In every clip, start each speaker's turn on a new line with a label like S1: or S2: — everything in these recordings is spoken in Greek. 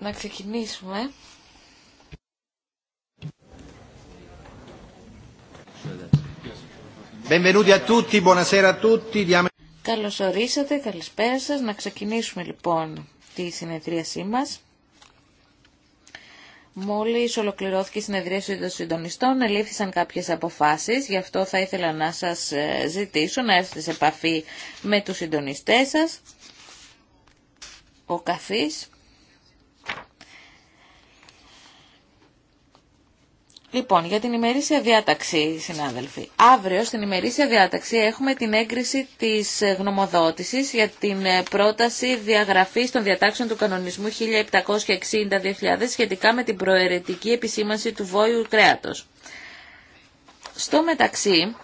S1: Να ξεκινήσουμε. Καλώς ορίσατε, καλησπέρα σας. Να ξεκινήσουμε λοιπόν τη συνεδρίασή μας. Μόλις ολοκληρώθηκε η συνεδρίαση των συντονιστών, ελήφθησαν κάποιες αποφάσεις, γι' αυτό θα ήθελα να σας ε, ζητήσω να έρθετε σε επαφή με τους συντονιστές σας ο καφής. Λοιπόν, για την ημερήσια διάταξη, συνάδελφοι. Αύριο στην ημερήσια διάταξη έχουμε την έγκριση της γνωμοδότησης για την ε, πρόταση διαγραφής των διατάξεων του κανονισμού 1760-2000 σχετικά με την προαιρετική επισήμανση του βόηου κρέατος. Στο μεταξύ,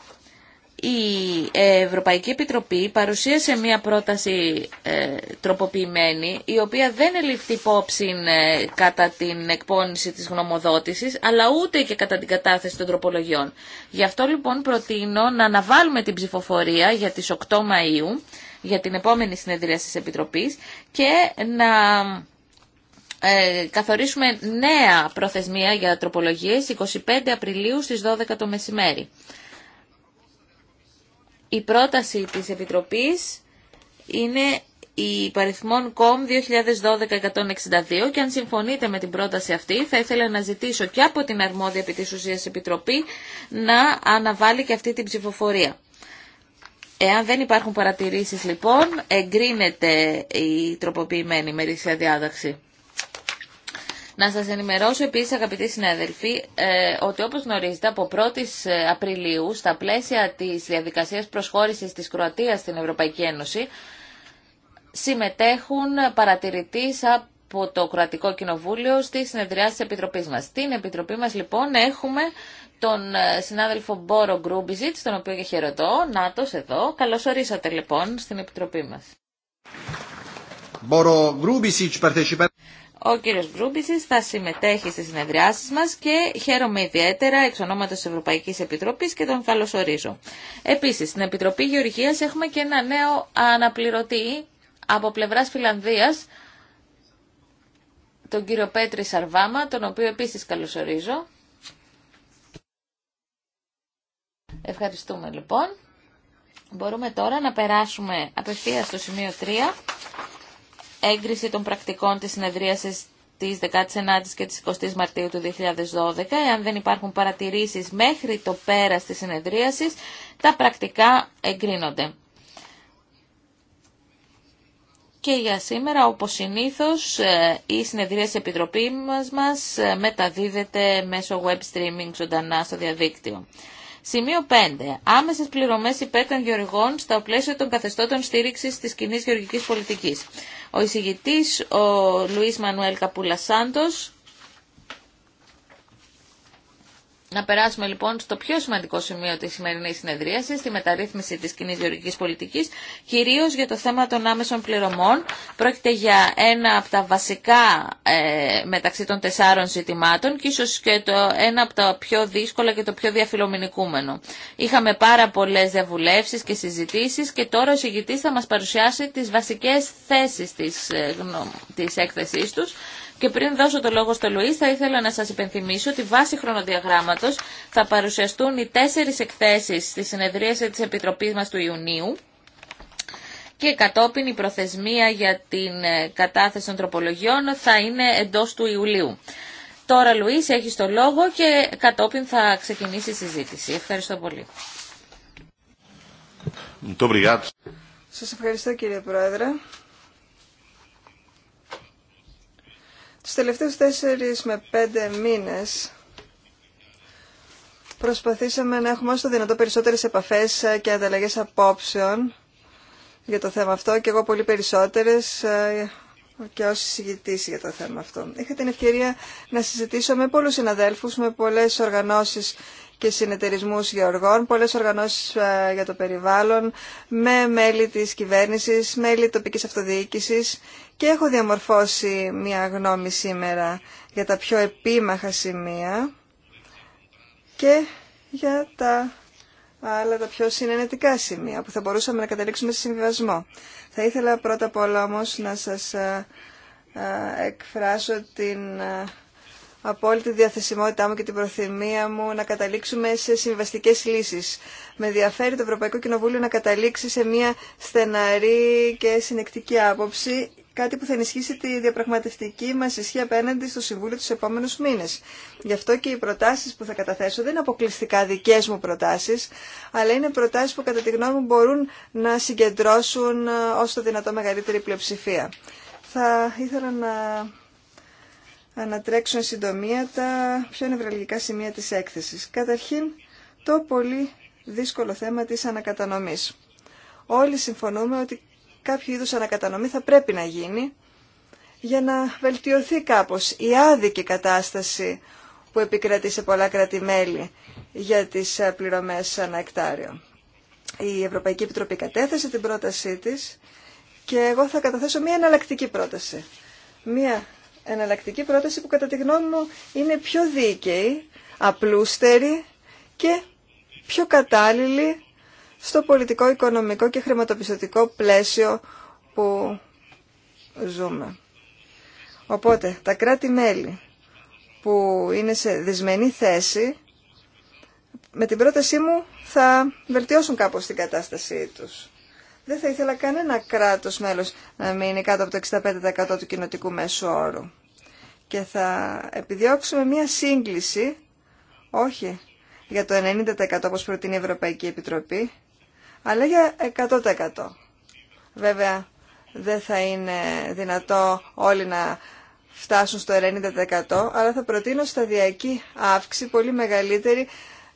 S1: η Ευρωπαϊκή Επιτροπή παρουσίασε μία πρόταση ε, τροποποιημένη η οποία δεν ελήφθη υπόψη ε, κατά την εκπόνηση της γνωμοδότησης αλλά ούτε και κατά την κατάθεση των τροπολογιών. Γι' αυτό λοιπόν προτείνω να αναβάλουμε την ψηφοφορία για τις 8 Μαΐου για την επόμενη συνεδρία της Επιτροπής και να ε, καθορίσουμε νέα προθεσμία για τροπολογίες 25 Απριλίου στις 12 το μεσημέρι η πρόταση της Επιτροπής είναι η παριθμόν κομ 2012-162 και αν συμφωνείτε με την πρόταση αυτή θα ήθελα να ζητήσω και από την αρμόδια επί ουσίας Επιτροπή να αναβάλει και αυτή την ψηφοφορία. Εάν δεν υπάρχουν παρατηρήσεις λοιπόν εγκρίνεται η τροποποιημένη μερίσια διάταξη. Να σας ενημερώσω επίσης αγαπητοί συνάδελφοι ε, ότι όπως γνωρίζετε από 1η ε, Απριλίου στα πλαίσια της διαδικασίας προσχώρησης της Κροατίας στην Ευρωπαϊκή Ένωση συμμετέχουν παρατηρητής από το Κροατικό Κοινοβούλιο στη συνεδριά της Επιτροπής μας. Στην Επιτροπή μας λοιπόν έχουμε τον ε, συνάδελφο Μπόρο Γκρούμπιζιτ, τον οποίο και χαιρετώ. Νάτος εδώ. Καλώς ορίσατε λοιπόν στην Επιτροπή μας. Ο κύριος Γκρούμπιτσης θα συμμετέχει στις συνεδριάσεις μας και χαίρομαι ιδιαίτερα εξ ονόματος της Ευρωπαϊκής Επιτροπής και τον καλωσορίζω. Επίσης, στην Επιτροπή Γεωργίας έχουμε και ένα νέο αναπληρωτή από πλευράς Φιλανδίας, τον κύριο Πέτρη Σαρβάμα, τον οποίο επίσης καλωσορίζω. Ευχαριστούμε λοιπόν. Μπορούμε τώρα να περάσουμε απευθείας στο σημείο 3 έγκριση των πρακτικών της συνεδρίασης της 19ης και της 20ης Μαρτίου του 2012. Εάν δεν υπάρχουν παρατηρήσεις μέχρι το πέρας της συνεδρίασης, τα πρακτικά εγκρίνονται. Και για σήμερα, όπως συνήθως, ε, η συνεδρία της Επιτροπής μας ε, μεταδίδεται μέσω web streaming ζωντανά στο διαδίκτυο. Σημείο 5. Άμεσες πληρωμές υπέρ των γεωργών στα πλαίσιο των καθεστώτων στήριξης της κοινή γεωργικής πολιτικής. Ο εισηγητής, ο Λουίς Μανουέλ Καπούλα Σάντος, Να περάσουμε λοιπόν στο πιο σημαντικό σημείο της σημερινής συνεδρίασης, τη μεταρρύθμιση της κοινή γεωργικής πολιτικής, κυρίως για το θέμα των άμεσων πληρωμών. Πρόκειται για ένα από τα βασικά ε, μεταξύ των τεσσάρων ζητημάτων και ίσως και το ένα από τα πιο δύσκολα και το πιο διαφιλομηνικούμενο. Είχαμε πάρα πολλές διαβουλεύσεις και συζητήσεις και τώρα ο συγκητής θα μας παρουσιάσει τις βασικές θέσεις της, ε, γνω, τους και πριν δώσω το λόγο στο Λουίς, θα ήθελα να σας υπενθυμίσω ότι βάσει χρονοδιαγράμματος θα παρουσιαστούν οι τέσσερι εκθέσεις στη συνεδρίαση τη Επιτροπής μας του Ιουνίου και κατόπιν η προθεσμία για την ε, κατάθεση των τροπολογιών θα είναι εντός του Ιουλίου. Τώρα, Λουίς, έχει το λόγο και κατόπιν θα ξεκινήσει η συζήτηση. Ευχαριστώ πολύ.
S2: Σας ευχαριστώ κύριε Πρόεδρε. Τους τελευταίους τέσσερις με πέντε μήνες προσπαθήσαμε να έχουμε όσο δυνατό περισσότερες επαφές και ανταλλαγές απόψεων για το θέμα αυτό και εγώ πολύ περισσότερες ε, και όσοι συζητήσει για το θέμα αυτό. Είχα την ευκαιρία να συζητήσω με πολλούς συναδέλφους, με πολλές οργανώσεις και συνεταιρισμούς γεωργών, πολλές οργανώσεις ε, για το περιβάλλον, με μέλη της κυβέρνησης, μέλη τοπικής αυτοδιοίκησης και έχω διαμορφώσει μια γνώμη σήμερα για τα πιο επίμαχα σημεία και για τα αλλά τα πιο συνενετικά σημεία που θα μπορούσαμε να καταλήξουμε σε συμβιβασμό. Θα ήθελα πρώτα απ' όλα όμως να σας ε, ε, εκφράσω την ε, απόλυτη διαθεσιμότητά μου και την προθυμία μου να καταλήξουμε σε συμβαστικές λύσεις. Με ενδιαφέρει το Ευρωπαϊκό Κοινοβούλιο να καταλήξει σε μια στεναρή και συνεκτική άποψη κάτι που θα ενισχύσει τη διαπραγματευτική μα ισχύ απέναντι στο Συμβούλιο του επόμενου μήνε. Γι' αυτό και οι προτάσει που θα καταθέσω δεν είναι αποκλειστικά δικέ μου προτάσει, αλλά είναι προτάσει που κατά τη γνώμη μου μπορούν να συγκεντρώσουν ε, ω το δυνατό μεγαλύτερη πλειοψηφία. Θα ήθελα να ανατρέξω εν συντομία τα πιο νευραλγικά σημεία της έκθεσης. Καταρχήν, το πολύ δύσκολο θέμα της ανακατανομής. Όλοι συμφωνούμε ότι κάποιο είδους ανακατανομή θα πρέπει να γίνει για να βελτιωθεί κάπως η άδικη κατάσταση που επικρατεί σε πολλά κράτη-μέλη για τις ε, πληρωμές ανά εκτάριο. Η Ευρωπαϊκή Επιτροπή κατέθεσε την πρότασή της και εγώ θα καταθέσω μία εναλλακτική πρόταση. Μία εναλλακτική πρόταση που κατά τη γνώμη μου είναι πιο δίκαιη, απλούστερη και πιο κατάλληλη στο πολιτικό, οικονομικό και χρηματοπιστωτικό πλαίσιο που ζούμε. Οπότε, τα κράτη-μέλη που είναι σε δυσμενή θέση, με την πρότασή μου θα βελτιώσουν κάπως την κατάστασή τους. Δεν θα ήθελα κανένα κράτος μέλος να μείνει κάτω από το 65% του κοινοτικού μέσου όρου. Και θα επιδιώξουμε μία σύγκληση, όχι για το 90% όπως προτείνει η Ευρωπαϊκή Επιτροπή, αλλά για 100%. Βέβαια, δεν θα είναι δυνατό όλοι να φτάσουν στο 90%, αλλά θα προτείνω σταδιακή αύξηση, πολύ μεγαλύτερη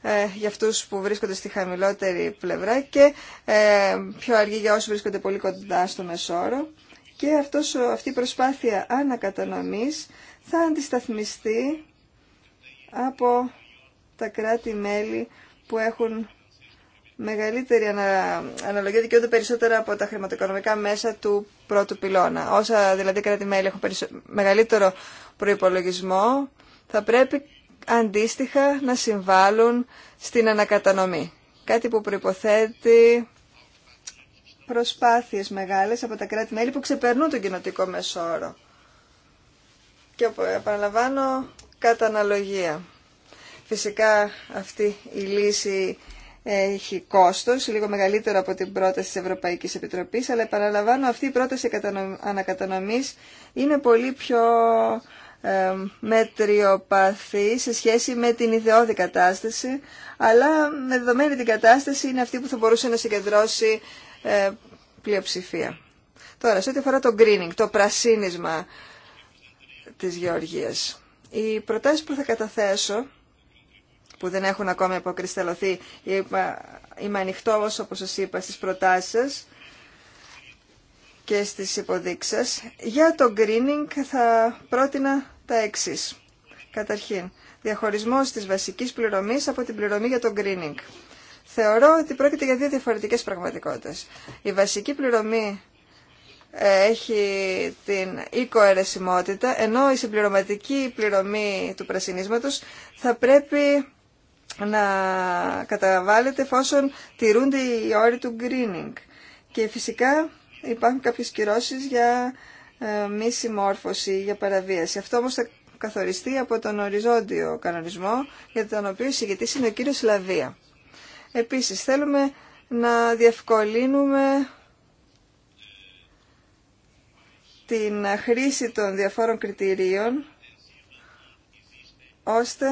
S2: ε, για αυτούς που βρίσκονται στη χαμηλότερη πλευρά και ε, πιο αργή για όσους βρίσκονται πολύ κοντά στο μεσόρο. Και αυτός, αυτή η προσπάθεια ανακατανομής θα αντισταθμιστεί από τα κράτη-μέλη που έχουν μεγαλύτερη αναλογία δικαιούνται περισσότερα από τα χρηματοοικονομικά μέσα του πρώτου πυλώνα. Όσα δηλαδή κράτη-μέλη έχουν μεγαλύτερο προϋπολογισμό, θα πρέπει αντίστοιχα να συμβάλλουν στην ανακατανομή. Κάτι που προϋποθέτει προσπάθειες μεγάλες από τα κράτη-μέλη που ξεπερνούν τον κοινοτικό μεσόρο. Και επαναλαμβάνω, κατά αναλογία. Φυσικά αυτή η λύση έχει κόστος, λίγο μεγαλύτερο από την πρόταση της Ευρωπαϊκής Επιτροπής, αλλά επαναλαμβάνω αυτή η πρόταση ανακατανομής είναι πολύ πιο ε, μετριοπαθή σε σχέση με την ιδεώδη κατάσταση, αλλά με δεδομένη την κατάσταση είναι αυτή που θα μπορούσε να συγκεντρώσει ε, πλειοψηφία. Τώρα, σε ό,τι αφορά το greening, το πρασίνισμα της γεωργίας, οι προτάσεις που θα καταθέσω που δεν έχουν ακόμη αποκρισταλωθεί. Είμαι ανοιχτό, όπω σα είπα, στι προτάσει σα και στις υποδείξεις. Για το greening θα πρότεινα τα εξή. Καταρχήν, διαχωρισμός της βασικής πληρωμής από την πληρωμή για το greening. Θεωρώ ότι πρόκειται για δύο διαφορετικές πραγματικότητες. Η βασική πληρωμή ε, έχει την οικοαιρεσιμότητα, ενώ η συμπληρωματική πληρωμή του πρασινίσματος θα πρέπει να καταβάλλεται εφόσον τηρούνται οι όροι του greening. Και φυσικά υπάρχουν κάποιες κυρώσεις για ε, μη συμμόρφωση, για παραβίαση. Αυτό όμως θα καθοριστεί από τον οριζόντιο κανονισμό για τον οποίο συγκεκριτής είναι ο κύριος Λαβία. Επίσης θέλουμε να διευκολύνουμε την χρήση των διαφόρων κριτηρίων ώστε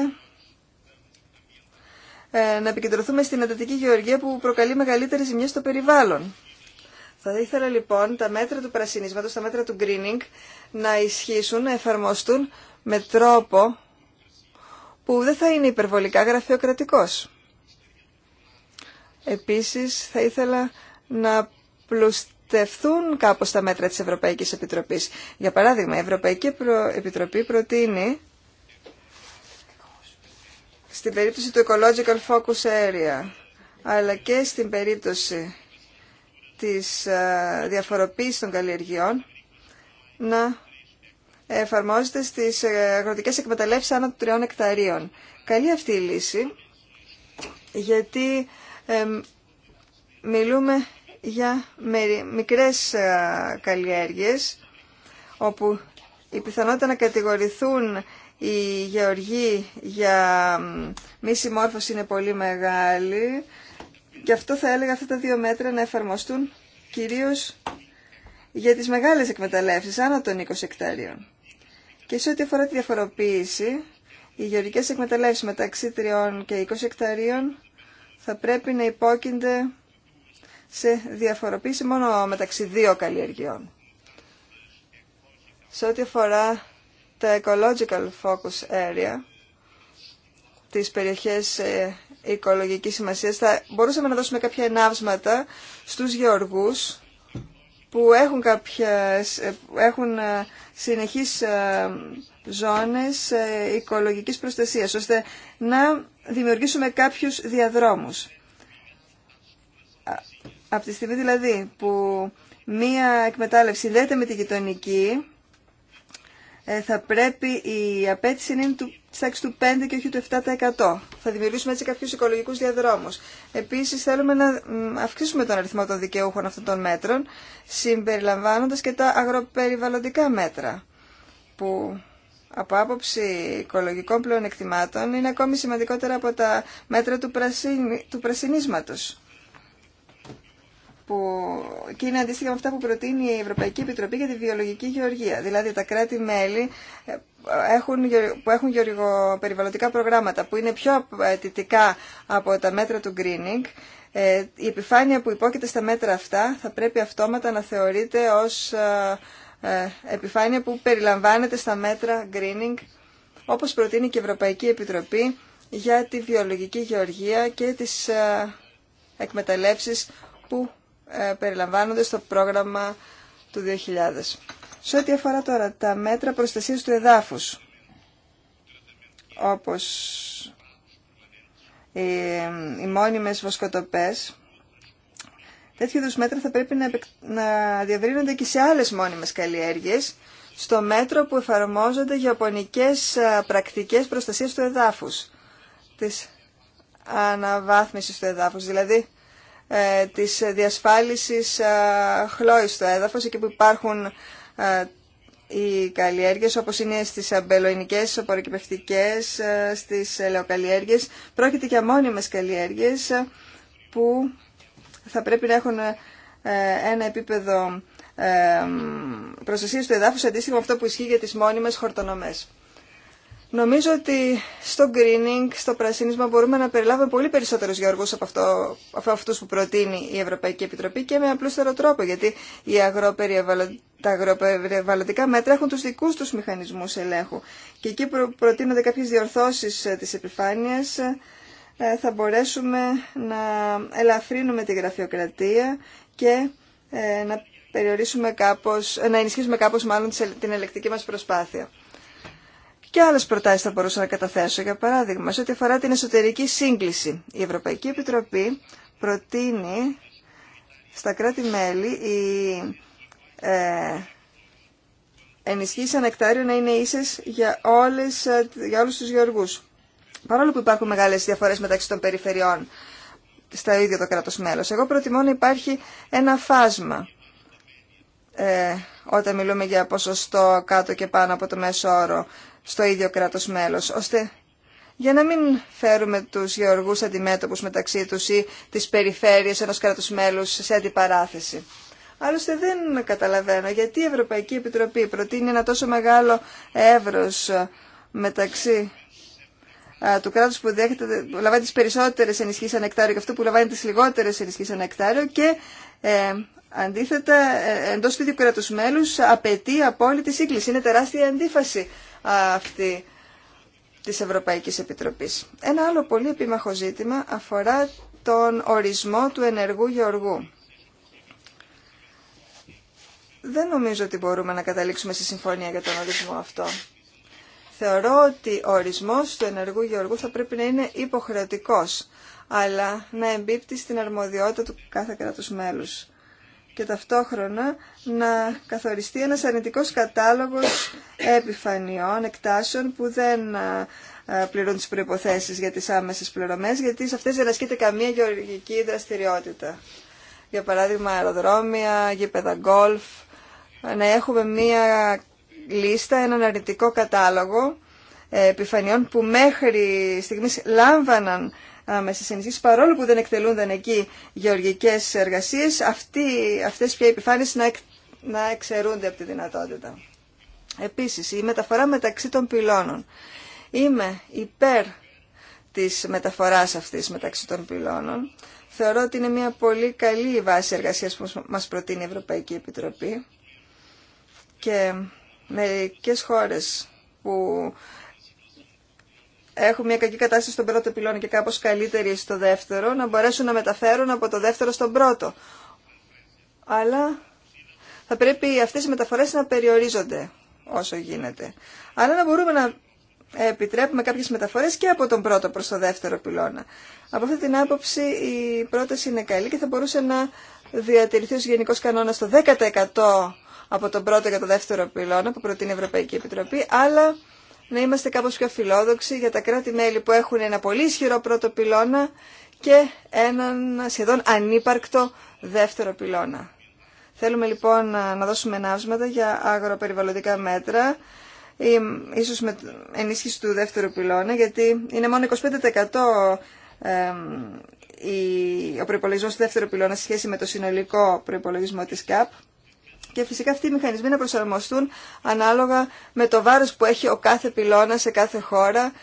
S2: ε, να επικεντρωθούμε στην εντατική γεωργία που προκαλεί μεγαλύτερη ζημιά στο περιβάλλον. Θα ήθελα λοιπόν τα μέτρα του πρασινίσματος, τα μέτρα του greening να ισχύσουν, να εφαρμοστούν με τρόπο που δεν θα είναι υπερβολικά γραφειοκρατικός. Επίσης θα ήθελα να πλουστευτούν κάπως τα μέτρα της Ευρωπαϊκής Επιτροπής. Για παράδειγμα, η Ευρωπαϊκή Επιτροπή προτείνει στην περίπτωση του Ecological Focus Area, αλλά και στην περίπτωση της ε, διαφοροποίησης των καλλιεργειών, να εφαρμόζεται στις ε, αγροτικές εκμεταλλεύσεις άνω των τριών εκταρίων. Καλή αυτή η λύση, γιατί μιλούμε για μικρές ε, καλλιέργειες, όπου η πιθανότητα να κατηγορηθούν η γεωργή για μη συμμόρφωση είναι πολύ μεγάλη. και αυτό θα έλεγα αυτά τα δύο μέτρα να εφαρμοστούν κυρίως για τις μεγάλες εκμεταλλεύσεις, άνω των 20 εκτάριων. Και σε ό,τι αφορά τη διαφοροποίηση, οι γεωργικές εκμεταλλεύσεις μεταξύ 3 και 20 εκταρίων θα πρέπει να υπόκεινται σε διαφοροποίηση μόνο μεταξύ δύο καλλιεργειών. Σε ό,τι αφορά τα Ecological Focus Area, τις περιοχές ε, οικολογικής σημασίας, θα μπορούσαμε να δώσουμε κάποια ενάυσματα στους γεωργούς που έχουν, κάποια, ε, έχουν ε, συνεχείς ζώνες οικολογικής προστασίας, ώστε να δημιουργήσουμε κάποιους διαδρόμους. Από τη στιγμή δηλαδή που μία εκμετάλλευση δέται με τη γειτονική, ε, θα πρέπει η απέτηση να είναι του, τάξη του 5 και όχι του 7%. Θα δημιουργήσουμε έτσι κάποιους οικολογικούς διαδρόμους. Επίσης θέλουμε να αυξήσουμε τον αριθμό των δικαιούχων αυτών των μέτρων, συμπεριλαμβάνοντας και τα αγροπεριβαλλοντικά μέτρα, που από άποψη οικολογικών πλεονεκτημάτων είναι ακόμη σημαντικότερα από τα μέτρα του, πρασιν, του που, και είναι αντίστοιχα με αυτά που προτείνει η Ευρωπαϊκή Επιτροπή για τη Βιολογική Γεωργία. Δηλαδή τα κράτη-μέλη ε, που έχουν γεωργοπεριβαλλοντικά προγράμματα που είναι πιο απαιτητικά από τα μέτρα του greening, ε, η επιφάνεια που υπόκειται στα μέτρα αυτά θα πρέπει αυτόματα να θεωρείται ως ε, επιφάνεια που περιλαμβάνεται στα μέτρα greening, όπως προτείνει και η Ευρωπαϊκή Επιτροπή για τη βιολογική γεωργία και τις εκμεταλλεύσεις που ε, περιλαμβάνονται στο πρόγραμμα του 2000. Σε ό,τι αφορά τώρα τα μέτρα προστασίας του εδάφους, όπως οι, οι μόνιμες βοσκοτοπές, τέτοιου είδους μέτρα θα πρέπει να, να διαβρύνονται και σε άλλες μόνιμες καλλιέργειες, στο μέτρο που εφαρμόζονται γεωπονικές ε, πρακτικές προστασίας του εδάφους, της αναβάθμισης του εδάφους, δηλαδή ε, της διασφάλισης ε, χλώης στο έδαφος, εκεί που υπάρχουν ε, οι καλλιέργειες όπως είναι στις αμπελοϊνικές, στις απορροκυπευτικές, στις ελαιοκαλλιέργειες. Πρόκειται για μόνιμες καλλιέργειες που θα πρέπει να έχουν ένα επίπεδο προστασία του εδάφους αντίστοιχο με αυτό που ισχύει για τις μόνιμες χορτονομές. Νομίζω ότι στο greening, στο πρασίνισμα μπορούμε να περιλάβουμε πολύ περισσότερους γεωργούς από, αυτό, αυτούς που προτείνει η Ευρωπαϊκή Επιτροπή και με απλούστερο τρόπο, γιατί οι τα αγροπεριβαλλοντικά μέτρα έχουν τους δικούς τους μηχανισμούς ελέγχου και εκεί που προτείνονται κάποιες διορθώσεις ε, της επιφάνειας ε, θα μπορέσουμε να ελαφρύνουμε τη γραφειοκρατία και ε, να περιορίσουμε κάπως, να ενισχύσουμε κάπως μάλλον την ελεκτική μας προσπάθεια. Και άλλε προτάσει θα μπορούσα να καταθέσω, για παράδειγμα, σε ό,τι αφορά την εσωτερική σύγκληση. Η Ευρωπαϊκή Επιτροπή προτείνει στα κράτη-μέλη η ε, ενισχύσει ανεκτάριο να είναι ίσες για, ε, για όλους τους γεωργούς. Παρόλο που υπάρχουν μεγάλες διαφορές μεταξύ των περιφερειών στα ίδια το κράτος μέλος. Εγώ προτιμώ να υπάρχει ένα φάσμα ε, όταν μιλούμε για ποσοστό κάτω και πάνω από το μέσο όρο στο ίδιο κράτος μέλος, ώστε για να μην φέρουμε τους γεωργούς αντιμέτωπους μεταξύ τους ή τις περιφέρειες ενός κράτους μέλους σε αντιπαράθεση. Άλλωστε δεν καταλαβαίνω γιατί η Ευρωπαϊκή Επιτροπή προτείνει ένα τόσο μεγάλο εύρος ε, μεταξύ ε, του κράτους που, δέχεται, που λαμβάνει τις περισσότερες ενισχύσεις ανεκτάριο και αυτού που λαμβάνει τις λιγότερες ενισχύσεις ανεκτάριο και ε, αντίθετα εντός του ίδιου κράτους μέλους απαιτεί απόλυτη σύγκληση. Είναι τεράστια αντίφαση αυτή της Ευρωπαϊκής Επιτροπής. Ένα άλλο πολύ επίμαχο ζήτημα αφορά τον ορισμό του ενεργού γεωργού. Δεν νομίζω ότι μπορούμε να καταλήξουμε σε συμφωνία για τον ορισμό αυτό. Θεωρώ ότι ο ορισμός του ενεργού γεωργού θα πρέπει να είναι υποχρεωτικός, αλλά να εμπίπτει στην αρμοδιότητα του κάθε κράτους μέλους και ταυτόχρονα να καθοριστεί ένας αρνητικός κατάλογος επιφανειών, εκτάσεων που δεν πληρούν τις προϋποθέσεις για τις άμεσες πληρωμές, γιατί σε αυτές δεν ασκείται καμία γεωργική δραστηριότητα. Για παράδειγμα αεροδρόμια, γήπεδα γκολφ, να έχουμε μία λίστα, έναν αρνητικό κατάλογο ε, επιφανειών που μέχρι στιγμής λάμβαναν παρόλο που δεν εκτελούνταν εκεί γεωργικέ εργασίε, αυτέ πια επιφάνειε να, εκ, να εξαιρούνται από τη δυνατότητα. Επίση, η μεταφορά μεταξύ των πυλώνων. Είμαι υπέρ της μεταφοράς αυτής μεταξύ των πυλώνων. Θεωρώ ότι είναι μια πολύ καλή βάση εργασίας που μας προτείνει η Ευρωπαϊκή Επιτροπή και μερικές χώρες που έχουν μια κακή κατάσταση στον πρώτο πυλώνα και κάπως καλύτερη στο δεύτερο, να μπορέσουν να μεταφέρουν από το δεύτερο στον πρώτο. Αλλά θα πρέπει αυτές οι μεταφορές να περιορίζονται όσο γίνεται. Αλλά να μπορούμε να επιτρέπουμε κάποιες μεταφορές και από τον πρώτο προς το δεύτερο πυλώνα. Από αυτή την άποψη η πρόταση είναι καλή και θα μπορούσε να διατηρηθεί ως γενικός κανόνας το 10% από τον πρώτο και το δεύτερο πυλώνα που προτείνει η Ευρωπαϊκή Επιτροπή, αλλά να είμαστε κάπως πιο φιλόδοξοι για τα κράτη-μέλη που έχουν ένα πολύ ισχυρό πρώτο πυλώνα και έναν σχεδόν ανύπαρκτο δεύτερο πυλώνα. Θέλουμε λοιπόν να δώσουμε ενάυσματα για αγροπεριβαλλοντικά μέτρα, ίσως με ενίσχυση του δεύτερου πυλώνα, γιατί είναι μόνο 25% ο προϋπολογισμός του δεύτερου πυλώνα σε σχέση με το συνολικό προϋπολογισμό της ΚΑΠ και φυσικά αυτοί οι μηχανισμοί να προσαρμοστούν ανάλογα με το βάρος που έχει ο κάθε πυλώνα σε κάθε χώρα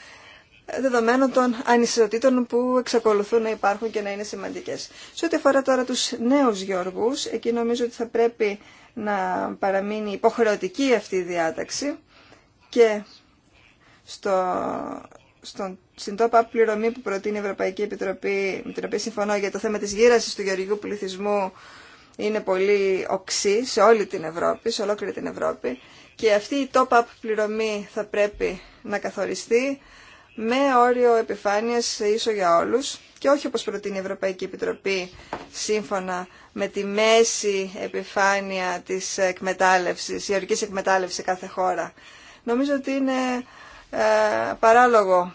S2: δεδομένων των ανισοτήτων που εξακολουθούν να υπάρχουν και να είναι σημαντικές. Σε ό,τι αφορά τώρα τους νέους Γιώργους, εκεί νομίζω ότι θα πρέπει να παραμείνει υποχρεωτική αυτή η διάταξη και στο, στον, στην τόπα πληρωμή που προτείνει η Ευρωπαϊκή Επιτροπή, με την οποία συμφωνώ για το θέμα της γύρασης του γεωργικού πληθυσμού είναι πολύ οξύ σε όλη την Ευρώπη, σε ολόκληρη την Ευρώπη και αυτή η top-up πληρωμή θα πρέπει να καθοριστεί με όριο επιφάνειας ίσο για όλους και όχι όπως προτείνει η Ευρωπαϊκή Επιτροπή σύμφωνα με τη μέση επιφάνεια της εκμετάλλευσης, η εκμετάλλευσης σε κάθε χώρα. Νομίζω ότι είναι ε, παράλογο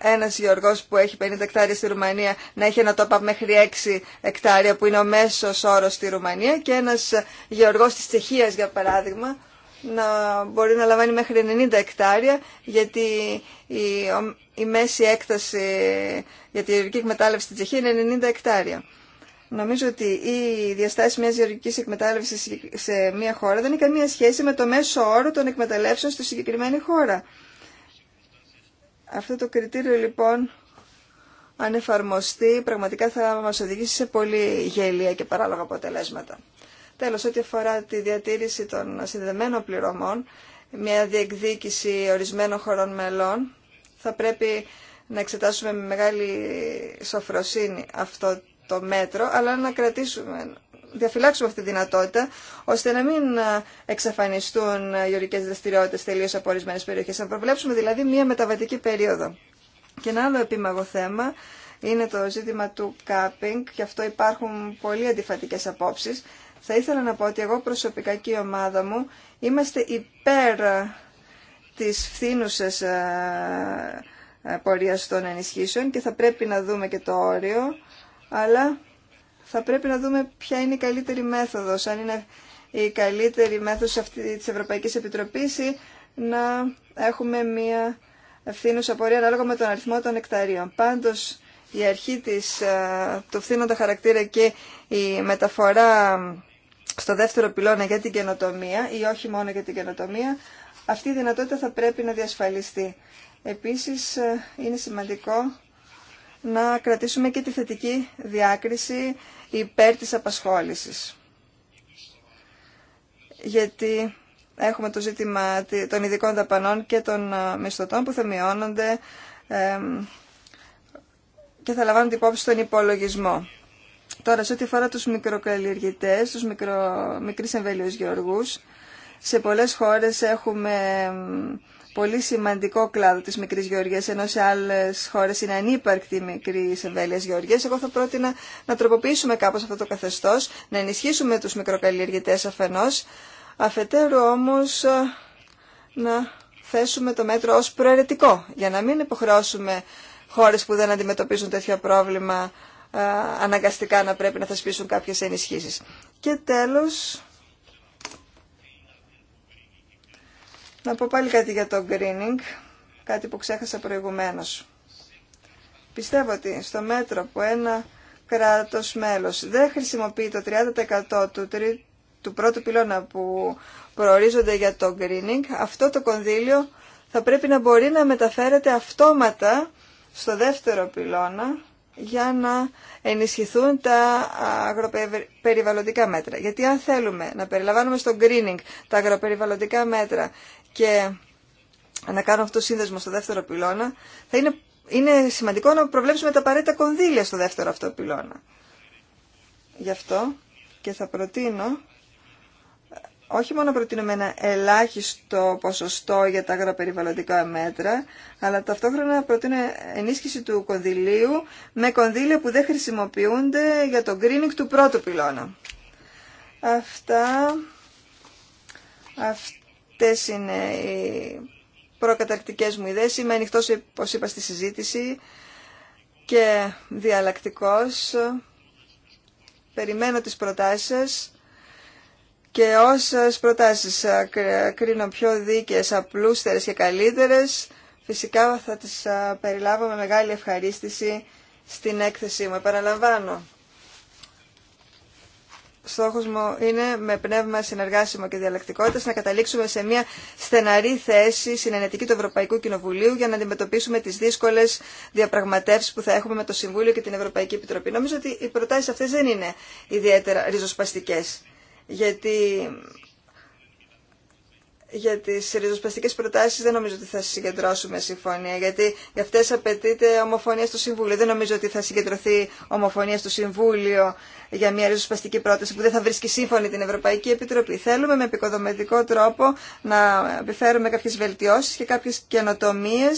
S2: ένας γεωργός που έχει 50 εκτάρια στη Ρουμανία να έχει τόπα μέχρι 6 εκτάρια που είναι ο μέσος όρος στη Ρουμανία και ένας γεωργός της Τσεχίας για παράδειγμα να μπορεί να λαμβάνει μέχρι 90 εκτάρια γιατί η, η μέση έκταση για τη γεωργική εκμετάλλευση στη Τσεχία είναι 90 εκτάρια. Νομίζω ότι η διαστάση μια γεωργική εκμετάλλευση σε μια χώρα δεν έχει καμία σχέση με το μέσο όρο των εκμεταλλεύσεων στη συγκεκριμένη χώρα. Αυτό το κριτήριο λοιπόν, αν εφαρμοστεί, πραγματικά θα μας οδηγήσει σε πολύ γελία και παράλογα αποτελέσματα. Τέλος, ό,τι αφορά τη διατήρηση των συνδεδεμένων πληρωμών, μια διεκδίκηση ορισμένων χωρών μελών, θα πρέπει να εξετάσουμε με μεγάλη σοφροσύνη αυτό το μέτρο, αλλά να κρατήσουμε διαφυλάξουμε αυτή τη δυνατότητα, ώστε να μην ε, εξαφανιστούν ε, οι ορικέ δραστηριότητε τελείω από ορισμένε περιοχές. Να προβλέψουμε δηλαδή μία μεταβατική περίοδο. Και ένα άλλο επίμαγο θέμα είναι το ζήτημα του κάπινγκ και αυτό υπάρχουν πολύ αντιφατικές απόψεις. Θα ήθελα να πω ότι εγώ προσωπικά και η ομάδα μου είμαστε υπέρ ε, της φθήνουσας πορείας των ενισχύσεων και θα πρέπει να δούμε και το όριο, αλλά θα πρέπει να δούμε ποια είναι η καλύτερη μέθοδος, αν είναι η καλύτερη μέθοδος αυτή της Ευρωπαϊκής Επιτροπής να έχουμε μία ευθύνουσα πορεία ανάλογα με τον αριθμό των εκταρίων. Πάντως, η αρχή της, ε, του φθήνοντα χαρακτήρα και η μεταφορά στο δεύτερο πυλώνα για την καινοτομία ή όχι μόνο για την καινοτομία, αυτή η δυνατότητα θα πρέπει να διασφαλιστεί. Επίσης, ε, είναι σημαντικό να κρατήσουμε και τη θετική διάκριση υπέρ της απασχόλησης. Γιατί έχουμε το ζήτημα των ειδικών δαπανών και των ε, μισθωτών που θα μειώνονται και θα λαμβάνουν την υπόψη στον υπολογισμό. Τώρα, σε ό,τι αφορά τους μικροκαλλιεργητές, τους μικρο... μικρής εμβέλειος γεωργούς, σε πολλές χώρες έχουμε πολύ σημαντικό κλάδο της μικρής γεωργίας, ενώ σε άλλες χώρες είναι ανύπαρκτη η μικρή εμβέλεια γεωργίας, εγώ θα πρότεινα να τροποποιήσουμε κάπως αυτό το καθεστώς, να ενισχύσουμε τους μικροκαλλιεργητές αφενός, αφετέρου όμως ε, να θέσουμε το μέτρο ως προαιρετικό, για να μην υποχρεώσουμε χώρες που δεν αντιμετωπίζουν τέτοιο πρόβλημα ε, αναγκαστικά να πρέπει να θεσπίσουν κάποιες ενισχύσεις. Και τέλος, Να πω πάλι κάτι για το greening, κάτι που ξέχασα προηγουμένως. Πιστεύω ότι στο μέτρο που ένα κράτος μέλος δεν χρησιμοποιεί το 30% του, τρι... του πρώτου πυλώνα που προορίζονται για το greening, αυτό το κονδύλιο θα πρέπει να μπορεί να μεταφέρεται αυτόματα στο δεύτερο πυλώνα για να ενισχυθούν τα αγροπεριβαλλοντικά μέτρα. Γιατί αν θέλουμε να περιλαμβάνουμε στο greening τα αγροπεριβαλλοντικά μέτρα και να κάνω αυτό το σύνδεσμο στο δεύτερο πυλώνα, θα είναι, σημαντικό να προβλέψουμε τα απαραίτητα κονδύλια στο δεύτερο αυτό πυλώνα. Γι' αυτό και θα προτείνω όχι μόνο προτείνουμε ένα ελάχιστο ποσοστό για τα αγροπεριβαλλοντικά μέτρα, αλλά ταυτόχρονα προτείνω ενίσχυση του κονδυλίου με κονδύλια που δεν χρησιμοποιούνται για το greening του πρώτου πυλώνα. Αυτά, Αυτές είναι οι προκαταρκτικές μου ιδέες. Είμαι ανοιχτό όπως είπα, στη συζήτηση και διαλλακτικός. Περιμένω τις προτάσεις και όσες προτάσεις κρίνω πιο δίκαιες, απλούστερες και καλύτερες, φυσικά θα τις περιλάβω με μεγάλη ευχαρίστηση στην έκθεσή μου. Επαναλαμβάνω, στόχος μου είναι με πνεύμα συνεργάσιμο και διαλεκτικότητας να καταλήξουμε σε μια στεναρή θέση συνενετική του Ευρωπαϊκού Κοινοβουλίου για να αντιμετωπίσουμε τις δύσκολες διαπραγματεύσεις που θα έχουμε με το Συμβούλιο και την Ευρωπαϊκή Επιτροπή. Νομίζω ότι οι προτάσεις αυτές δεν είναι ιδιαίτερα ριζοσπαστικές γιατί για τι ριζοσπαστικέ προτάσει, δεν νομίζω ότι θα συγκεντρώσουμε συμφωνία, γιατί για αυτέ απαιτείται ομοφωνία στο Συμβούλιο. Δεν νομίζω ότι θα συγκεντρωθεί ομοφωνία στο Συμβούλιο για μια ριζοσπαστική πρόταση που δεν θα βρίσκει σύμφωνη την Ευρωπαϊκή Επιτροπή. Θέλουμε με επικοδομητικό τρόπο να επιφέρουμε κάποιε βελτιώσει και κάποιε καινοτομίε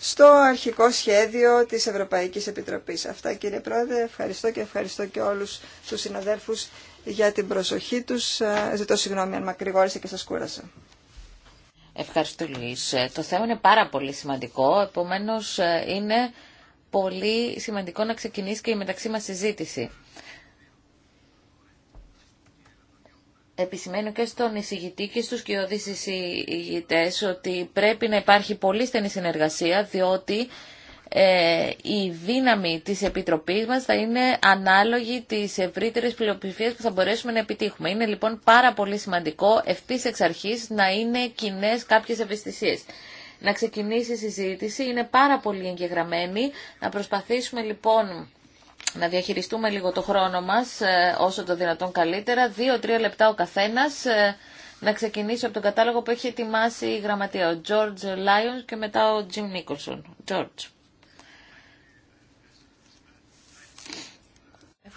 S2: στο αρχικό σχέδιο της Ευρωπαϊκής Επιτροπής. Αυτά κύριε Πρόεδρε, ευχαριστώ και ευχαριστώ και όλους τους συναδέλφους για την προσοχή
S1: τους. Ε, ζητώ συγγνώμη αν μακρηγόρησα και σας κούρασα. Ευχαριστώ Λουίς. Ε, το θέμα είναι πάρα πολύ σημαντικό, επομένως ε, είναι πολύ σημαντικό να ξεκινήσει και η μεταξύ μας συζήτηση. Επισημαίνω και στον εισηγητή και στους κοιόδης εισηγητές ότι πρέπει να υπάρχει πολύ στενή συνεργασία διότι ε, η δύναμη της Επιτροπής μας θα είναι ανάλογη της ευρύτερης πλειοψηφίας που θα μπορέσουμε να επιτύχουμε. Είναι λοιπόν πάρα πολύ σημαντικό ευθύ εξ αρχής να είναι κοινέ κάποιες ευαισθησίες. Να ξεκινήσει η συζήτηση, είναι πάρα πολύ εγγεγραμμένη, να προσπαθήσουμε λοιπόν να διαχειριστούμε λίγο το χρόνο μας ε, όσο το δυνατόν καλύτερα, δύο-τρία λεπτά ο καθένας, ε, να ξεκινήσει από τον κατάλογο που έχει ετοιμάσει η γραμματεία, ο George Lyons και μετά ο Jim Nicholson. George.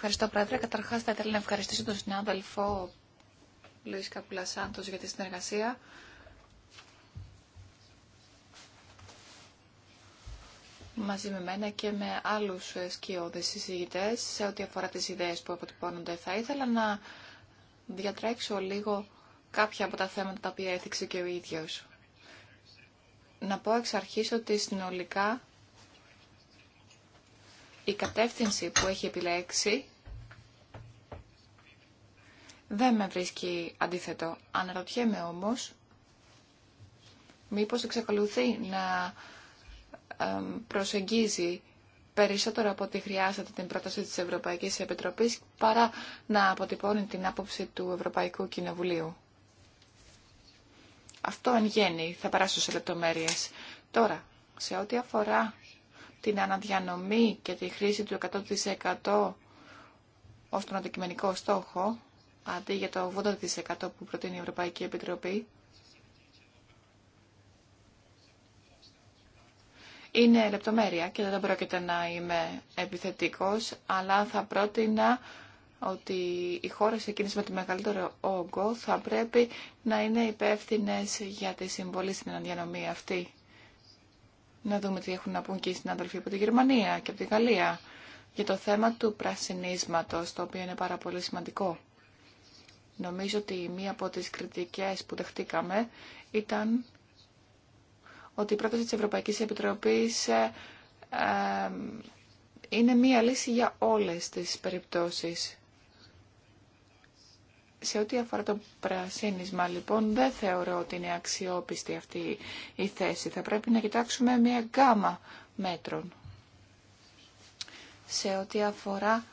S3: Ευχαριστώ, Πρόεδρε. Καταρχά, θα ήθελα να ευχαριστήσω τον συνάδελφο Καπουλά Σάντο για τη συνεργασία. μαζί με μένα και με άλλους σκιώδες συζητητές σε ό,τι αφορά τις ιδέες που αποτυπώνονται. Θα ήθελα να διατρέξω λίγο κάποια από τα θέματα τα οποία έθιξε και ο ίδιος. Να πω εξ αρχής ότι συνολικά η κατεύθυνση που έχει επιλέξει δεν με βρίσκει αντίθετο. Αναρωτιέμαι όμως, μήπως εξακολουθεί να προσεγγίζει περισσότερο από ό,τι χρειάζεται την πρόταση της Ευρωπαϊκής Επιτροπής παρά να αποτυπώνει την άποψη του Ευρωπαϊκού Κοινοβουλίου. Αυτό εν γέννη θα περάσω σε λεπτομέρειες. Τώρα, σε ό,τι αφορά την αναδιανομή και τη χρήση του 100% ως τον αντικειμενικό στόχο, αντί για το 80% που προτείνει η Ευρωπαϊκή Επιτροπή, είναι λεπτομέρεια και δεν πρόκειται να είμαι επιθετικός, αλλά θα πρότεινα ότι οι χώρες εκείνες με το μεγαλύτερο όγκο θα πρέπει να είναι υπεύθυνε για τη συμβολή στην αναδιανομή αυτή. Να δούμε τι έχουν να πούν και οι συνάδελφοι από τη Γερμανία και από τη Γαλλία για το θέμα του πρασινίσματος, το οποίο είναι πάρα πολύ σημαντικό. Νομίζω ότι μία από τις κριτικές που δεχτήκαμε ήταν ότι η πρόταση της Ευρωπαϊκής Επιτροπής ε, ε, είναι μία λύση για όλες τις περιπτώσεις. Σε ό,τι αφορά το πρασίνισμα, λοιπόν, δεν θεωρώ ότι είναι αξιόπιστη αυτή η θέση. Θα πρέπει να κοιτάξουμε μία γκάμα μέτρων. Σε ό,τι αφορά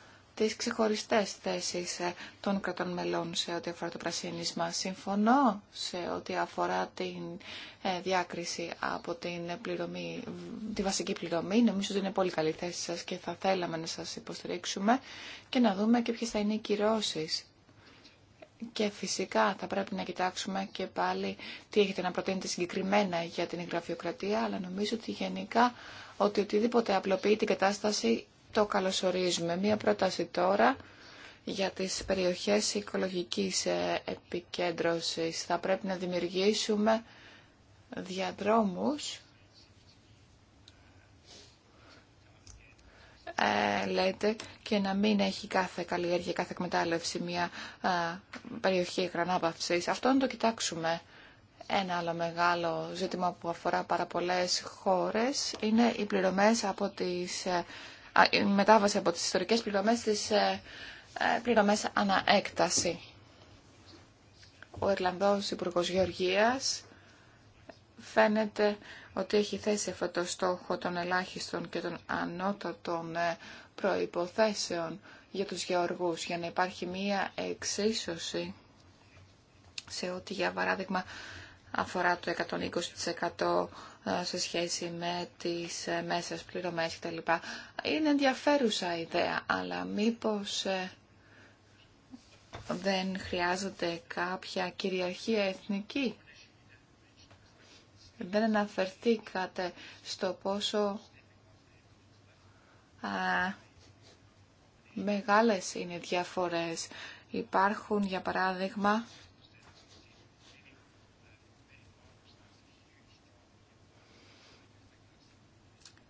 S3: τις ξεχωριστές θέσεις ε, των κρατών μελών σε ό,τι αφορά το πρασίνισμα. Συμφωνώ σε ό,τι αφορά την ε, διάκριση από την πληρωμή, τη βασική πληρωμή. Νομίζω ότι είναι πολύ καλή θέση σας και θα θέλαμε να σας υποστηρίξουμε και να δούμε και ποιες θα είναι οι κυρώσεις. Και φυσικά θα πρέπει να κοιτάξουμε και πάλι τι έχετε να προτείνετε συγκεκριμένα για την γραφειοκρατία, αλλά νομίζω ότι γενικά ότι οτιδήποτε απλοποιεί την κατάσταση το καλωσορίζουμε. Μία πρόταση τώρα για τις περιοχές οικολογικής ε, επικέντρωσης. Θα πρέπει να δημιουργήσουμε διαδρόμους ε, λέτε και να μην έχει κάθε καλλιέργεια, κάθε εκμετάλλευση μια ε, περιοχή εκρανάπαυσης. Αυτό να το κοιτάξουμε. Ένα άλλο μεγάλο ζήτημα που αφορά πάρα πολλές χώρες είναι οι πληρωμές από τις ε, η μετάβαση από τις ιστορικές πληρωμές στις ε, ε, πληρωμές ανά Ο Ιρλανδός Υπουργός Γεωργίας φαίνεται ότι έχει θέσει αυτό το στόχο των ελάχιστων και των ανώτατων ε, προϋποθέσεων για τους γεωργούς, για να υπάρχει μία εξίσωση σε ό,τι για παράδειγμα αφορά το 120% ε, σε σχέση με τις ε, μέσες πληρωμές κτλ. Είναι ενδιαφέρουσα ιδέα, αλλά μήπως ε, δεν χρειάζονται κάποια κυριαρχία εθνική. Δεν αναφερθήκατε στο πόσο α, μεγάλες είναι οι διαφορές. Υπάρχουν, για παράδειγμα,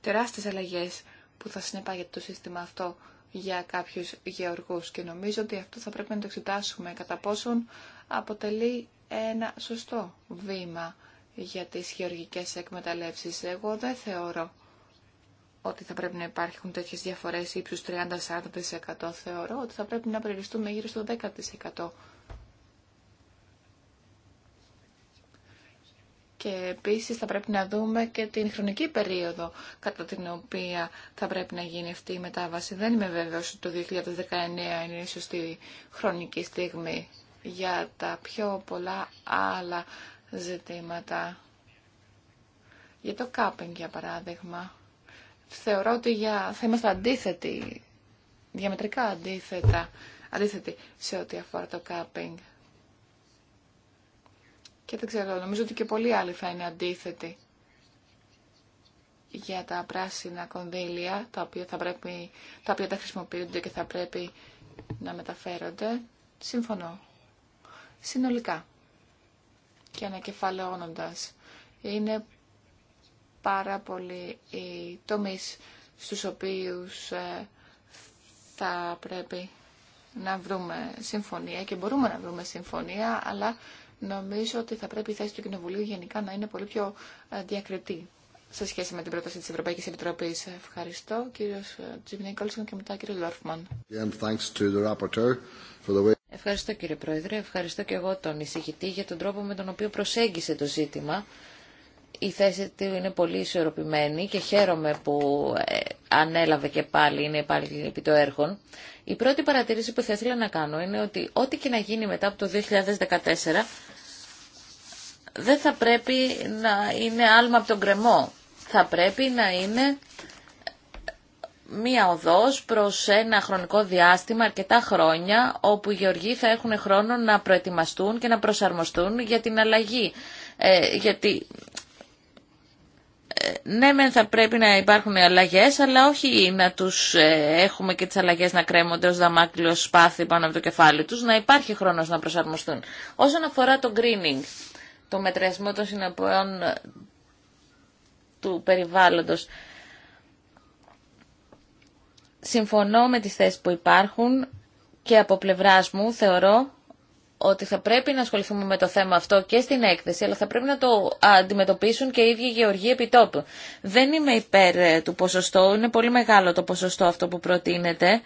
S3: τεράστιες αλλαγές που θα συνεπάγεται το σύστημα αυτό για κάποιους γεωργούς και νομίζω ότι αυτό θα πρέπει να το εξετάσουμε κατά πόσον αποτελεί ένα σωστό βήμα για τις γεωργικές εκμεταλλεύσεις. Εγώ δεν θεωρώ ότι θα πρέπει να υπάρχουν τέτοιες διαφορές ύψους 30-40%. Θεωρώ ότι θα πρέπει να περιοριστούμε γύρω στο 10%. Και επίσης θα πρέπει να δούμε και την χρονική περίοδο κατά την οποία θα πρέπει να γίνει αυτή η μετάβαση. Δεν είμαι βέβαιος ότι το 2019 είναι η σωστή χρονική στιγμή για τα πιο πολλά άλλα ζητήματα. Για το κάπινγκ, για παράδειγμα. Θεωρώ ότι για... θα είμαστε αντίθετοι, διαμετρικά αντίθετα, αντίθετοι σε ό,τι αφορά το κάπινγκ. Και δεν ξέρω, νομίζω ότι και πολλοί άλλοι θα είναι αντίθετοι για τα πράσινα κονδύλια, τα οποία, θα πρέπει, τα οποία τα χρησιμοποιούνται και θα πρέπει να μεταφέρονται. Συμφωνώ. Συνολικά και ανακεφαλαιώνοντας. Είναι πάρα πολλοί οι τομείς στους οποίους ε, θα πρέπει να βρούμε συμφωνία και μπορούμε να βρούμε συμφωνία, αλλά Νομίζω ότι θα πρέπει η θέση του Κοινοβουλίου γενικά να είναι πολύ πιο ε, διακριτή σε σχέση με την πρόταση της Ευρωπαϊκής Επιτροπής. Ευχαριστώ, κύριος ε, και μετά κύριο Λόρφμαν. Ευχαριστώ
S1: κύριε Πρόεδρε, ευχαριστώ και εγώ τον εισηγητή για τον τρόπο με τον οποίο προσέγγισε το ζήτημα η θέση του είναι πολύ ισορροπημένη και χαίρομαι που ε, ανέλαβε και πάλι, είναι πάλι επί το έρχον. Η πρώτη παρατηρήση που θα ήθελα να κάνω είναι ότι ό,τι και να γίνει μετά από το 2014 δεν θα πρέπει να είναι άλμα από τον κρεμό. Θα πρέπει να είναι μία οδός προς ένα χρονικό διάστημα, αρκετά χρόνια, όπου οι γεωργοί θα έχουν χρόνο να προετοιμαστούν και να προσαρμοστούν για την αλλαγή. Ε, γιατί ναι μεν θα πρέπει να υπάρχουν αλλαγές αλλά όχι να τους ε, έχουμε και τις αλλαγές να κρέμονται ως δαμάκλειο σπάθη πάνω από το κεφάλι τους να υπάρχει χρόνος να προσαρμοστούν όσον αφορά το greening το μετριασμό των συνεπειών ε, του περιβάλλοντος συμφωνώ με τις θέσεις που υπάρχουν και από πλευράς μου θεωρώ ότι θα πρέπει να ασχοληθούμε με το θέμα αυτό και στην έκθεση, αλλά θα πρέπει να το αντιμετωπίσουν και οι ίδιοι γεωργοί επιτόπου. Δεν είμαι υπέρ ε, του ποσοστό, είναι πολύ μεγάλο το ποσοστό αυτό που προτείνεται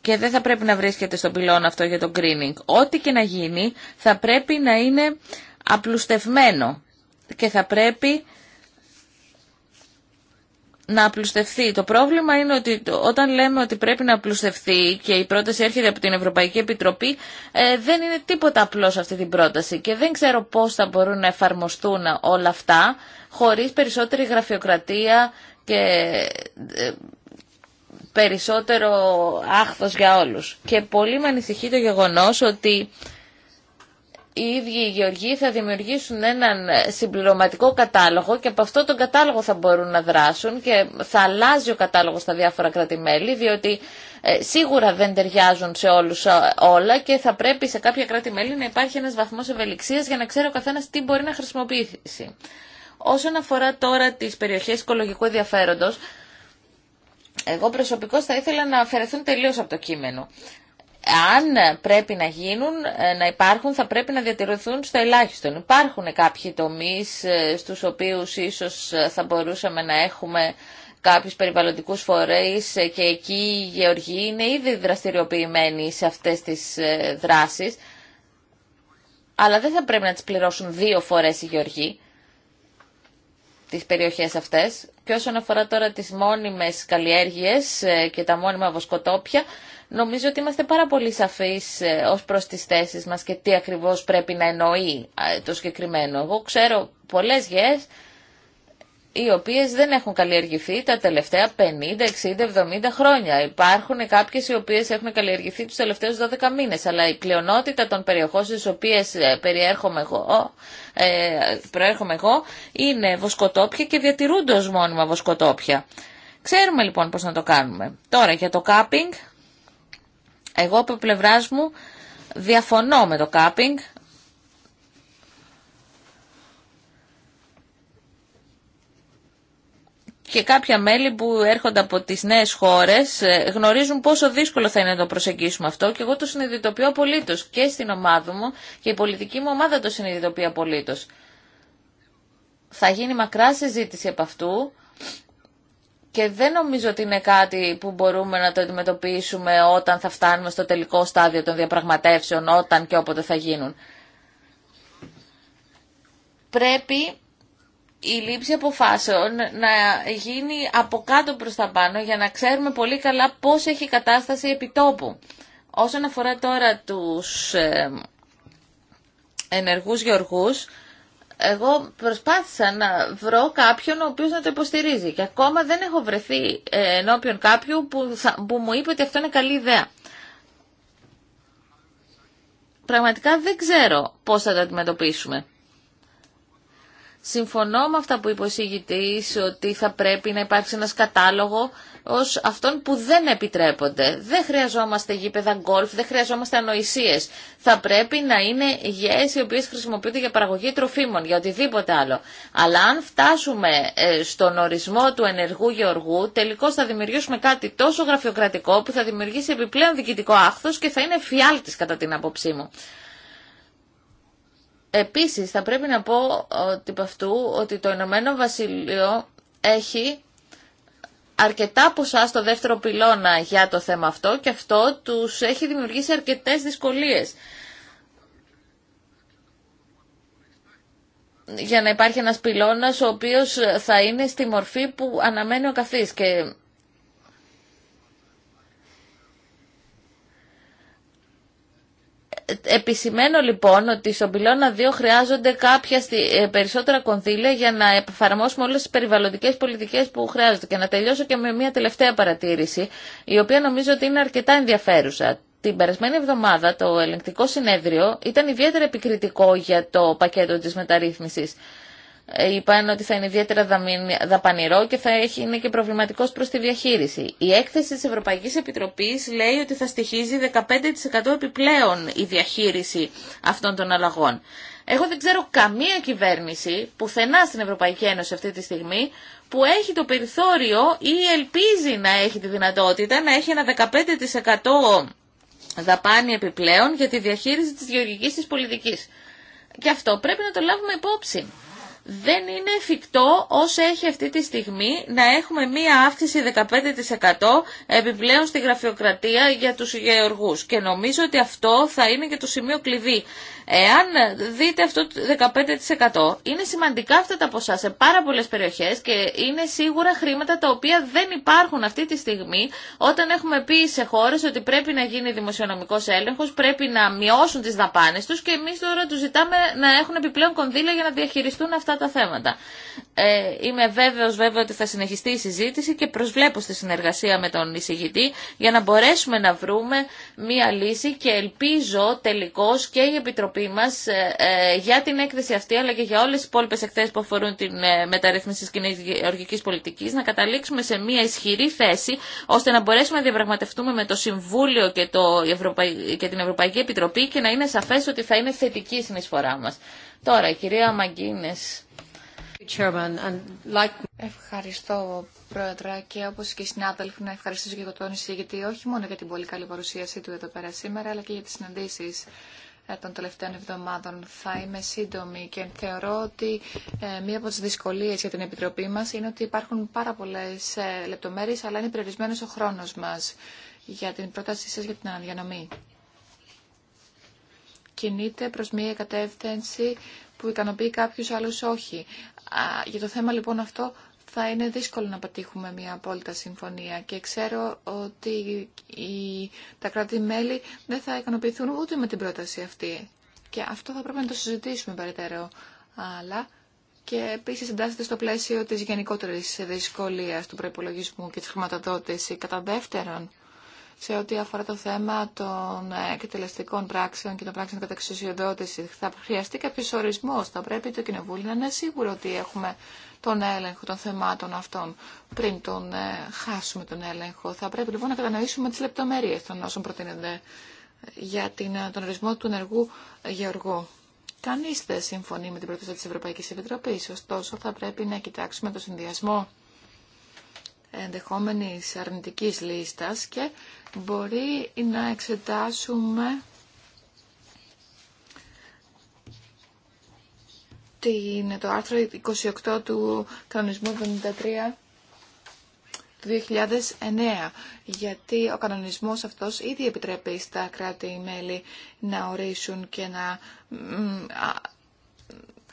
S1: και δεν θα πρέπει να βρίσκεται στον πυλόν αυτό για το greening. Ό,τι και να γίνει θα πρέπει να είναι απλουστευμένο και θα πρέπει να απλουστευτεί. Το πρόβλημα είναι ότι όταν λέμε ότι πρέπει να απλουστευτεί και η πρόταση έρχεται από την Ευρωπαϊκή Επιτροπή, ε, δεν είναι τίποτα απλό αυτή την πρόταση και δεν ξέρω πώς θα μπορούν να εφαρμοστούν όλα αυτά χωρίς περισσότερη γραφειοκρατία και ε, περισσότερο άχθος για όλους. Και πολύ με ανησυχεί το γεγονός ότι οι ίδιοι οι γεωργοί θα δημιουργήσουν έναν συμπληρωματικό κατάλογο και από αυτό τον κατάλογο θα μπορούν να δράσουν και θα αλλάζει ο κατάλογος στα διάφορα κράτη-μέλη διότι ε, σίγουρα δεν ταιριάζουν σε όλους ε, όλα και θα πρέπει σε κάποια κράτη-μέλη να υπάρχει ένας βαθμός ευελιξίας για να ξέρει ο καθένας τι μπορεί να χρησιμοποιήσει. Όσον αφορά τώρα τις περιοχές οικολογικού ενδιαφέροντος, εγώ προσωπικώς θα ήθελα να αφαιρεθούν τελείως από το κείμενο αν πρέπει να γίνουν, ε, να υπάρχουν, θα πρέπει να διατηρηθούν στο ελάχιστο. Υπάρχουν κάποιοι τομείς ε, στους οποίους ίσως ε, θα μπορούσαμε να έχουμε κάποιους περιβαλλοντικούς φορείς και εκεί η γεωργοί είναι ήδη δραστηριοποιημένοι σε αυτές τις δράσεις, αλλά δεν θα πρέπει να τις πληρώσουν δύο φορές οι γεωργοί τις περιοχές αυτές. Και όσον αφορά τώρα τις μόνιμες καλλιέργειες και τα μόνιμα βοσκοτόπια, Νομίζω ότι είμαστε πάρα πολύ σαφείς ε, ως προς τις θέσεις μας και τι ακριβώς πρέπει να εννοεί ε, το συγκεκριμένο. Εγώ ξέρω πολλές γιες οι οποίες δεν έχουν καλλιεργηθεί τα τελευταία 50, 60, 70 χρόνια. Υπάρχουν κάποιες οι οποίες έχουν καλλιεργηθεί τους τελευταίους 12 μήνες, αλλά η πλειονότητα των περιοχών στις οποίες ε, περιέρχομαι εγώ, προέρχομαι εγώ είναι βοσκοτόπια και διατηρούνται ως μόνιμα βοσκοτόπια. Ξέρουμε λοιπόν πώς να το κάνουμε. Τώρα για το κάπινγκ, εγώ από πλευρά μου διαφωνώ με το κάπινγκ. και κάποια μέλη που έρχονται από τις νέες χώρες ε, γνωρίζουν πόσο δύσκολο θα είναι να το προσεγγίσουμε αυτό και εγώ το συνειδητοποιώ απολύτως και στην ομάδα μου και η πολιτική μου ομάδα το συνειδητοποιεί απολύτως. Θα γίνει μακρά συζήτηση από αυτού και δεν νομίζω ότι είναι κάτι που μπορούμε να το αντιμετωπίσουμε όταν θα φτάνουμε στο τελικό στάδιο των διαπραγματεύσεων, όταν και όποτε θα γίνουν. Πρέπει η λήψη αποφάσεων να γίνει από κάτω προς τα πάνω για να ξέρουμε πολύ καλά πώς έχει η κατάσταση επιτόπου. Όσον αφορά τώρα τους ε, ενεργούς γεωργούς, εγώ προσπάθησα να βρω κάποιον ο οποίος να το υποστηρίζει και ακόμα δεν έχω βρεθεί ε, ενώπιον κάποιου που, που μου είπε ότι αυτό είναι καλή ιδέα. Πραγματικά δεν ξέρω πώς θα το αντιμετωπίσουμε. Συμφωνώ με αυτά που είπε ο εισηγητής, ότι θα πρέπει να υπάρξει ένας κατάλογο ως αυτών που δεν επιτρέπονται. Δεν χρειαζόμαστε γήπεδα γκολφ, δεν χρειαζόμαστε ανοησίες. Θα πρέπει να είναι γέες οι οποίες χρησιμοποιούνται για παραγωγή τροφίμων, για οτιδήποτε άλλο. Αλλά αν φτάσουμε ε, στον ορισμό του ενεργού γεωργού, τελικώς θα δημιουργήσουμε κάτι τόσο γραφειοκρατικό που θα δημιουργήσει επιπλέον διοικητικό άχθος και θα είναι φιάλτης κατά την άποψή μου. Επίσης, θα πρέπει να πω ότι αυτού ότι το Ηνωμένο Βασίλειο έχει αρκετά ποσά στο δεύτερο πυλώνα για το θέμα αυτό και αυτό τους έχει δημιουργήσει αρκετές δυσκολίες. για να υπάρχει ένας πυλώνας ο οποίος θα είναι στη μορφή που αναμένει ο καθής και επισημαίνω λοιπόν ότι στον πυλώνα 2 χρειάζονται κάποια ε, περισσότερα κονδύλια για να εφαρμόσουμε όλες τις περιβαλλοντικές πολιτικές που χρειάζονται. Και να τελειώσω και με μια τελευταία παρατήρηση, η οποία νομίζω ότι είναι αρκετά ενδιαφέρουσα. Την περασμένη εβδομάδα το ελεγκτικό συνέδριο ήταν ιδιαίτερα επικριτικό για το πακέτο της μεταρρύθμισης. Ε, είπαν ότι θα είναι ιδιαίτερα δαπανηρό και θα είναι και προβληματικός προς τη διαχείριση. Η έκθεση της Ευρωπαϊκής Επιτροπής λέει ότι θα στοιχίζει 15% επιπλέον η διαχείριση αυτών των αλλαγών. Εγώ δεν ξέρω καμία κυβέρνηση πουθενά στην Ευρωπαϊκή Ένωση αυτή τη στιγμή που έχει το περιθώριο ή ελπίζει να έχει τη δυνατότητα να έχει ένα 15% δαπάνη επιπλέον για τη διαχείριση της γεωργικής της πολιτικής. Και αυτό πρέπει να το λάβουμε υπόψη δεν είναι εφικτό όσο έχει αυτή τη στιγμή να έχουμε μία αύξηση 15% επιπλέον στη γραφειοκρατία για τους γεωργούς. Και νομίζω ότι αυτό θα είναι και το σημείο κλειδί Εάν δείτε αυτό το 15% είναι σημαντικά αυτά τα ποσά σε πάρα πολλές περιοχές και είναι σίγουρα χρήματα τα οποία δεν υπάρχουν αυτή τη στιγμή όταν έχουμε πει σε χώρες ότι πρέπει να γίνει δημοσιονομικός έλεγχος, πρέπει να μειώσουν τις δαπάνες τους και εμείς τώρα τους ζητάμε να έχουν επιπλέον κονδύλια για να διαχειριστούν αυτά τα θέματα. Ε, είμαι βέβαιο, βέβαια ότι θα συνεχιστεί η συζήτηση και προσβλέπω στη συνεργασία με τον εισηγητή για να μπορέσουμε να βρούμε μία λύση και ελπίζω τελικώ και η Επιτροπή μας ε, ε, για την έκθεση αυτή αλλά και για όλε τι υπόλοιπε εκθέσει που αφορούν την μεταρρύθμιση τη κοινή γεωργική πολιτική να καταλήξουμε σε μία ισχυρή θέση ώστε να μπορέσουμε να διαπραγματευτούμε με το Συμβούλιο και, το Ευρωπαϊ... και την Ευρωπαϊκή Επιτροπή και να είναι σαφέ ότι θα είναι θετική η συνεισφορά μας. Τώρα, η κυρία Μαγκίνε.
S3: Ευχαριστώ, Πρόεδρε, και όπω και οι συνάδελφοι, να ευχαριστήσω και εγώ τον εισηγητή, όχι μόνο για την πολύ καλή παρουσίασή του εδώ πέρα σήμερα, αλλά και για τι συναντήσει ε, των τελευταίων εβδομάδων. Θα είμαι σύντομη και θεωρώ ότι ε, μία από τι δυσκολίε για την Επιτροπή μα είναι ότι υπάρχουν πάρα πολλές ε, λεπτομέρειε, αλλά είναι περιορισμένο ο χρόνο μα για την πρότασή σα για την αναδιανομή. Κινείται προ μία κατεύθυνση που ικανοποιεί κάποιους άλλους όχι. Για το θέμα λοιπόν αυτό θα είναι δύσκολο να πετύχουμε μια απόλυτα συμφωνία και ξέρω ότι οι, τα κράτη-μέλη δεν θα ικανοποιηθούν ούτε με την πρόταση αυτή. Και αυτό θα πρέπει να το συζητήσουμε περαιτέρω. Αλλά και επίσης εντάσσεται στο πλαίσιο της γενικότερης δυσκολίας του προϋπολογισμού και της χρηματοδότησης Κατά δεύτερον, σε ό,τι αφορά το θέμα των εκτελεστικών πράξεων και των πράξεων κατά εξουσιοδότηση. Θα χρειαστεί κάποιο ορισμό. Θα πρέπει το Κοινοβούλιο να είναι σίγουρο ότι έχουμε τον έλεγχο των θεμάτων αυτών πριν τον ε, χάσουμε τον έλεγχο. Θα πρέπει λοιπόν να κατανοήσουμε τις λεπτομέρειες των όσων προτείνονται για την, ε, τον ορισμό του ενεργού γεωργού. Κανείς δεν συμφωνεί με την πρόταση της Ευρωπαϊκής Επιτροπής, ωστόσο θα πρέπει να κοιτάξουμε το συνδυασμό ενδεχόμενης αρνητικής λίστας και μπορεί να εξετάσουμε την, το άρθρο 28 του κανονισμού 73 του 2009, γιατί ο κανονισμός αυτός ήδη επιτρέπει στα κράτη-μέλη να ορίσουν και να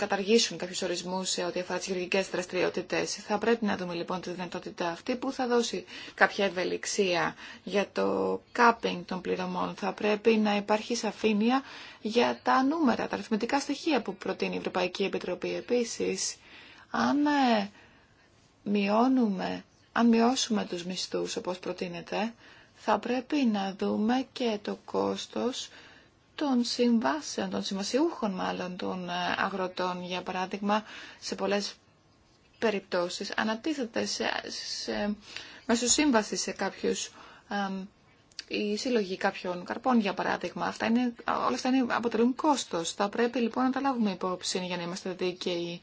S3: καταργήσουν κάποιου ορισμού σε ό,τι αφορά τι χειρουργικέ δραστηριότητε. Θα πρέπει να δούμε λοιπόν τη δυνατότητα αυτή που θα δώσει κάποια ευελιξία για το κάπινγκ των πληρωμών. Θα πρέπει να υπάρχει σαφήνεια για τα νούμερα, τα αριθμητικά στοιχεία που προτείνει η Ευρωπαϊκή Επιτροπή. Επίση, αν ε, μειώνουμε, αν μειώσουμε τους μισθού όπως προτείνεται, θα πρέπει να δούμε και το κόστος των συμβάσεων, των συμβασιούχων μάλλον των ε, αγροτών, για παράδειγμα, σε πολλές περιπτώσεις, ανατίθεται σε, σε, μέσω σύμβαση σε κάποιους η συλλογή κάποιων καρπών, για παράδειγμα. Αυτά είναι, όλα αυτά είναι, αποτελούν κόστος. Θα πρέπει λοιπόν να τα λάβουμε υπόψη για να είμαστε δίκαιοι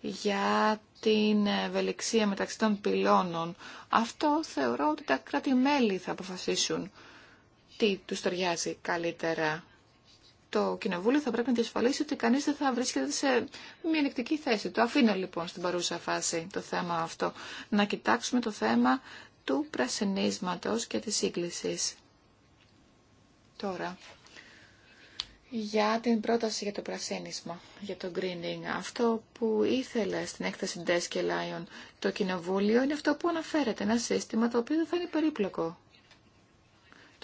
S3: για την ευελιξία μεταξύ των πυλώνων. Αυτό θεωρώ ότι τα κράτη-μέλη θα αποφασίσουν τι τους ταιριάζει καλύτερα το Κοινοβούλιο θα πρέπει να διασφαλίσει ότι κανείς δεν θα βρίσκεται σε μια νεκτική θέση. Το αφήνω λοιπόν στην παρούσα φάση το θέμα αυτό. Να κοιτάξουμε το θέμα του πρασινίσματος και της σύγκλησης. Τώρα, για την πρόταση για το πρασίνισμα, για το greening, αυτό που ήθελε στην έκθεση Desk Lion το Κοινοβούλιο είναι αυτό που αναφέρεται, ένα σύστημα το οποίο δεν θα είναι περίπλοκο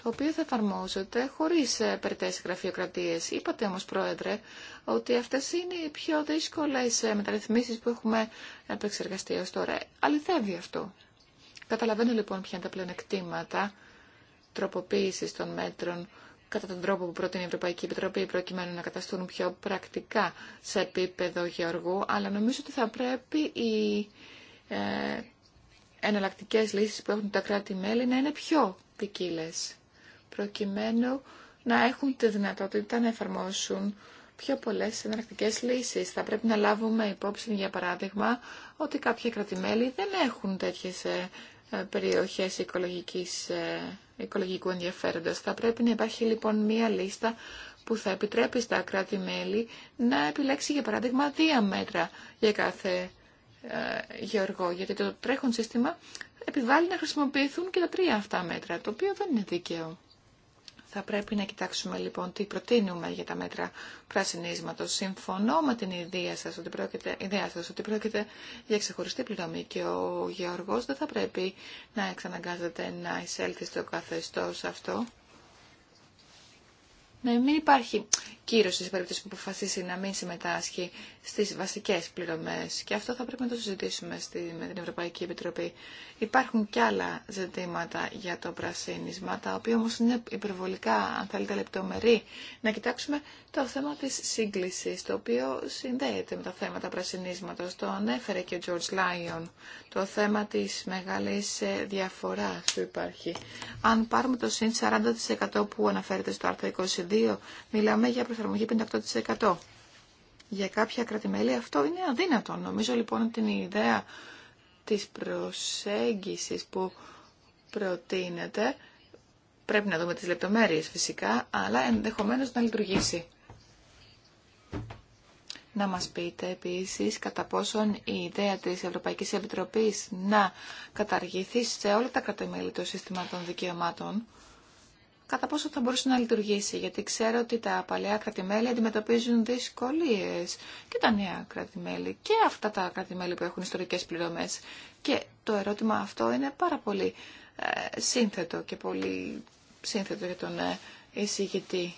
S3: το οποίο θα εφαρμόζεται χωρίς ε, περιττές γραφειοκρατίες. Είπατε όμως, Πρόεδρε, ότι αυτές είναι οι πιο δύσκολες ε, μεταρρυθμίσεις που έχουμε επεξεργαστεί ως τώρα. Αληθεύει αυτό. Καταλαβαίνω λοιπόν ποια είναι τα πλεονεκτήματα τροποποίησης των μέτρων κατά τον τρόπο που προτείνει η Ευρωπαϊκή Επιτροπή προκειμένου να καταστούν πιο πρακτικά σε επίπεδο γεωργού, αλλά νομίζω ότι θα πρέπει οι ε, εναλλακτικές λύσεις που έχουν τα κράτη-μέλη να είναι πιο ποικίλε προκειμένου να έχουν τη δυνατότητα να εφαρμόσουν πιο πολλές συναρκτικές λύσεις. Θα πρέπει να λάβουμε υπόψη, για παράδειγμα, ότι κάποια κρατημέλη δεν έχουν τέτοιες ε, ε, περιοχές οικολογικής, ε, οικολογικού ενδιαφέροντος. Θα πρέπει να υπάρχει λοιπόν μία λίστα που θα επιτρέπει στα κράτη-μέλη να επιλέξει για παράδειγμα δύο μέτρα για κάθε γεωργό, γιατί το τρέχον σύστημα επιβάλλει να χρησιμοποιηθούν και τα τρία αυτά μέτρα, το οποίο δεν είναι δίκαιο. Θα πρέπει να κοιτάξουμε λοιπόν τι προτείνουμε για τα μέτρα πρασινίσματος. Συμφωνώ με την ιδέα σας ότι πρόκειται, ιδέα σας ότι πρόκειται για ξεχωριστή πληρωμή και ο γεωργός δεν θα πρέπει να εξαναγκάζεται να εισέλθει στο καθεστώς αυτό να μην υπάρχει κύρωση σε περίπτωση που αποφασίσει να μην συμμετάσχει στις βασικές πληρωμές. Και αυτό θα πρέπει να το συζητήσουμε στη, με την Ευρωπαϊκή Επιτροπή. Υπάρχουν και άλλα ζητήματα για το πρασίνισμα, τα οποία όμως είναι υπερβολικά, αν θέλετε, λεπτομερή. Να κοιτάξουμε το θέμα της σύγκλησης, το οποίο συνδέεται με τα θέματα πρασινίσματος. Το ανέφερε και ο George Lyon, το θέμα της μεγάλη ε, διαφορά που υπάρχει. Αν πάρουμε το συν 40% που αναφέρεται στο άρθρο 22, μιλάμε για προσαρμογή 58%. Για κάποια κρατημέλη αυτό είναι αδύνατο. Νομίζω λοιπόν ότι την ιδέα της προσέγγισης που προτείνεται πρέπει να δούμε τις λεπτομέρειες φυσικά, αλλά ενδεχομένως να λειτουργήσει. Να μας πείτε επίσης κατά πόσον η ιδέα της Ευρωπαϊκής Επιτροπής να καταργηθεί σε όλα τα κρατημέλη το σύστημα των δικαιωμάτων κατά πόσο θα μπορούσε να λειτουργήσει, γιατί ξέρω ότι τα παλαιά κρατημέλη αντιμετωπίζουν δυσκολίες και τα νέα κρατημέλη και αυτά τα κρατημέλη που έχουν ιστορικές πληρωμές. Και το ερώτημα αυτό είναι πάρα πολύ ε, σύνθετο και πολύ σύνθετο για τον ε, εισηγητή.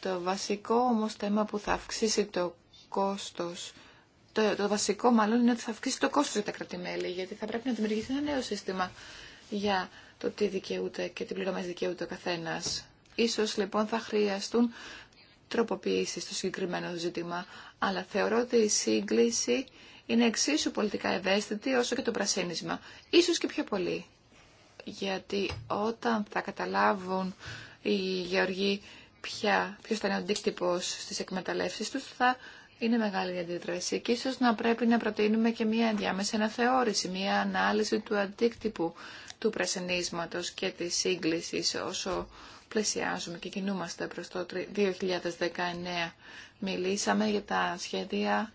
S3: Το βασικό όμως θέμα που θα αυξήσει το κόστος το, βασικό μάλλον είναι ότι θα αυξήσει το κόστος για τα κρατημέλη, γιατί θα πρέπει να δημιουργηθεί ένα νέο σύστημα για το τι δικαιούται και τι πληρώμε δικαιούται ο καθένα. Ίσως λοιπόν θα χρειαστούν τροποποιήσει στο συγκεκριμένο ζήτημα, αλλά θεωρώ ότι η σύγκληση είναι εξίσου πολιτικά ευαίσθητη όσο και το πρασίνισμα, ίσως και πιο πολύ. Γιατί όταν θα καταλάβουν οι γεωργοί πια ποιος θα είναι ο αντίκτυπος στις εκμεταλλεύσεις τους, θα είναι μεγάλη η αντίδραση και ίσως να πρέπει να προτείνουμε και μία ενδιάμεση αναθεώρηση, μία ανάλυση του αντίκτυπου του πρασενίσματος και της σύγκλησης όσο πλησιάζουμε και κινούμαστε προς το 2019. Μιλήσαμε για τα σχέδια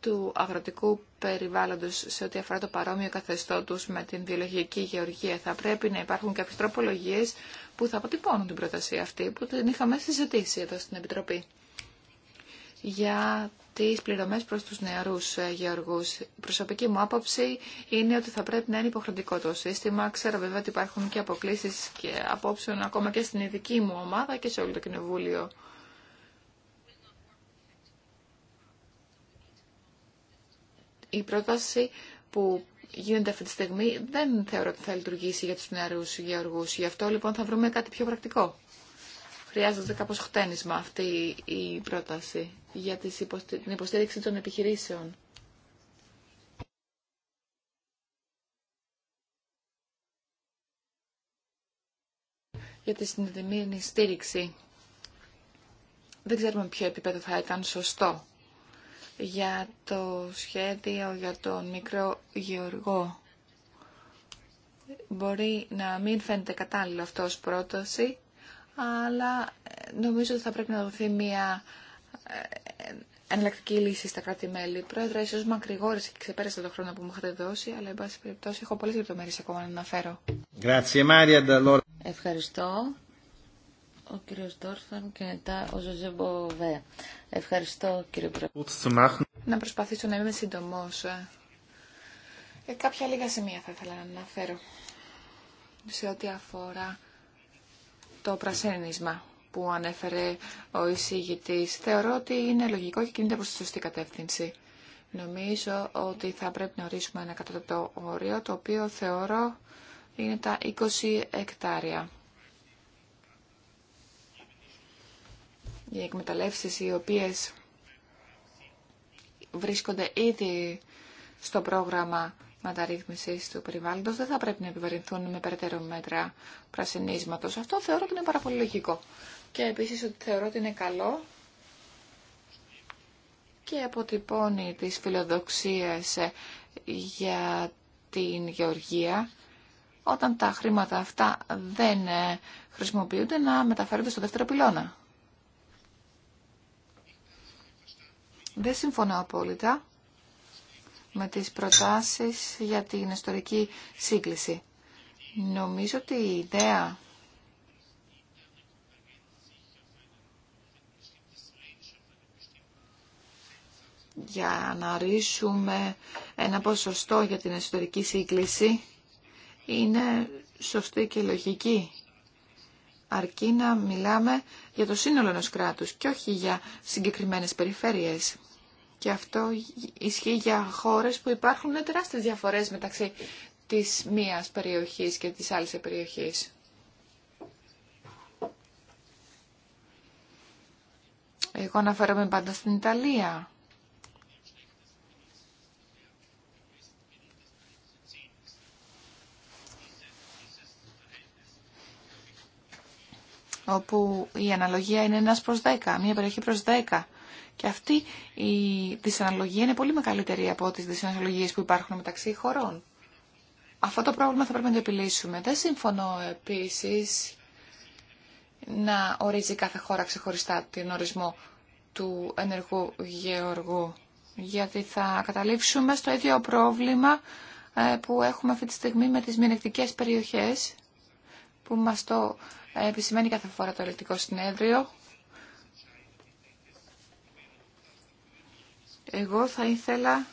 S3: του αγροτικού περιβάλλοντος σε ό,τι αφορά το παρόμοιο καθεστώ του με την βιολογική γεωργία. Θα πρέπει να υπάρχουν κάποιες τροπολογίες που θα αποτυπώνουν την πρόταση αυτή που την είχαμε συζητήσει εδώ στην Επιτροπή. Για τις πληρωμές προς τους νεαρούς ε, γεωργούς. Η προσωπική μου άποψη είναι ότι θα πρέπει να είναι υποχρεωτικό το σύστημα. Ξέρω βέβαια ότι υπάρχουν και αποκλήσεις και απόψεων ακόμα και στην ειδική μου ομάδα και σε όλο το Κοινοβούλιο. Η πρόταση που γίνεται αυτή τη στιγμή δεν θεωρώ ότι θα λειτουργήσει για τους νεαρούς γεωργούς. Γι' αυτό λοιπόν θα βρούμε κάτι πιο πρακτικό. Χρειάζεται κάπως χτένισμα αυτή η πρόταση για την υποστήριξη των επιχειρήσεων. για τη συνδεδεμένη στήριξη. Δεν ξέρουμε ποιο επίπεδο θα ήταν σωστό για το σχέδιο για τον μικρό γεωργό. Μπορεί να μην φαίνεται κατάλληλο αυτό ως πρόταση, αλλά ε, νομίζω ότι θα πρέπει να δοθεί μια ε, εναλλακτική λύση στα κράτη-μέλη. Πρόεδρε, ίσω μακρηγόρησε και ξεπέρασε το χρόνο που μου είχατε δώσει, αλλά εν πάση περιπτώσει έχω πολλέ λεπτομέρειε ακόμα να αναφέρω. Ευχαριστώ. Ο κύριο Ντόρφαν και μετά ο Ζωζέ Μποβέ. Ευχαριστώ κύριε
S2: Πρόεδρε.
S3: Να προσπαθήσω να είμαι σύντομο. Ε, κάποια λίγα σημεία θα ήθελα να αναφέρω σε ό,τι αφορά το πρασένισμα που ανέφερε ο εισηγητής. Θεωρώ ότι είναι λογικό και κινείται προς τη σωστή κατεύθυνση. Νομίζω ότι θα πρέπει να ορίσουμε ένα κατώτατο όριο, το οποίο θεωρώ είναι τα 20 εκτάρια. Οι εκμεταλλεύσεις οι οποίες βρίσκονται ήδη στο πρόγραμμα μεταρρύθμιση του περιβάλλοντο δεν θα πρέπει να επιβαρυνθούν με περαιτέρω μέτρα πρασινίσματο. Αυτό θεωρώ ότι είναι πάρα πολύ λογικό. Και επίσης ότι θεωρώ ότι είναι καλό και αποτυπώνει τις φιλοδοξίες ε, για την γεωργία όταν τα χρήματα αυτά δεν ε, χρησιμοποιούνται να μεταφέρονται στο δεύτερο πυλώνα. Δεν συμφωνώ απόλυτα με τις προτάσεις για την ιστορική σύγκληση. Νομίζω ότι η ιδέα για να ρίσουμε ένα ποσοστό για την ιστορική σύγκληση είναι σωστή και λογική. Αρκεί να μιλάμε για το σύνολο ενός κράτους και όχι για συγκεκριμένες περιφέρειες. Και αυτό ισχύει για χώρες που υπάρχουν τεράστιες διαφορές μεταξύ της μίας περιοχής και της άλλης περιοχής. Εγώ αναφέρομαι πάντα στην Ιταλία. όπου η αναλογία είναι ένας προς δέκα, μία περιοχή προς δέκα. Και αυτή η δυσαναλογία είναι πολύ μεγαλύτερη από τις δυσαναλογίες που υπάρχουν μεταξύ χωρών. Αυτό το πρόβλημα θα πρέπει να το επιλύσουμε. Δεν συμφωνώ επίσης να ορίζει κάθε χώρα ξεχωριστά την ορισμό του ενεργού γεωργού. Γιατί θα καταλήξουμε στο ίδιο πρόβλημα ε, που έχουμε αυτή τη στιγμή με τις μειονεκτικές περιοχές που μας το ε, επισημαίνει κάθε φορά το ελεκτικό συνέδριο Εγώ θα ήθελα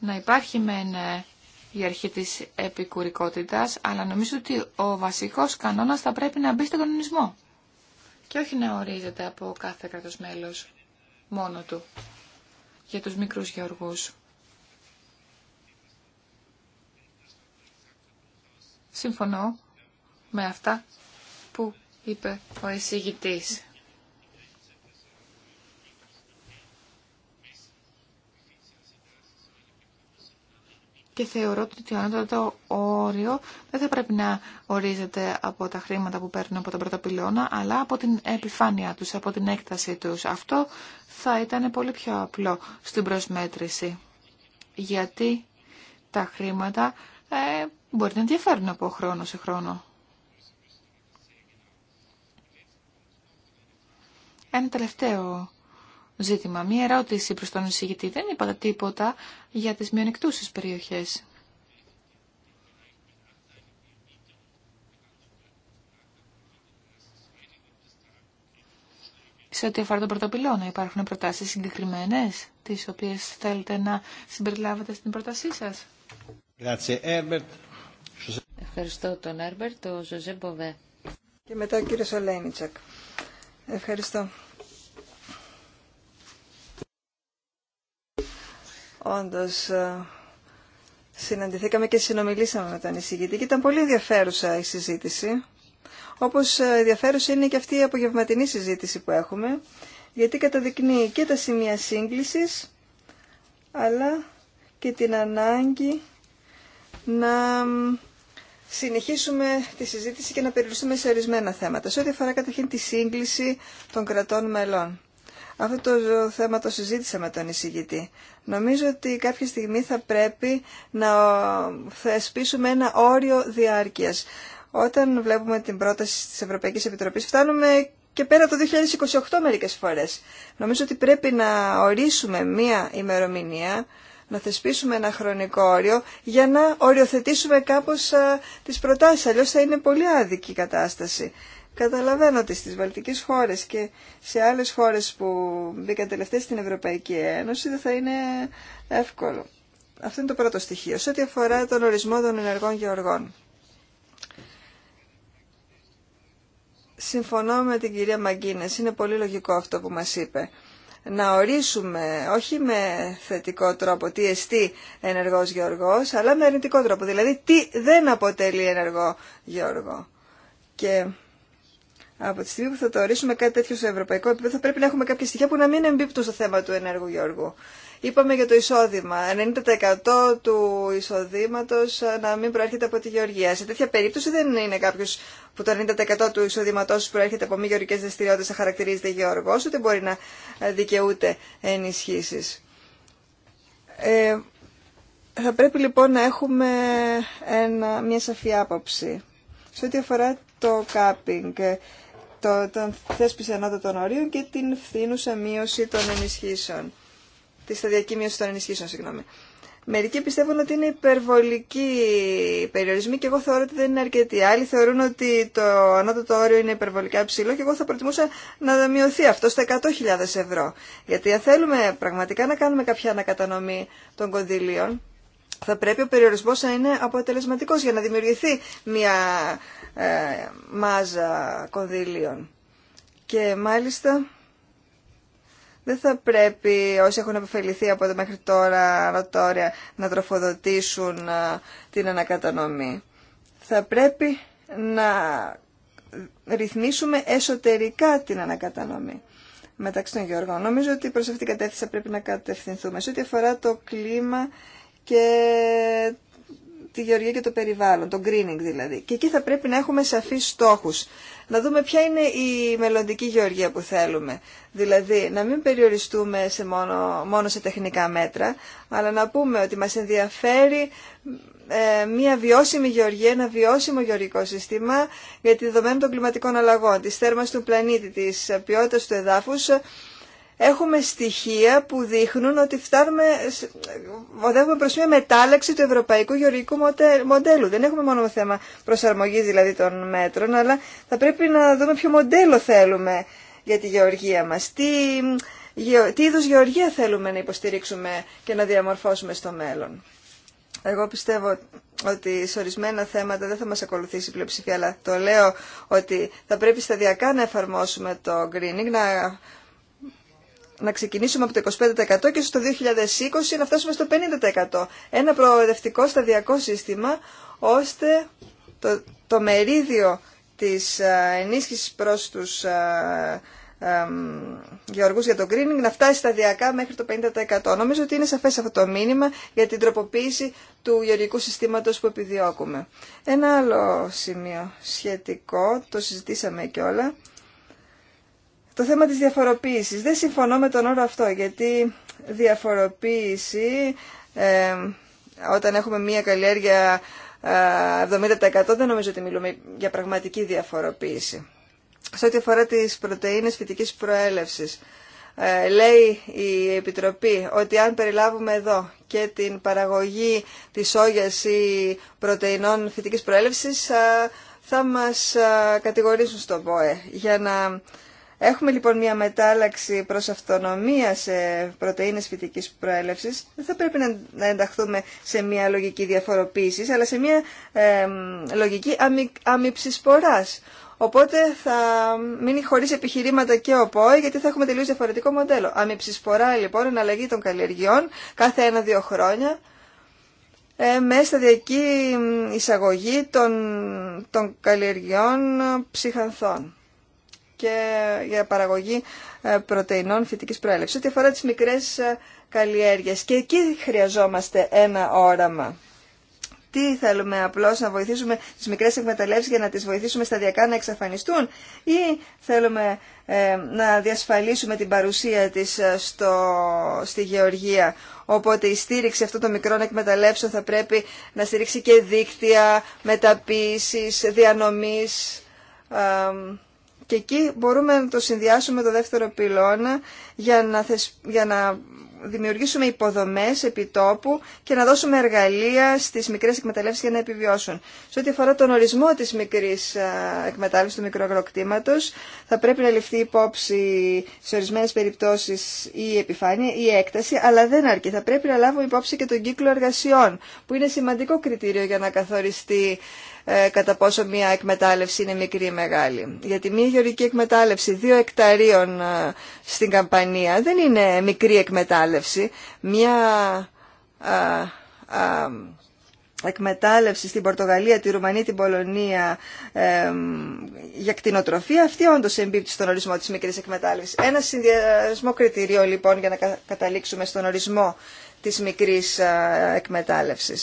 S3: να υπάρχει μεν ε, η αρχή της επικουρικότητας, αλλά νομίζω ότι ο βασικός κανόνας θα πρέπει να μπει στον κανονισμό και όχι να ορίζεται από κάθε κράτος μέλος μόνο του για τους μικρούς γεωργούς. Συμφωνώ με αυτά που είπε ο εισηγητής. και θεωρώ ότι το ανώτατο όριο δεν θα πρέπει να ορίζεται από τα χρήματα που παίρνουν από τον πρώτο πυλώνα, αλλά από την επιφάνεια τους, από την έκταση τους. Αυτό θα ήταν πολύ πιο απλό στην προσμέτρηση, γιατί τα χρήματα ε, μπορεί να διαφέρουν από χρόνο σε χρόνο. Ένα τελευταίο ζήτημα. Μία ερώτηση προς τον εισηγητή. Δεν είπατε τίποτα για τις μειονεκτούσες περιοχές. Σε ό,τι αφορά τον να υπάρχουν προτάσεις συγκεκριμένες, τις οποίες θέλετε να συμπεριλάβετε στην πρότασή σας. Ευχαριστώ τον Έρμπερτ, τον Ζωζέ Μποβέ. Και μετά ο κύριος Ολένιτσακ. Ευχαριστώ.
S2: Όντως, ε, συναντηθήκαμε και συνομιλήσαμε με τον εισηγητή και ήταν πολύ ενδιαφέρουσα η συζήτηση. Όπως ε, ενδιαφέρουσα είναι και αυτή η απογευματινή συζήτηση που έχουμε, γιατί καταδεικνύει και τα σημεία σύγκλησης, αλλά και την ανάγκη να συνεχίσουμε τη συζήτηση και να περιοριστούμε σε ορισμένα θέματα. Σε ό,τι αφορά καταρχήν τη σύγκληση των κρατών μελών. Αυτό το θέμα το συζήτησα με τον εισηγητή. Νομίζω ότι κάποια στιγμή θα πρέπει να θεσπίσουμε ένα όριο διάρκειας. Όταν βλέπουμε την πρόταση της Ευρωπαϊκής Επιτροπής φτάνουμε και πέρα το 2028 μερικές φορές. Νομίζω ότι πρέπει να ορίσουμε μία ημερομηνία, να θεσπίσουμε ένα χρονικό όριο για να οριοθετήσουμε κάπως α, τις προτάσεις. Αλλιώς θα είναι πολύ άδικη η κατάσταση. Καταλαβαίνω ότι στις βαλτικές χώρες και σε άλλες χώρες που μπήκαν τελευταίες στην Ευρωπαϊκή Ένωση δεν θα είναι εύκολο. Αυτό είναι το πρώτο στοιχείο. Σε ό,τι αφορά τον ορισμό των ενεργών γεωργών. Συμφωνώ με την κυρία Μαγκίνες, είναι πολύ λογικό αυτό που μας είπε. Να ορίσουμε όχι με θετικό τρόπο τι εστί ενεργός γεωργός, αλλά με αρνητικό τρόπο, δηλαδή τι δεν αποτελεί ενεργό γεωργό. Και από τη στιγμή που θα το ορίσουμε κάτι τέτοιο σε ευρωπαϊκό επίπεδο, θα πρέπει να έχουμε κάποια στοιχεία που να μην εμπίπτουν στο θέμα του ενέργου Γιώργου. Είπαμε για το εισόδημα. 90% του εισοδήματο ε, να μην προέρχεται από τη γεωργία. Σε τέτοια περίπτωση δεν είναι κάποιο που το 90% του εισοδήματό προέρχεται από μη γεωργικέ δραστηριότητε να χαρακτηρίζεται γεωργό, ούτε μπορεί να ε, δικαιούται ενισχύσει. Ε, θα πρέπει λοιπόν να έχουμε ένα, μια σαφή άποψη. Σε ό,τι αφορά το κάπινγκ το, τον θέσπιση ανώτατων ορίων και την φθήνουσα μείωση των ενισχύσεων. Τη σταδιακή μείωση των ενισχύσεων, συγγνώμη. Μερικοί πιστεύουν ότι είναι υπερβολικοί οι περιορισμοί και εγώ θεωρώ ότι δεν είναι αρκετή. Άλλοι θεωρούν ότι το ανώτατο όριο είναι υπερβολικά ψηλό και εγώ θα προτιμούσα να μειωθεί αυτό στα 100.000 ευρώ. Γιατί αν θέλουμε πραγματικά να κάνουμε κάποια ανακατανομή των κονδυλίων, θα πρέπει ο περιορισμός να είναι αποτελεσματικός για να δημιουργηθεί μια ε, μάζα κονδύλιων. Και μάλιστα δεν θα πρέπει όσοι έχουν αποφεληθεί από εδώ μέχρι τώρα ρωτόρια να τροφοδοτήσουν ε, την ανακατανομή. Θα πρέπει να ρυθμίσουμε εσωτερικά την ανακατανομή μεταξύ των Γεωργών. Νομίζω ότι προς αυτήν την κατεύθυνση θα πρέπει να κατευθυνθούμε. Σε ό,τι αφορά το κλίμα και τη γεωργία και το περιβάλλον, το greening δηλαδή. Και εκεί θα πρέπει να έχουμε σαφείς στόχους. Να δούμε ποια είναι η μελλοντική γεωργία που θέλουμε. Δηλαδή, να μην περιοριστούμε σε μόνο, μόνο σε τεχνικά μέτρα, αλλά να πούμε ότι μας ενδιαφέρει ε, μια βιώσιμη γεωργία, ένα βιώσιμο γεωργικό σύστημα για τη δεδομένη των κλιματικών αλλαγών, της θέρμας του πλανήτη, της ποιότητας του εδάφους, έχουμε στοιχεία που δείχνουν ότι φτάνουμε, οδεύουμε προς μια μετάλλαξη του ευρωπαϊκού γεωργικού μοντέλου. Δεν έχουμε μόνο θέμα προσαρμογής δηλαδή των μέτρων, αλλά θα πρέπει να δούμε ποιο μοντέλο θέλουμε για τη γεωργία μας. Τι, τι είδους γεωργία θέλουμε να υποστηρίξουμε και να διαμορφώσουμε στο μέλλον. Εγώ πιστεύω ότι σε ορισμένα θέματα δεν θα μας ακολουθήσει η πλειοψηφία, αλλά το λέω ότι θα πρέπει σταδιακά να εφαρμόσουμε το greening, να να ξεκινήσουμε από το 25% και στο 2020 να φτάσουμε στο 50%. Ένα προοδευτικό σταδιακό σύστημα ώστε το, το μερίδιο της ε, ενίσχυσης προς τους α, ε, ε, γεωργούς για το greening να φτάσει σταδιακά μέχρι το 50%. Νομίζω ότι είναι σαφές αυτό το μήνυμα για την τροποποίηση του γεωργικού συστήματος που επιδιώκουμε. Ένα άλλο σημείο σχετικό, το συζητήσαμε και όλα, το θέμα της διαφοροποίησης. Δεν συμφωνώ με τον όρο αυτό, γιατί διαφοροποίηση, ε, όταν έχουμε μία καλλιέργεια 70% ε, δεν νομίζω ότι μιλούμε για πραγματική διαφοροποίηση. Σε ό,τι αφορά τις πρωτεΐνες φυτικής προέλευσης, ε, λέει η Επιτροπή ότι αν περιλάβουμε εδώ και την παραγωγή της σόγιας ή πρωτεϊνών φυτικής προέλευσης, ε, θα μας κατηγορήσουν στον ΠΟΕ για να Έχουμε λοιπόν μια μετάλλαξη προς αυτονομία σε πρωτεΐνες φυτικής προέλευσης. Δεν θα πρέπει να ενταχθούμε σε μια λογική διαφοροποίησης, αλλά σε μια λογική αμυ, Οπότε θα μείνει χωρίς επιχειρήματα και ο ΠΟΕ, γιατί θα έχουμε τελείως διαφορετικό μοντέλο. Αμυψησπορά λοιπόν, εναλλαγή των καλλιεργειών, κάθε ένα-δύο χρόνια, ε, με σταδιακή εισαγωγή των, των καλλιεργειών ε, ψυχανθών και για παραγωγή ε, πρωτεϊνών φυτικής προέλευσης. Ό,τι αφορά τις μικρές ε, καλλιέργειες. Και εκεί χρειαζόμαστε ένα όραμα. Τι θέλουμε απλώς να βοηθήσουμε τις μικρές εκμεταλλεύσεις για να τις βοηθήσουμε σταδιακά να εξαφανιστούν ή θέλουμε ε, να διασφαλίσουμε την παρουσία της στο, στη γεωργία. Οπότε η στήριξη αυτών των μικρών εκμεταλλεύσεων θα πρέπει να στηρίξει και δίκτυα μεταποίησης, διανομής... Και εκεί μπορούμε να το συνδυάσουμε το δεύτερο πυλώνα για να, για να δημιουργήσουμε υποδομές επιτόπου και να δώσουμε εργαλεία στις μικρές εκμεταλλεύσεις για να επιβιώσουν. Σε ό,τι αφορά τον ορισμό της μικρής εκμετάλλευσης του μικροαγροκτήματος, θα πρέπει να ληφθεί υπόψη σε ορισμένες περιπτώσεις η επιφάνεια, η έκταση, αλλά δεν αρκεί. Θα πρέπει να λάβουμε υπόψη και τον κύκλο εργασιών, που είναι σημαντικό κριτήριο για να καθοριστεί ε, κατά πόσο μια εκμετάλλευση είναι μικρή ή μεγάλη. Γιατί μια γεωργική εκμετάλλευση δύο εκταρίων ε, στην Καμπανία δεν είναι μικρή εκμετάλλευση. Μια ε, εκμετάλλευση στην Πορτογαλία, τη Ρουμανία, την Πολωνία για κτηνοτροφία, αυτή όντω εμπίπτει στον ορισμό τη μικρή εκμετάλλευση. Ένα συνδυασμό κριτηρίων λοιπόν για να καταλήξουμε στον ορισμό τη μικρή εκμετάλλευση.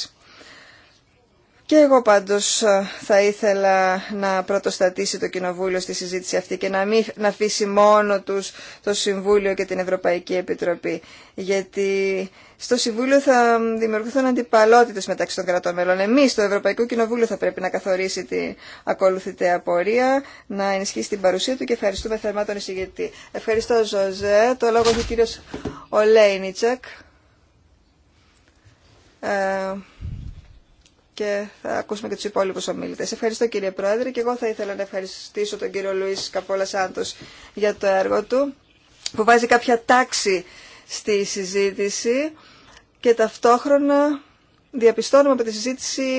S2: Και εγώ πάντως ε, θα ήθελα να πρωτοστατήσει το Κοινοβούλιο στη συζήτηση αυτή και να μην αφήσει μόνο τους το Συμβούλιο και την Ευρωπαϊκή Επιτροπή. Γιατί στο Συμβούλιο θα δημιουργηθούν αντιπαλότητες μεταξύ των κρατών μελών. Εμείς το Ευρωπαϊκό Κοινοβούλιο θα πρέπει να καθορίσει την ακολουθητέα πορεία, να ενισχύσει την παρουσία του και ευχαριστούμε θερμά τον εισηγητή. Ευχαριστώ Ζωζέ. Το λόγο έχει ο κύριος Ολέινιτσακ. Ε, και θα ακούσουμε και τους υπόλοιπους ομίλητες. Ευχαριστώ κύριε Πρόεδρε και εγώ θα ήθελα να ευχαριστήσω τον κύριο Λουίς Καπόλα Σάντος για το έργο του που βάζει κάποια τάξη στη συζήτηση και ταυτόχρονα διαπιστώνουμε από τη συζήτηση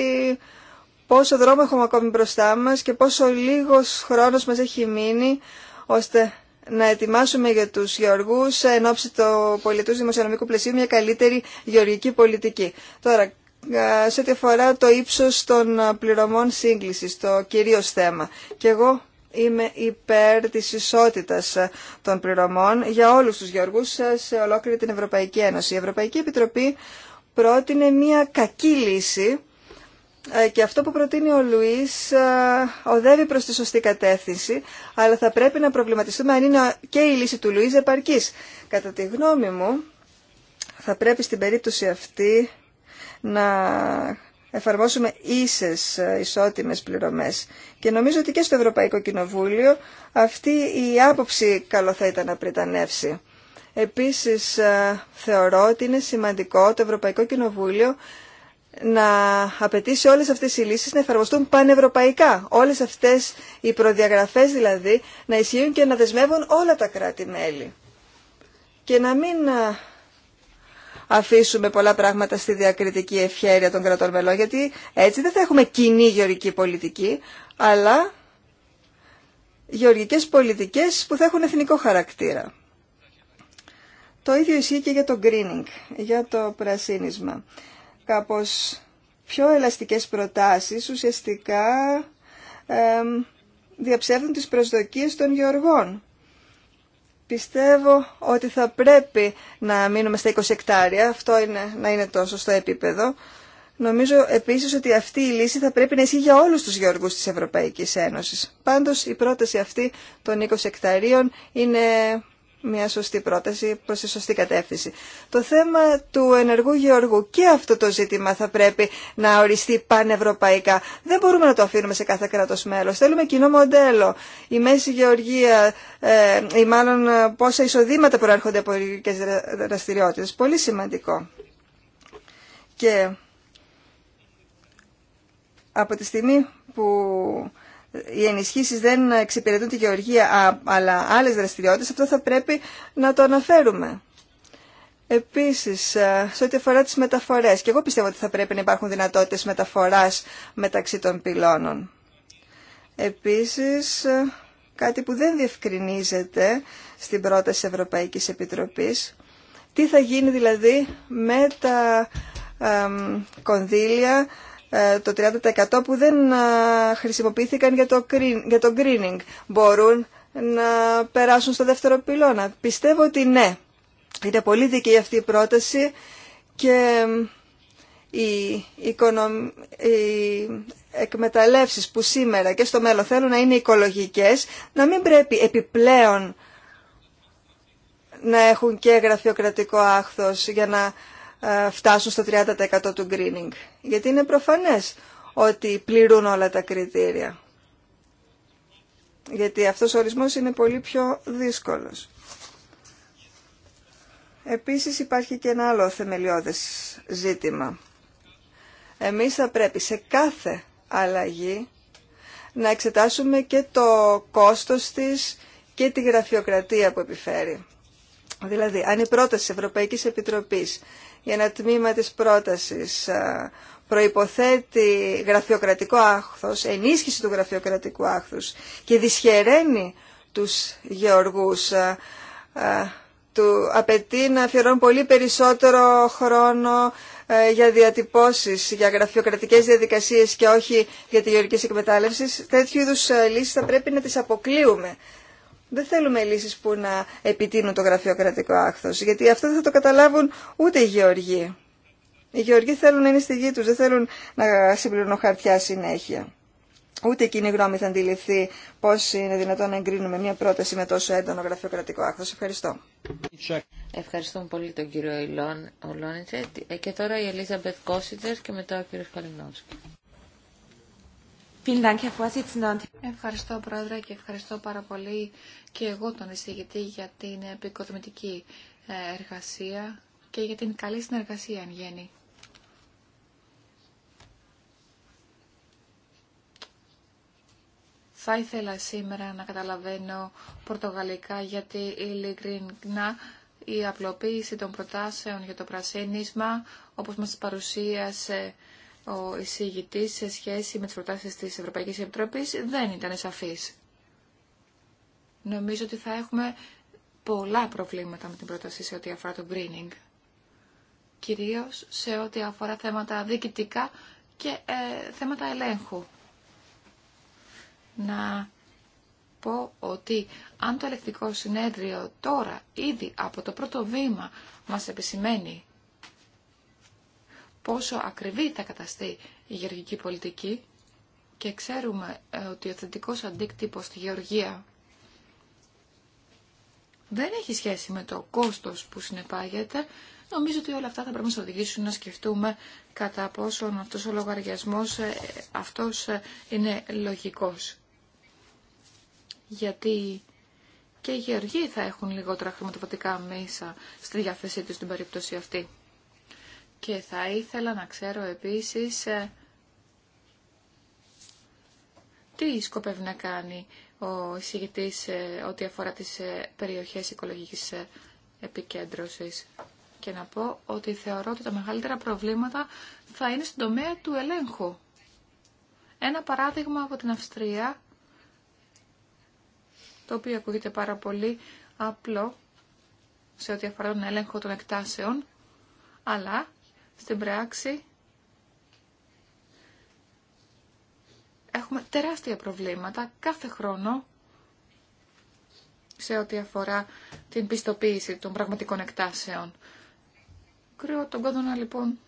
S2: πόσο δρόμο έχουμε ακόμη μπροστά μας και πόσο λίγος χρόνος μας έχει μείνει ώστε να ετοιμάσουμε για τους γεωργούς εν ώψη του πολιτούς δημοσιονομικού πλαισίου μια καλύτερη γεωργική πολιτική. Τώρα, ε, σε ό,τι αφορά το ύψος των ε, πληρωμών σύγκλησης, το κυρίως θέμα. Και εγώ είμαι υπέρ της ισότητας ε, των πληρωμών για όλους τους γεωργούς σε ολόκληρη την Ευρωπαϊκή Ένωση. Η Ευρωπαϊκή Επιτροπή πρότεινε μια κακή λύση και αυτό που προτείνει ο Λουίς οδεύει προς τη σωστή κατεύθυνση, αλλά θα πρέπει να προβληματιστούμε αν είναι και η λύση του Λουίς επαρκής. Κατά τη γνώμη μου, θα πρέπει στην περίπτωση αυτή να εφαρμόσουμε ίσες ε, ισότιμες πληρωμές. Και νομίζω ότι και στο Ευρωπαϊκό Κοινοβούλιο αυτή η άποψη καλό θα ήταν να πριτανεύσει. Επίσης ε, θεωρώ ότι είναι σημαντικό το Ευρωπαϊκό Κοινοβούλιο να απαιτήσει όλες αυτές οι λύσεις να εφαρμοστούν πανευρωπαϊκά. Όλες αυτές οι προδιαγραφές δηλαδή να ισχύουν και να δεσμεύουν όλα τα κράτη-μέλη. Και να μην ε, αφήσουμε πολλά πράγματα στη διακριτική ευχέρεια των κρατών μελών, γιατί έτσι δεν θα έχουμε κοινή γεωργική πολιτική, αλλά γεωργικές πολιτικές που θα έχουν εθνικό χαρακτήρα. Το ίδιο ισχύει και για το greening, για το πρασίνισμα. Κάπως πιο ελαστικές προτάσεις ουσιαστικά ε, διαψεύδουν τις προσδοκίες των γεωργών. Πιστεύω ότι θα πρέπει να μείνουμε στα 20 εκτάρια, αυτό είναι, να είναι το σωστό επίπεδο. Νομίζω επίσης ότι αυτή η λύση θα πρέπει να ισχύει για όλους τους γεωργούς της Ευρωπαϊκής Ένωσης. Πάντως η πρόταση αυτή των 20 εκταρίων είναι μια σωστή πρόταση προς τη σωστή κατεύθυνση. Το θέμα του ενεργού γεωργού και αυτό το ζήτημα θα πρέπει να οριστεί πανευρωπαϊκά. Δεν μπορούμε να το αφήνουμε σε κάθε κράτος μέλος. Θέλουμε κοινό μοντέλο. Η μέση γεωργία ε, ή μάλλον ε, πόσα εισοδήματα προέρχονται από ελληνικές δραστηριότητες. Πολύ σημαντικό. Και από τη στιγμή που οι ενισχύσεις δεν εξυπηρετούν τη γεωργία αλλά άλλες δραστηριότητες, αυτό θα πρέπει να το αναφέρουμε. Επίσης, ε, σε ό,τι αφορά τις μεταφορές, και εγώ πιστεύω ότι θα πρέπει να υπάρχουν δυνατότητες μεταφοράς μεταξύ των πυλώνων. Επίσης, ε, κάτι που δεν διευκρινίζεται στην πρόταση Ευρωπαϊκής Επιτροπής, τι θα γίνει δηλαδή με τα ε, κονδύλια το 30% που δεν ε, χρησιμοποιήθηκαν για το, για greening μπορούν να περάσουν στο δεύτερο πυλώνα. Πιστεύω ότι ναι. Είναι πολύ δίκαιη αυτή η πρόταση και ε, οι, οικονομ... οι εκμεταλλεύσεις που σήμερα και στο μέλλον θέλουν να είναι οικολογικές, να μην πρέπει επιπλέον να έχουν και γραφειοκρατικό άχθος για να ε, φτάσουν στο 30% του greening. Γιατί είναι προφανές ότι πληρούν όλα τα κριτήρια. Γιατί αυτός ο ορισμός είναι πολύ πιο δύσκολος. Επίσης υπάρχει και ένα άλλο θεμελιώδες ζήτημα. Εμείς θα πρέπει σε κάθε αλλαγή να εξετάσουμε και το κόστος της και τη γραφειοκρατία που επιφέρει. Δηλαδή, αν η πρόταση της Ευρωπαϊκής Επιτροπής για ένα τμήμα της πρότασης προϋποθέτει γραφειοκρατικό άχθος, ενίσχυση του γραφειοκρατικού άχθους και δυσχεραίνει τους γεωργούς, του απαιτεί να αφιερώνουν πολύ περισσότερο χρόνο ε, για διατυπώσεις, για γραφειοκρατικές διαδικασίες και όχι για τη γεωργική εκμετάλλευση, τέτοιου είδους ε, λύσεις θα πρέπει να τις αποκλείουμε. Δεν θέλουμε λύσεις που να επιτείνουν το γραφειοκρατικό άχθος, γιατί αυτό δεν θα το καταλάβουν ούτε οι γεωργοί. Οι γεωργοί θέλουν να είναι στη γη τους, δεν θέλουν να συμπληρώνουν χαρτιά συνέχεια. Ούτε εκείνη η γνώμη θα αντιληφθεί πώ είναι δυνατόν να εγκρίνουμε μια πρόταση με τόσο έντονο γραφειοκρατικό άκθος. Ευχαριστώ.
S1: Ευχαριστούμε πολύ τον κύριο Ολόνιτσε. Ε, και τώρα η Ελίζα Μπεθ και μετά ο κύριος Καλινόσκη.
S3: Ευχαριστώ Πρόεδρε και ευχαριστώ πάρα πολύ και εγώ τον εισηγητή για την επικοδομητική ε, εργασία και για την καλή συνεργασία εν γέννη. Θα ήθελα σήμερα να καταλαβαίνω πορτογαλικά γιατί ειλικρινά η απλοποίηση των προτάσεων για το πρασίνισμα όπως μας παρουσίασε ο εισηγητής σε σχέση με τις προτάσεις της Ευρωπαϊκής Επιτροπής δεν ήταν σαφής. Νομίζω ότι θα έχουμε πολλά προβλήματα με την πρόταση σε ό,τι αφορά το greening. Κυρίως σε ό,τι αφορά θέματα διοικητικά και ε, θέματα ελέγχου. Να πω ότι αν το ελεκτικό συνέδριο τώρα ήδη από το πρώτο βήμα μας επισημαίνει πόσο ακριβή θα καταστεί η γεωργική πολιτική και ξέρουμε ε, ότι ο θετικός αντίκτυπος στη γεωργία δεν έχει σχέση με το κόστος που συνεπάγεται. Νομίζω ότι όλα αυτά θα πρέπει να οδηγήσουν να σκεφτούμε κατά πόσον αυτός ο λογαριασμός ε, αυτός ε, είναι λογικός. Γιατί και οι γεωργοί θα έχουν λιγότερα χρηματοδοτικά μέσα στη διάθεσή τους στην περίπτωση αυτή. Και θα ήθελα να ξέρω επίσης ε, τι σκοπεύει να κάνει ο εισηγητής ε, ό,τι αφορά τις ε, περιοχές οικολογικής επικέντρωσης. Και να πω ότι θεωρώ ότι τα μεγαλύτερα προβλήματα θα είναι στον τομέα του ελέγχου. Ένα παράδειγμα από την Αυστρία, το οποίο ακούγεται πάρα πολύ απλό σε ό,τι αφορά τον έλεγχο των εκτάσεων, αλλά στην πράξη έχουμε τεράστια προβλήματα κάθε χρόνο σε ό,τι αφορά την πιστοποίηση των πραγματικών εκτάσεων. Κρύω τον κόδωνα λοιπόν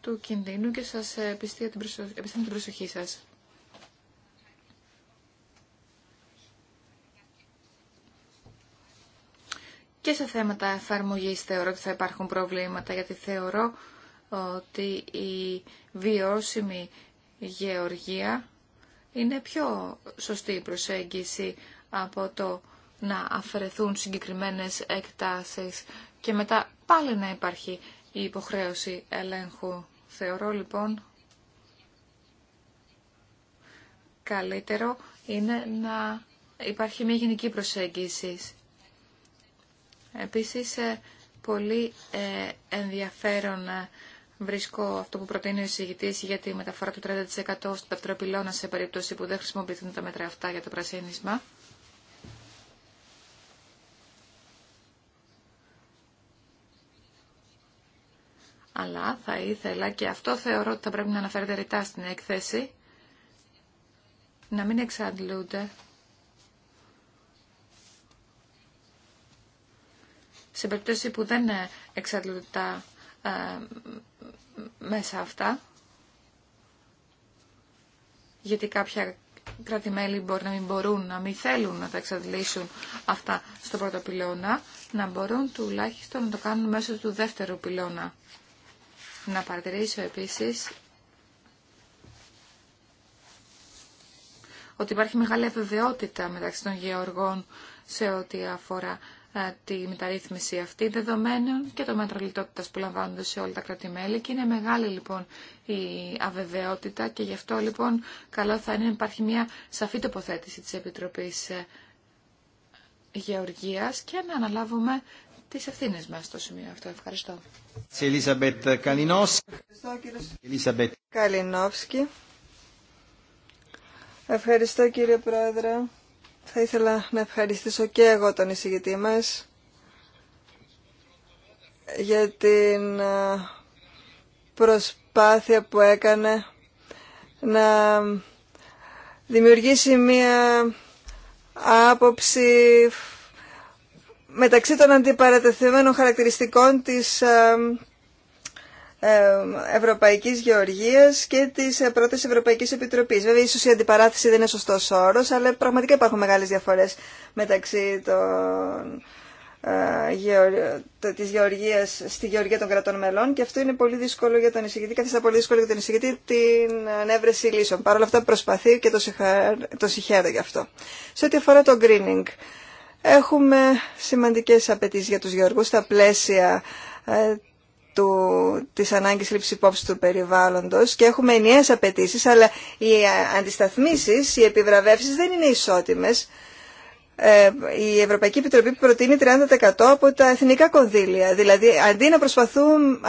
S3: του κινδύνου και σας ε, επιστήνω την, την προσοχή σας. Και σε θέματα εφαρμογής θεωρώ ότι θα υπάρχουν προβλήματα, γιατί θεωρώ ότι η βιώσιμη γεωργία είναι πιο σωστή προσέγγιση από το να αφαιρεθούν συγκεκριμένες εκτάσεις και μετά πάλι να υπάρχει η υποχρέωση ελέγχου. Θεωρώ λοιπόν καλύτερο είναι να υπάρχει μια γενική προσέγγιση. Επίσης, ε, πολύ ε, ενδιαφέρον ε, Βρίσκω αυτό που προτείνει ο εισηγητή για τη μεταφορά του 30% στον δεύτερο σε περίπτωση που δεν χρησιμοποιηθούν τα μέτρα αυτά για το πρασίνισμα. Αλλά θα ήθελα και αυτό θεωρώ ότι θα πρέπει να αναφέρεται ρητά στην έκθεση να μην εξαντλούνται σε περίπτωση που δεν εξαντλούνται τα ε, μέσα αυτά, γιατί κάποια μπορεί να μην μπορούν, να μην θέλουν να τα εξαντλήσουν αυτά στο πρώτο πυλώνα, να μπορούν τουλάχιστον να το κάνουν μέσω του δεύτερου πυλώνα. Να παρατηρήσω επίσης ότι υπάρχει μεγάλη αβεβαιότητα μεταξύ των γεωργών σε ό,τι αφορά τη μεταρρύθμιση αυτή δεδομένων και το μέτρο λιτότητας που λαμβάνονται σε όλα τα κράτη-μέλη και είναι μεγάλη λοιπόν η αβεβαιότητα και γι' αυτό λοιπόν καλό θα είναι να υπάρχει μια σαφή τοποθέτηση της Επιτροπής ε, Γεωργίας και να αναλάβουμε τις ευθύνε μας στο σημείο αυτό. Ευχαριστώ.
S2: Ευχαριστώ κύριε Πρόεδρε. Θα ήθελα να ευχαριστήσω και εγώ τον εισηγητή μας για την προσπάθεια που έκανε να δημιουργήσει μία άποψη μεταξύ των αντιπαρατεθειμένων χαρακτηριστικών της Ευρωπαϊκής Γεωργίας και της ε, πρώτης Ευρωπαϊκής Επιτροπής. Βέβαια, ίσως η αντιπαράθεση δεν είναι σωστός όρος, αλλά πραγματικά υπάρχουν μεγάλες διαφορές μεταξύ των, ε, της γεωργίας στη γεωργία των κρατών μελών και αυτό είναι πολύ δύσκολο για τον εισηγητή, καθίστα πολύ δύσκολο για τον εισηγητή την ανέβρεση λύσεων. Παρ' όλα αυτά προσπαθεί και το, συγχαίρω γι' αυτό. Σε ό,τι αφορά το greening, έχουμε σημαντικές απαιτήσει για τους γεωργούς στα πλαίσια ε, του, της ανάγκης λήψης υπόψη του περιβάλλοντος και έχουμε ενιαίες απαιτήσει, αλλά οι αντισταθμίσεις, οι επιβραβεύσεις δεν είναι ισότιμες. Ε, η Ευρωπαϊκή Επιτροπή προτείνει 30% από τα εθνικά κονδύλια. Δηλαδή, αντί να,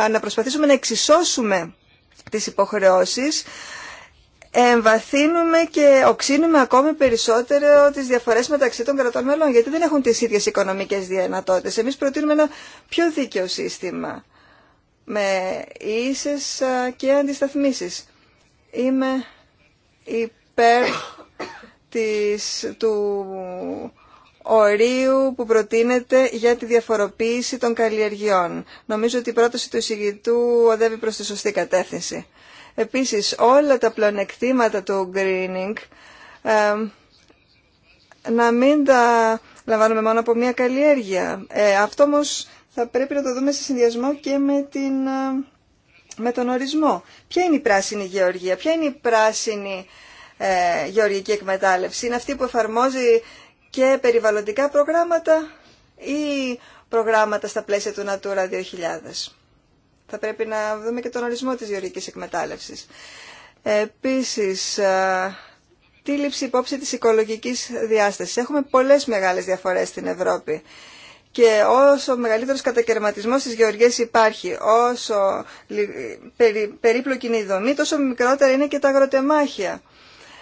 S2: να προσπαθήσουμε να εξισώσουμε τις υποχρεώσεις, εμβαθύνουμε και οξύνουμε ακόμη περισσότερο τις διαφορές μεταξύ των κρατών μελών, γιατί δεν έχουν τις ίδιες οικονομικές δυνατότητες. Εμείς προτείνουμε ένα πιο δίκαιο σύστημα με ίσες και αντισταθμίσεις. Είμαι υπέρ της, του ορίου που προτείνεται για τη διαφοροποίηση των καλλιεργειών. Νομίζω ότι η πρόταση του εισηγητού οδεύει προς τη σωστή κατεύθυνση. Επίσης, όλα τα πλονεκτήματα του greening ε, να μην τα λαμβάνουμε μόνο από μια καλλιέργεια. Ε, αυτό όμως θα πρέπει να το δούμε σε συνδυασμό και με, την, ε, με τον ορισμό. Ποια είναι η πράσινη γεωργία, ποια είναι η πράσινη ε, γεωργική εκμετάλλευση. Είναι αυτή που εφαρμόζει και περιβαλλοντικά προγράμματα ή προγράμματα στα πλαίσια του Natura 2000. Θα πρέπει να δούμε και τον ορισμό της γεωργικής εκμετάλλευσης. Επίσης, ε, τι λήψη υπόψη της οικολογικής διάστασης. Έχουμε πολλές μεγάλες διαφορές στην Ευρώπη. Και όσο μεγαλύτερο κατακαιρματισμό στις γεωργίες υπάρχει, όσο περί, περίπλοκη είναι η δομή, τόσο μικρότερα είναι και τα αγροτεμάχια.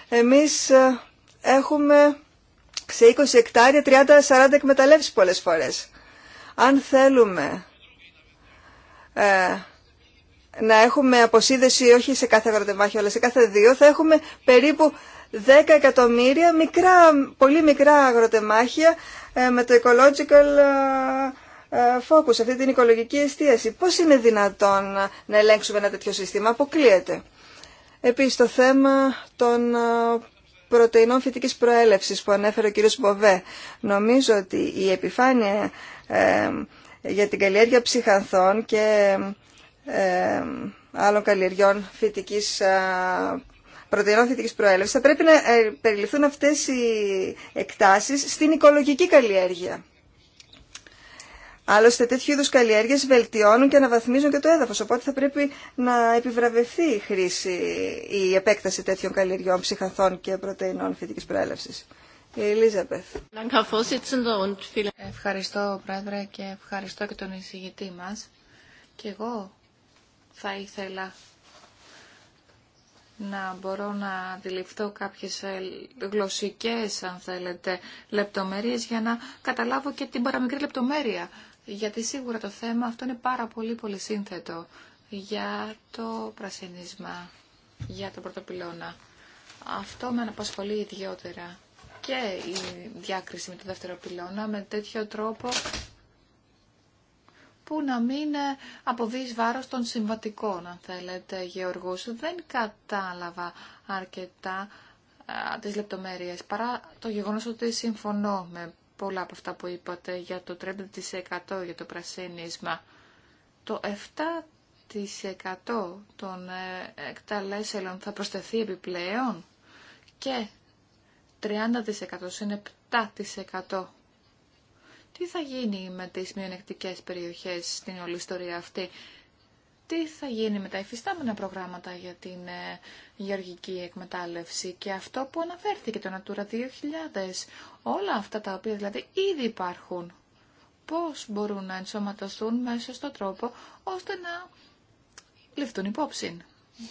S2: Εμείς ε, έχουμε σε 20 εκτάρια 30-40 εκμεταλλεύσει πολλέ φορές. Αν θέλουμε ε, να έχουμε αποσύνδεση όχι σε κάθε αγροτεμάχιο αλλά σε κάθε δύο, θα έχουμε περίπου 10 εκατομμύρια μικρά, πολύ μικρά αγροτεμάχια ε, με το ecological ε, ε, focus, αυτή την οικολογική εστίαση. Πώς είναι δυνατόν να ελέγξουμε ένα τέτοιο σύστημα, αποκλείεται. Επίσης το θέμα των πρωτεϊνών φυτικής προέλευσης που ανέφερε ο κ. Μποβέ. Νομίζω ότι η επιφάνεια για την καλλιέργεια ψυχανθών και άλλων καλλιεργιών φυτικής πρωτεϊνών φοιτική προέλευση. θα πρέπει να ε, περιληφθούν αυτές οι εκτάσεις στην οικολογική καλλιέργεια. Άλλωστε, τέτοιου είδου καλλιέργειε βελτιώνουν και αναβαθμίζουν και το έδαφο. Οπότε θα πρέπει να επιβραβευτεί η χρήση, η επέκταση τέτοιων καλλιεργειών ψυχαθών και πρωτεϊνών φυτική προέλευση. Η Ελίζαπεθ.
S3: Ευχαριστώ, Πρόεδρε, και ευχαριστώ και τον εισηγητή μα. Και εγώ θα ήθελα να μπορώ να αντιληφθώ κάποιες ε, γλωσσικές, αν θέλετε, λεπτομέρειες για να καταλάβω και την παραμικρή λεπτομέρεια. Γιατί σίγουρα το θέμα αυτό είναι πάρα πολύ πολύ σύνθετο για το πρασινίσμα, για τον πρωτοπυλώνα. Αυτό με αναπασχολεί ιδιότερα και η διάκριση με το δεύτερο πυλώνα με τέτοιο τρόπο που να μην ε, αποβείς βάρος των συμβατικών, αν θέλετε, Γεωργούς. Δεν κατάλαβα αρκετά α, ε, τις λεπτομέρειες, παρά το γεγονός ότι συμφωνώ με πολλά από αυτά που είπατε για το 30% για το πρασίνισμα. Το 7% των ε, εκταλέσεων θα προσθεθεί επιπλέον και 30% είναι 7% τι θα γίνει με τις μειονεκτικές περιοχές στην όλη ιστορία αυτή. Τι θα γίνει με τα υφιστάμενα προγράμματα για την ε, γεωργική εκμετάλλευση και αυτό που αναφέρθηκε το Natura 2000. Όλα αυτά τα οποία δηλαδή ήδη υπάρχουν. Πώς μπορούν να ενσωματωθούν μέσα στον τρόπο ώστε να ληφθούν υπόψη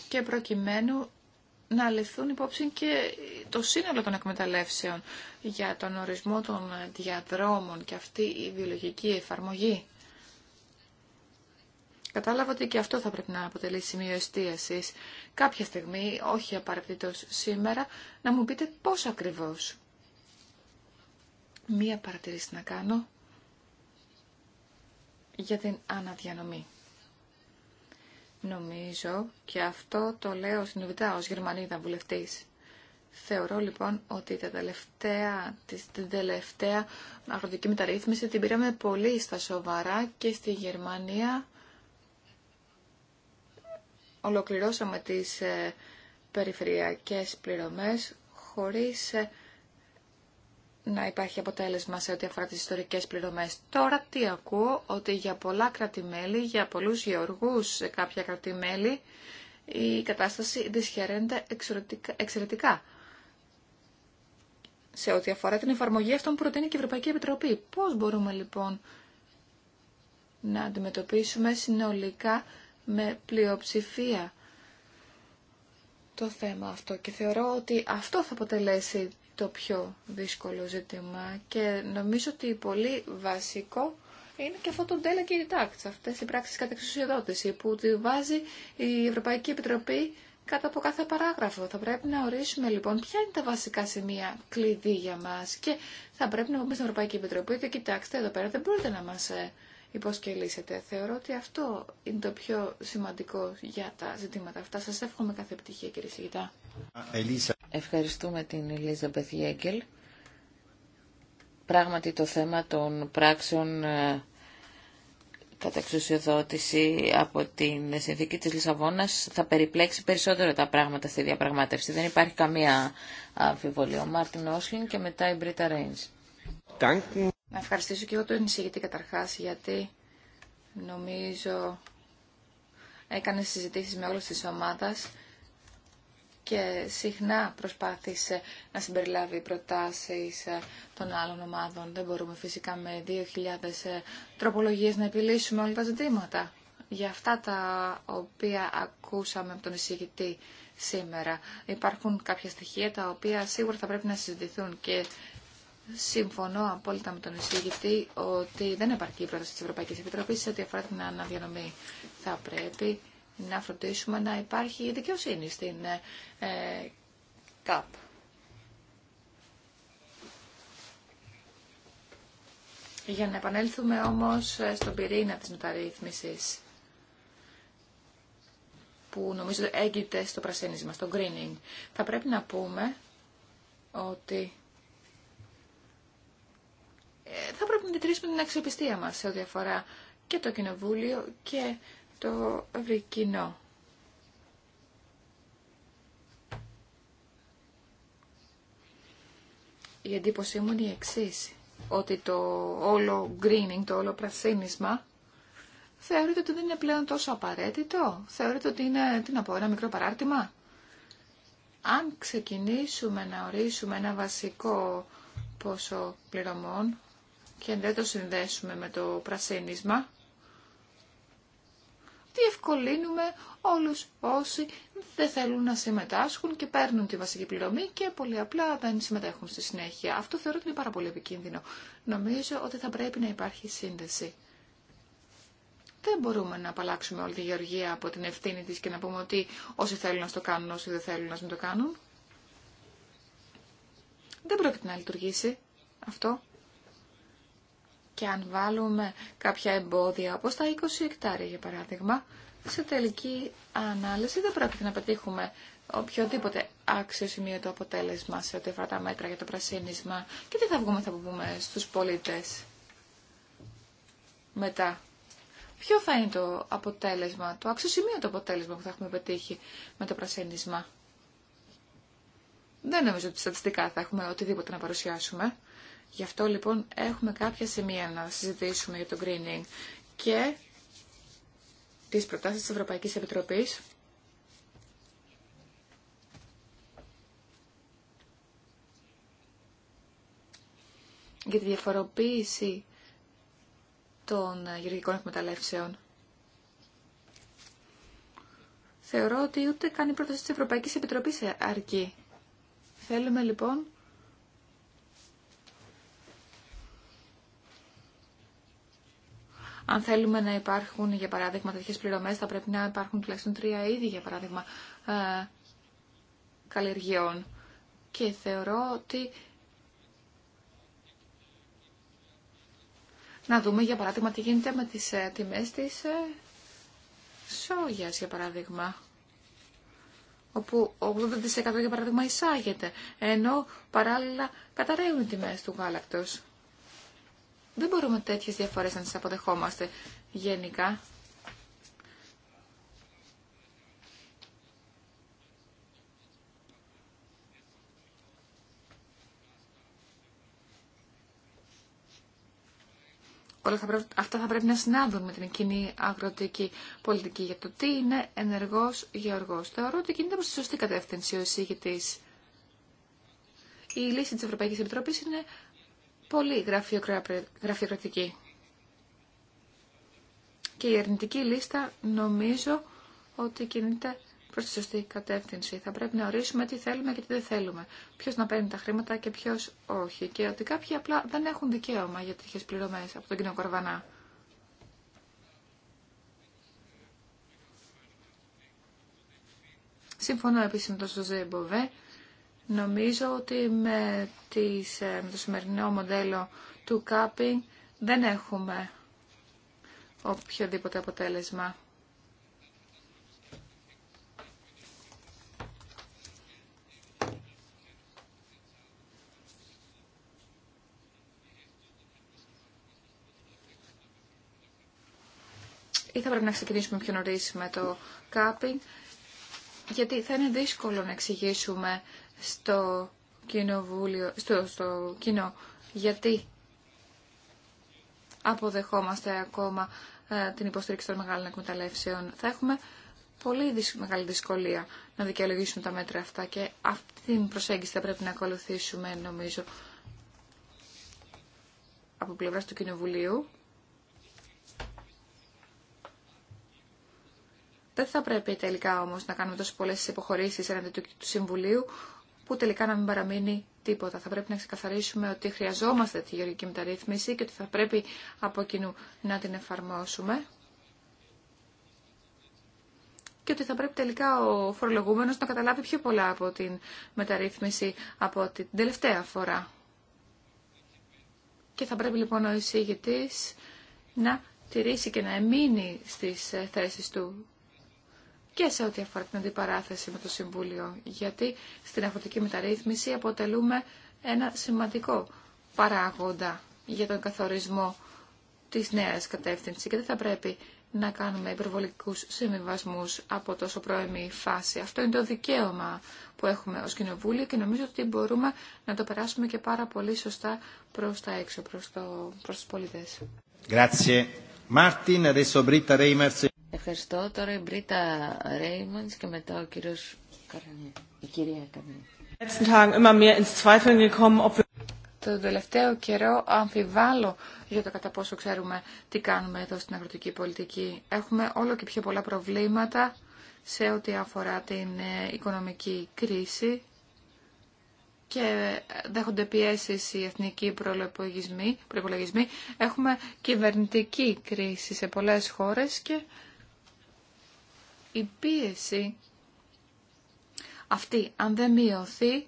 S3: και προκειμένου να ληφθούν υπόψη και το σύνολο των εκμεταλλεύσεων για τον ορισμό των διαδρόμων και αυτή η βιολογική εφαρμογή. Κατάλαβα ότι και αυτό θα πρέπει να αποτελεί σημείο εστίαση. Κάποια στιγμή, όχι απαραίτητο σήμερα, να μου πείτε πώ ακριβώς. Μία παρατηρήση να κάνω για την αναδιανομή. Νομίζω και αυτό το λέω συνειδητά ως Γερμανίδα βουλευτής. Θεωρώ λοιπόν ότι τα τελευταία, την τελευταία αγροτική μεταρρύθμιση την πήραμε πολύ στα σοβαρά και στη Γερμανία ολοκληρώσαμε τις ε, περιφερειακές πληρωμές χωρίς ε, να υπάρχει αποτέλεσμα σε ό,τι αφορά τις ιστορικές πληρωμές. Τώρα τι ακούω, ότι για πολλά κρατημέλη, για πολλούς γεωργούς σε κάποια κρατημέλη, η κατάσταση δυσχεραίνεται εξαιρετικά. Σε ό,τι αφορά την εφαρμογή αυτών που προτείνει και η Ευρωπαϊκή Επιτροπή. Πώς μπορούμε λοιπόν να αντιμετωπίσουμε συνολικά με πλειοψηφία το θέμα αυτό και θεωρώ ότι αυτό θα αποτελέσει το πιο δύσκολο ζήτημα και νομίζω ότι πολύ βασικό είναι και αυτό το η τάξη, αυτές οι πράξεις κατά εξουσιοδότηση που τη βάζει η Ευρωπαϊκή Επιτροπή κατά από κάθε παράγραφο. Θα πρέπει να ορίσουμε λοιπόν ποια είναι τα βασικά σημεία κλειδί για μας και θα πρέπει να πούμε στην Ευρωπαϊκή Επιτροπή ότι κοιτάξτε εδώ πέρα δεν μπορείτε να μας ε, υποσκελίσετε. Θεωρώ ότι αυτό είναι το πιο σημαντικό για τα ζητήματα αυτά. Σας εύχομαι κάθε επιτυχία κύριε Σιγητά.
S1: Ευχαριστούμε την Ελίζα Μπεθιέγκελ. Πράγματι το θέμα των πράξεων ε, εξουσιοδότηση από την συνθήκη της Λισαβόνας θα περιπλέξει περισσότερο τα πράγματα στη διαπραγμάτευση. Δεν υπάρχει καμία αμφιβολία. Ο Μάρτιν Όσλιν
S3: και μετά η Μπρίτα Ρέινς. Να ευχαριστήσω και εγώ τον εισηγητή καταρχάς γιατί νομίζω έκανε συζητήσεις με όλες τις ομάδες και συχνά προσπάθησε να συμπεριλάβει προτάσεις ε, των άλλων ομάδων. Δεν μπορούμε φυσικά με 2.000 ε, τροπολογίες να επιλύσουμε όλα τα ζητήματα. Για αυτά τα οποία ακούσαμε από τον εισηγητή σήμερα. Υπάρχουν κάποια στοιχεία τα οποία σίγουρα θα πρέπει να συζητηθούν και συμφωνώ απόλυτα με τον εισηγητή ότι δεν επαρκεί η πρόταση της Ευρωπαϊκής Επιτροπής σε ό,τι αφορά την αναδιανομή. Θα πρέπει να φροντίσουμε να υπάρχει δικαιοσύνη στην ε, ε, ΚΑΠ. Για να επανέλθουμε όμως ε, στον πυρήνα της μεταρρύθμισης που νομίζω έγκυται στο πρασίνισμα, στο greening. Θα πρέπει να πούμε ότι θα πρέπει να τηρήσουμε την αξιοπιστία μας σε ό,τι αφορά και το Κοινοβούλιο και το βρικινό. Η εντύπωσή μου είναι η εξή ότι το όλο greening, το όλο πρασίνισμα, θεωρείται ότι δεν είναι πλέον τόσο απαραίτητο. Θεωρείται ότι είναι, τι να πω, ένα μικρό παράρτημα. Αν ξεκινήσουμε να ορίσουμε ένα βασικό πόσο πληρωμών και δεν το συνδέσουμε με το πρασίνισμα, διευκολύνουμε όλους όσοι δεν θέλουν να συμμετάσχουν και παίρνουν τη βασική πληρωμή και πολύ απλά δεν συμμετέχουν στη συνέχεια. Αυτό θεωρώ ότι είναι πάρα πολύ επικίνδυνο. Νομίζω ότι θα πρέπει να υπάρχει σύνδεση. Δεν μπορούμε να απαλλάξουμε όλη τη γεωργία από την ευθύνη της και να πούμε ότι όσοι θέλουν να το κάνουν, όσοι δεν θέλουν να το κάνουν. Δεν πρόκειται να λειτουργήσει αυτό. Και αν βάλουμε κάποια εμπόδια, όπως τα 20 εκτάρια για παράδειγμα, σε τελική ανάλυση δεν πρόκειται να πετύχουμε οποιοδήποτε άξιο σημείο το αποτέλεσμα σε ό,τι αφορά τα μέτρα για το πρασίνισμα και τι θα βγούμε θα πούμε στους πολίτες μετά. Ποιο θα είναι το αποτέλεσμα, το αξιοσημείο το αποτέλεσμα που θα έχουμε πετύχει με το πρασίνισμα. Δεν νομίζω ότι στατιστικά θα έχουμε οτιδήποτε να παρουσιάσουμε. Γι' αυτό λοιπόν έχουμε κάποια σημεία να συζητήσουμε για το greening και τις προτάσεις της Ευρωπαϊκής Επιτροπής για τη διαφοροποίηση των γεωργικών εκμεταλλεύσεων. Θεωρώ ότι ούτε καν η πρόταση της Ευρωπαϊκής Επιτροπής αρκεί. Θέλουμε λοιπόν Αν θέλουμε να υπάρχουν, για παράδειγμα, τέτοιε πληρωμέ, θα πρέπει να υπάρχουν τουλάχιστον τρία είδη, για παράδειγμα, ε, καλλιεργειών. Και θεωρώ ότι να δούμε, για παράδειγμα, τι γίνεται με τις ε, τιμές της ε, σόγιας, για παράδειγμα όπου 80% για παράδειγμα εισάγεται, ενώ παράλληλα καταραίουν οι τιμές του γάλακτος. Δεν μπορούμε τέτοιες διαφορές να τις αποδεχόμαστε γενικά. Όλα θα πρέπει, αυτά θα πρέπει να συνάδουν με την κοινή αγροτική πολιτική για το τι είναι ενεργός γεωργός. Θεωρώ ότι κινείται προς τη σωστή κατεύθυνση ο εισήγητης. Η λύση της Ευρωπαϊκής Επιτροπής είναι πολύ γραφειοκρατική. Και η αρνητική λίστα νομίζω ότι κινείται προς τη σωστή κατεύθυνση. Θα πρέπει να ορίσουμε τι θέλουμε και τι δεν θέλουμε. Ποιος να παίρνει τα χρήματα και ποιος όχι. Και ότι κάποιοι απλά δεν έχουν δικαίωμα για τέτοιες πληρωμές από τον κοινό Κορβανά. Συμφωνώ επίσης με τον Σοζέ Μποβέ Νομίζω ότι με, τις, ε, το σημερινό μοντέλο του κάπινγκ δεν έχουμε οποιοδήποτε αποτέλεσμα. Ή θα πρέπει να ξεκινήσουμε πιο νωρίς με το κάπινγκ γιατί θα είναι δύσκολο να εξηγήσουμε στο, κοινοβούλιο, στο, στο κοινό γιατί αποδεχόμαστε ακόμα ε, την υποστήριξη των μεγάλων εκμεταλλεύσεων. Θα έχουμε πολύ μεγάλη δυσκολία να δικαιολογήσουμε τα μέτρα αυτά και αυτή την προσέγγιση θα πρέπει να ακολουθήσουμε νομίζω από πλευράς του Κοινοβουλίου Δεν θα πρέπει τελικά όμω να κάνουμε τόσο πολλέ υποχωρήσει έναντι του, του Συμβουλίου που τελικά να μην παραμείνει τίποτα. Θα πρέπει να ξεκαθαρίσουμε ότι χρειαζόμαστε τη γεωργική μεταρρύθμιση και ότι θα πρέπει από κοινού να την εφαρμόσουμε και ότι θα πρέπει τελικά ο φορολογούμενος να καταλάβει πιο πολλά από την μεταρρύθμιση από την τελευταία φορά. Και θα πρέπει λοιπόν ο εισηγητής να τηρήσει και να εμείνει στις θέσεις του και σε ό,τι αφορά την αντιπαράθεση με το Συμβούλιο, γιατί στην αγροτική μεταρρύθμιση αποτελούμε ένα σημαντικό παράγοντα για τον καθορισμό της νέας κατεύθυνσης. και δεν θα πρέπει να κάνουμε υπερβολικούς συμβιβασμού από τόσο πρώιμη φάση. Αυτό είναι το δικαίωμα που έχουμε ως Κοινοβούλιο και νομίζω ότι μπορούμε να το περάσουμε και πάρα πολύ σωστά προς τα έξω, προς, το, προς τους πολίτες.
S1: Grazie. Martin, adesso Britta Reimers. Ευχαριστώ. Τώρα η Μπρίτα Ρέιμοντς και μετά ο κύριος Η κυρία
S3: Το τελευταίο καιρό αμφιβάλλω για το κατά πόσο ξέρουμε τι κάνουμε εδώ στην αγροτική πολιτική. Έχουμε όλο και πιο πολλά προβλήματα σε ό,τι αφορά την ε, οικονομική κρίση και ε, δέχονται πιέσει οι εθνικοί προπολογισμοί. Έχουμε κυβερνητική κρίση σε πολλές χώρες και η πίεση αυτή, αν δεν μειωθεί,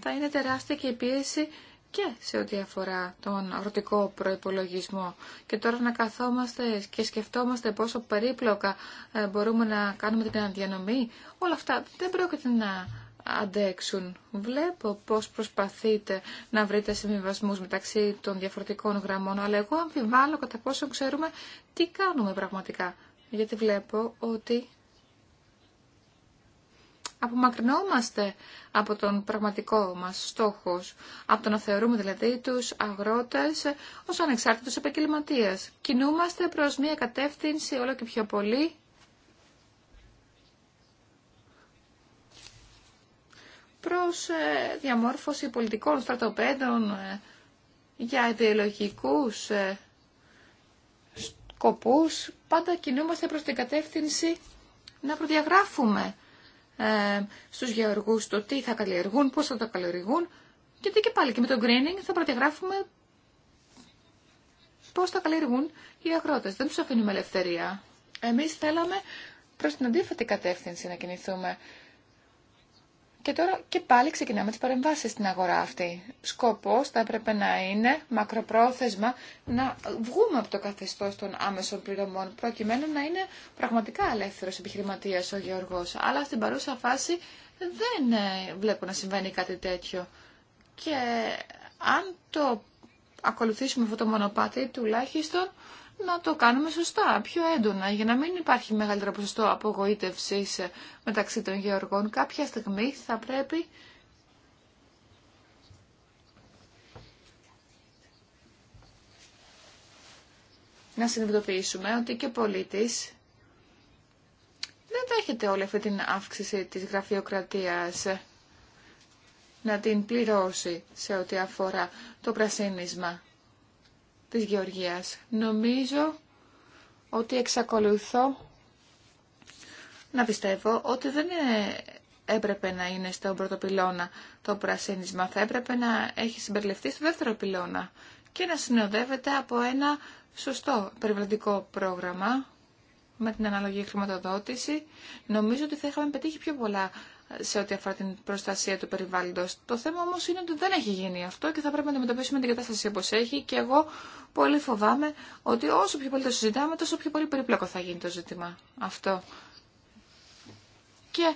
S3: θα είναι τεράστια και η πίεση και σε ό,τι αφορά τον αγροτικό προϋπολογισμό. Και τώρα να καθόμαστε και σκεφτόμαστε πόσο περίπλοκα ε, μπορούμε να κάνουμε την αναδιανομή, όλα αυτά δεν πρόκειται να αντέξουν. Βλέπω πώς προσπαθείτε να βρείτε συμβιβασμούς μεταξύ των διαφορετικών γραμμών, αλλά εγώ αμφιβάλλω κατά πόσο ξέρουμε τι κάνουμε πραγματικά γιατί βλέπω ότι απομακρυνόμαστε από τον πραγματικό μας στόχο, από το να θεωρούμε δηλαδή τους αγρότες ως ανεξάρτητους επαγγελματίε. Κινούμαστε προς μια κατεύθυνση όλο και πιο πολύ προς ε, διαμόρφωση πολιτικών στρατοπέδων ε, για ιδεολογικούς ε, σκοπούς πάντα κινούμαστε προς την κατεύθυνση να προδιαγράφουμε ε, στους γεωργούς το τι θα καλλιεργούν, πώς θα το καλλιεργούν, γιατί και πάλι και με το greening θα προδιαγράφουμε πώς θα καλλιεργούν οι αγρότες. Δεν τους αφήνουμε ελευθερία. Εμείς θέλαμε προς την αντίθετη κατεύθυνση να κινηθούμε. Και τώρα και πάλι ξεκινάμε τις παρεμβάσεις στην αγορά αυτή. Σκοπός θα έπρεπε να είναι μακροπρόθεσμα να βγούμε από το καθεστώς των άμεσων πληρωμών προκειμένου να είναι πραγματικά ελεύθερος επιχειρηματίας ο Γεωργός. Αλλά στην παρούσα φάση δεν ε, βλέπω να συμβαίνει κάτι τέτοιο. Και αν το ακολουθήσουμε αυτό το μονοπάτι τουλάχιστον να το κάνουμε σωστά, πιο έντονα, για να μην υπάρχει μεγαλύτερο ποσοστό απογοήτευσης μεταξύ των γεωργών. Κάποια στιγμή θα πρέπει να συνειδητοποιήσουμε ότι και πολίτης δεν δέχεται όλη αυτή την αύξηση της γραφειοκρατίας να την πληρώσει σε ό,τι αφορά το πρασίνισμα της Γεωργίας. Νομίζω ότι εξακολουθώ να πιστεύω ότι δεν έπρεπε να είναι στον πρώτο πυλώνα το πρασίνισμα. Θα έπρεπε να έχει συμπεριληφθεί στο δεύτερο πυλώνα και να συνοδεύεται από ένα σωστό περιβαλλοντικό πρόγραμμα με την αναλογή χρηματοδότηση. Νομίζω ότι θα είχαμε πετύχει πιο πολλά σε ό,τι αφορά την προστασία του περιβάλλοντο. Το θέμα όμω είναι ότι δεν έχει γίνει αυτό και θα πρέπει να αντιμετωπίσουμε την κατάσταση όπω έχει και εγώ πολύ φοβάμαι ότι όσο πιο πολύ το συζητάμε τόσο πιο πολύ περιπλοκό θα γίνει το ζήτημα αυτό. Και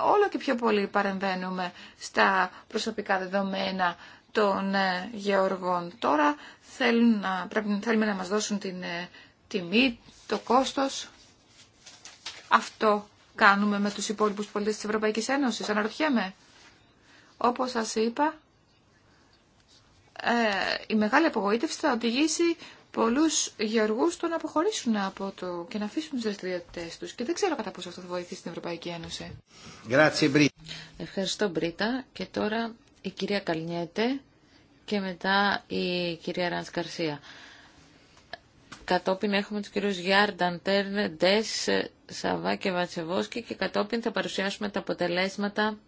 S3: όλο και πιο πολύ παρεμβαίνουμε στα προσωπικά δεδομένα των ε, γεωργών. Τώρα θέλουμε να μας δώσουν την ε, τιμή, το κόστος. Αυτό κάνουμε με τους υπόλοιπους πολίτες της Ευρωπαϊκής Ένωσης. Αναρωτιέμαι. Όπως σας είπα, ε, η μεγάλη απογοήτευση θα οδηγήσει πολλούς γεωργούς το να αποχωρήσουν από το και να αφήσουν τις δραστηριότητε τους. Και δεν ξέρω κατά πόσο αυτό θα βοηθήσει την Ευρωπαϊκή Ένωση. Ευχαριστώ Μπρίτα. Και τώρα η κυρία Καλνιέτε
S1: και μετά η κυρία Ρανς Καρσία κατόπιν έχουμε τους κύριους Γιάρνταν, Τέρνε, Ντες, Σαβά και Βατσεβόσκη και κατόπιν θα παρουσιάσουμε τα αποτελέσματα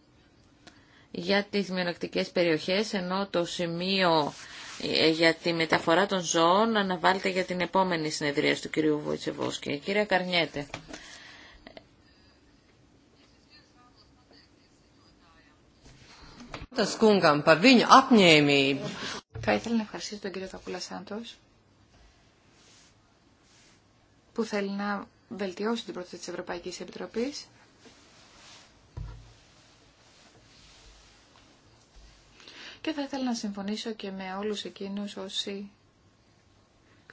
S1: για τις μειονεκτικές περιοχές, ενώ το σημείο ε, για τη μεταφορά των ζώων αναβάλλεται για την επόμενη συνεδρία του κυρίου Βατσεβόσκη. Κύριε Καρνιέτε.
S3: Θα ήθελα να ευχαριστήσω τον κύριο Τακούλα Σάντος που θέλει να βελτιώσει την πρόταση της Ευρωπαϊκής Επιτροπής. Και θα ήθελα να συμφωνήσω και με όλους εκείνους όσοι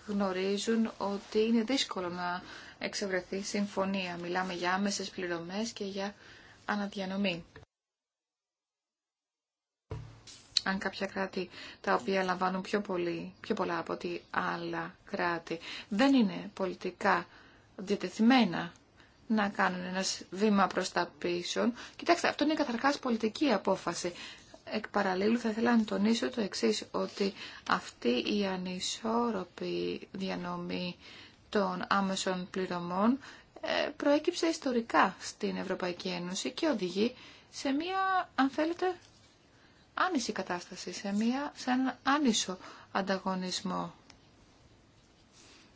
S3: γνωρίζουν ότι είναι δύσκολο να εξευρεθεί συμφωνία. Μιλάμε για άμεσες πληρωμές και για αναδιανομή. αν κάποια κράτη τα οποία λαμβάνουν πιο, πολύ, πιο πολλά από ότι άλλα κράτη δεν είναι πολιτικά διατεθειμένα να κάνουν ένα βήμα προς τα πίσω. Κοιτάξτε, αυτό είναι καταρχάς πολιτική απόφαση. Εκ παραλλήλου θα ήθελα να τονίσω το εξής, ότι αυτή η ανισόρροπη διανομή των άμεσων πληρωμών ε, προέκυψε ιστορικά στην Ευρωπαϊκή Ένωση και οδηγεί σε μία, αν θέλετε, άνηση κατάσταση, σε, μια, σε έναν άνισο ανταγωνισμό.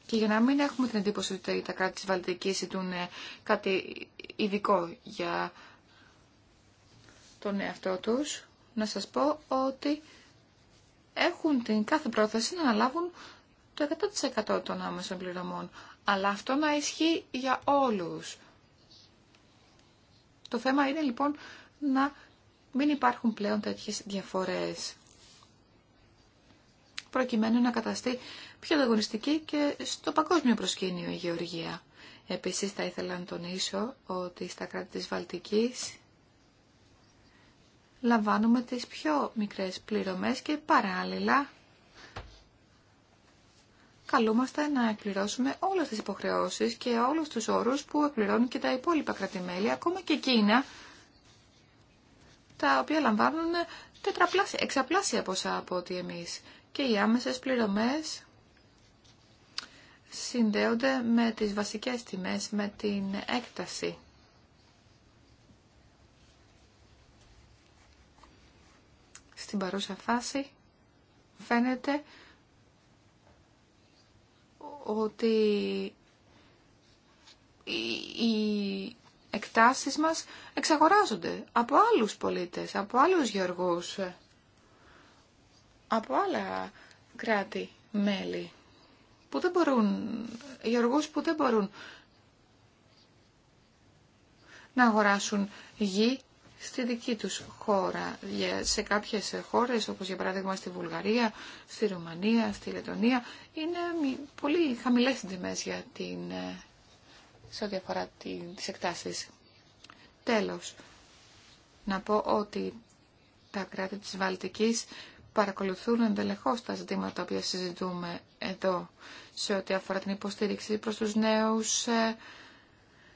S3: Και για να μην έχουμε την εντύπωση ότι τα κράτη της Βαλτικής ζητούν ε, κάτι ειδικό για τον εαυτό τους, να σας πω ότι έχουν την κάθε πρόθεση να αναλάβουν το 100% των άμεσων πληρωμών. Αλλά αυτό να ισχύει για όλους. Το θέμα είναι λοιπόν να μην υπάρχουν πλέον τέτοιες διαφορές προκειμένου να καταστεί πιο ανταγωνιστική και στο παγκόσμιο προσκήνιο η γεωργία. Επίσης θα ήθελα να τονίσω ότι στα κράτη της Βαλτικής λαμβάνουμε τις πιο μικρές πληρωμές και παράλληλα καλούμαστε να εκπληρώσουμε όλες τις υποχρεώσεις και όλους τους όρους που εκπληρώνουν και τα υπόλοιπα κρατημέλη, ακόμα και Κίνα, τα οποία λαμβάνουν τετραπλάσια, εξαπλάσια ποσά από ό,τι εμείς. Και οι άμεσες πληρωμές συνδέονται με τις βασικές τιμές, με την έκταση. Στην παρούσα φάση φαίνεται ότι η εκτάσεις μας εξαγοράζονται από άλλους πολίτες, από άλλους γεωργούς, από άλλα κράτη-μέλη που δεν μπορούν, γεωργούς που δεν μπορούν να αγοράσουν γη στη δική τους χώρα. Σε κάποιες χώρες, όπως για παράδειγμα στη Βουλγαρία, στη Ρουμανία, στη Λετωνία, είναι πολύ χαμηλές οι τιμές για την ε, σε ό,τι αφορά τις εκτάσεις. Τέλος, να πω ότι τα κράτη της Βαλτικής παρακολουθούν εντελεχώς τα ζητήματα τα οποία συζητούμε εδώ σε ό,τι αφορά την υποστήριξη προς τους νέους ε,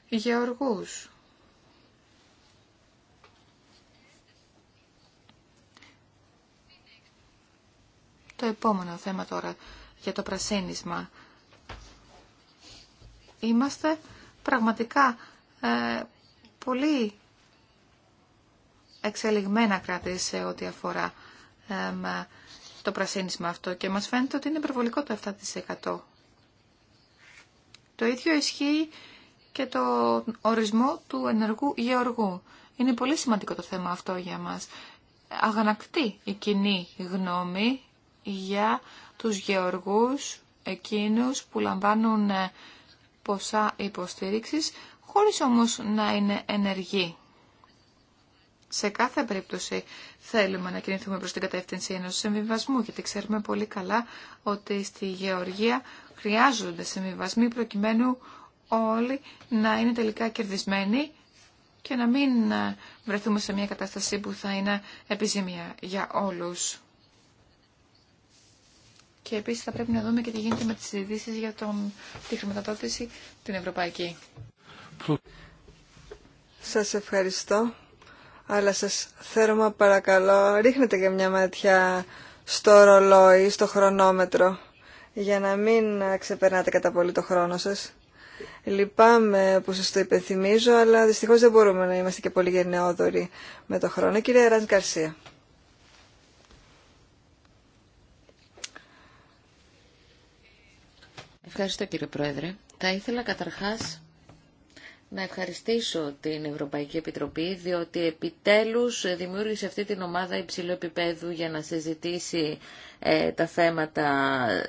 S3: γεωργούς. Το επόμενο θέμα τώρα για το πρασίνισμα. Είμαστε πραγματικά ε, πολύ εξελιγμένα κράτη σε ό,τι αφορά το πρασίνισμα αυτό και μας φαίνεται ότι είναι υπερβολικό το 7%. Το ίδιο ισχύει και το ορισμό του ενεργού γεωργού. Είναι πολύ σημαντικό το θέμα αυτό για μας. αγανάκτη, η κοινή γνώμη για τους γεωργούς εκείνους που λαμβάνουν ε, ποσά υποστήριξης, χωρίς όμως να είναι ενεργή. Σε κάθε περίπτωση θέλουμε να κινηθούμε προς την κατεύθυνση ενός συμβιβασμού, γιατί ξέρουμε πολύ καλά ότι στη γεωργία χρειάζονται συμβιβασμοί προκειμένου όλοι να είναι τελικά κερδισμένοι και να μην ε, βρεθούμε σε μια κατάσταση που θα είναι επιζήμια για όλους. Και επίση θα πρέπει να δούμε και τι γίνεται με τι ειδήσει για τον, τη χρηματοδότηση την ευρωπαϊκή. Σα
S2: ευχαριστώ. Αλλά σας θέρμα παρακαλώ, ρίχνετε και μια ματιά στο ρολόι, στο χρονόμετρο, για να μην ξεπερνάτε κατά πολύ το χρόνο σας. Λυπάμαι που σας το υπενθυμίζω, αλλά δυστυχώς δεν μπορούμε να είμαστε και πολύ γενναιόδοροι με το χρόνο. Κύριε Ραντ Καρσία.
S1: Ευχαριστώ κύριε Πρόεδρε. Θα ήθελα καταρχάς να ευχαριστήσω την Ευρωπαϊκή Επιτροπή, διότι επιτέλους δημιούργησε αυτή την ομάδα υψηλού επίπεδου για να συζητήσει ε, τα θέματα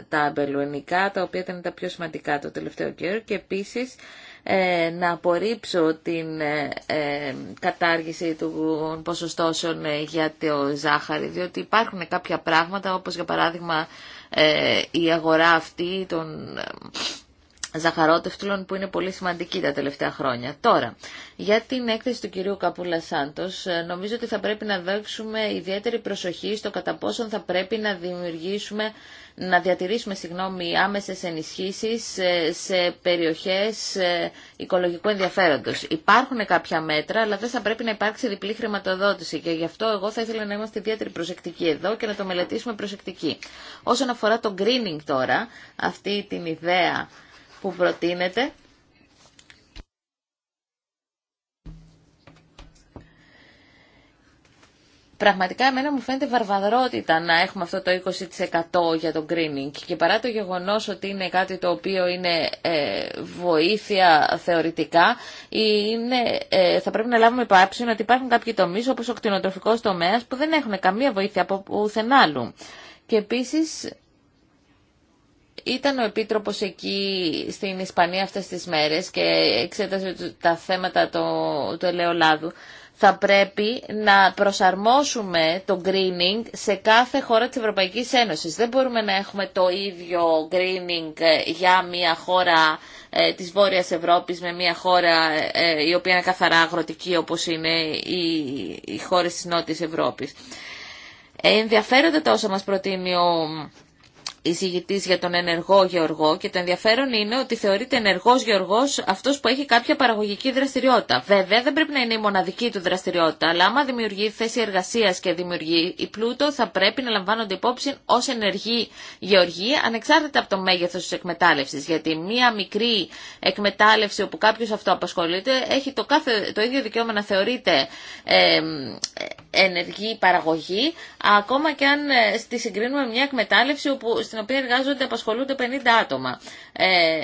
S1: τα αμπελουενικά, τα οποία ήταν τα πιο σημαντικά το τελευταίο καιρό και επίσης ε, να απορρίψω την ε, ε κατάργηση των ποσοστώσεων για το ζάχαρη, διότι υπάρχουν κάποια πράγματα, όπως για παράδειγμα ε, η αγορά αυτή των ζαχαρότευτλων που είναι πολύ σημαντική τα τελευταία χρόνια. Τώρα, για την έκθεση του κυρίου Καπούλα Σάντος, ε, νομίζω ότι θα πρέπει να δέξουμε ιδιαίτερη προσοχή στο κατά πόσον θα πρέπει να δημιουργήσουμε, να διατηρήσουμε, συγγνώμη, άμεσες ενισχύσεις ε, σε περιοχές ε, οικολογικού ενδιαφέροντος. Υπάρχουν κάποια μέτρα, αλλά δεν θα πρέπει να υπάρξει διπλή χρηματοδότηση και γι' αυτό εγώ θα ήθελα να είμαστε ιδιαίτερη προσεκτικοί εδώ και να το μελετήσουμε προσεκτική. Όσον αφορά το greening τώρα, αυτή την ιδέα που προτείνεται. Πραγματικά εμένα μου φαίνεται βαρβαδρότητα να έχουμε αυτό το 20% για το greening και παρά το γεγονός ότι είναι κάτι το οποίο είναι ε, βοήθεια θεωρητικά είναι, ε, θα πρέπει να λάβουμε υπόψη ότι υπάρχουν κάποιοι τομείς όπως ο κτηνοτροφικός τομέας που δεν έχουν καμία βοήθεια από ουθενάλλου. Και επίσης ήταν ο Επίτροπος εκεί στην Ισπανία αυτές τις μέρες και εξέτασε τα θέματα του, του ελαιολάδου. Θα πρέπει να προσαρμόσουμε το greening σε κάθε χώρα της Ευρωπαϊκής Ένωσης. Δεν μπορούμε να έχουμε το ίδιο greening ε, για μια χώρα ε, της Βόρειας Ευρώπης με μια χώρα ε, η οποία είναι καθαρά αγροτική όπως είναι οι, οι χώρες της Νότιας Ευρώπης. Ε, ενδιαφέρονται τα μας προτείνει ο εισηγητή για τον ενεργό γεωργό και το ενδιαφέρον είναι ότι θεωρείται ενεργό γεωργό, αυτό που έχει κάποια παραγωγική δραστηριότητα. Βέβαια δεν πρέπει να είναι η μοναδική του δραστηριότητα, αλλά άμα δημιουργεί θέση εργασία και δημιουργεί η πλούτο θα πρέπει να λαμβάνονται υπόψη ω ενεργή γεωργή ανεξάρτητα από το μέγεθο τη εκμετάλλευση. Γιατί μία μικρή εκμετάλλευση όπου κάποιο αυτό απασχολείται έχει το, κάθε, το ίδιο δικαίωμα να θεωρείται ενεργή παραγωγή, ακόμα και αν ε, στη συγκρίνουμε μια εκμετάλλευση όπου, στην οποία εργάζονται, απασχολούνται 50 άτομα. Ε,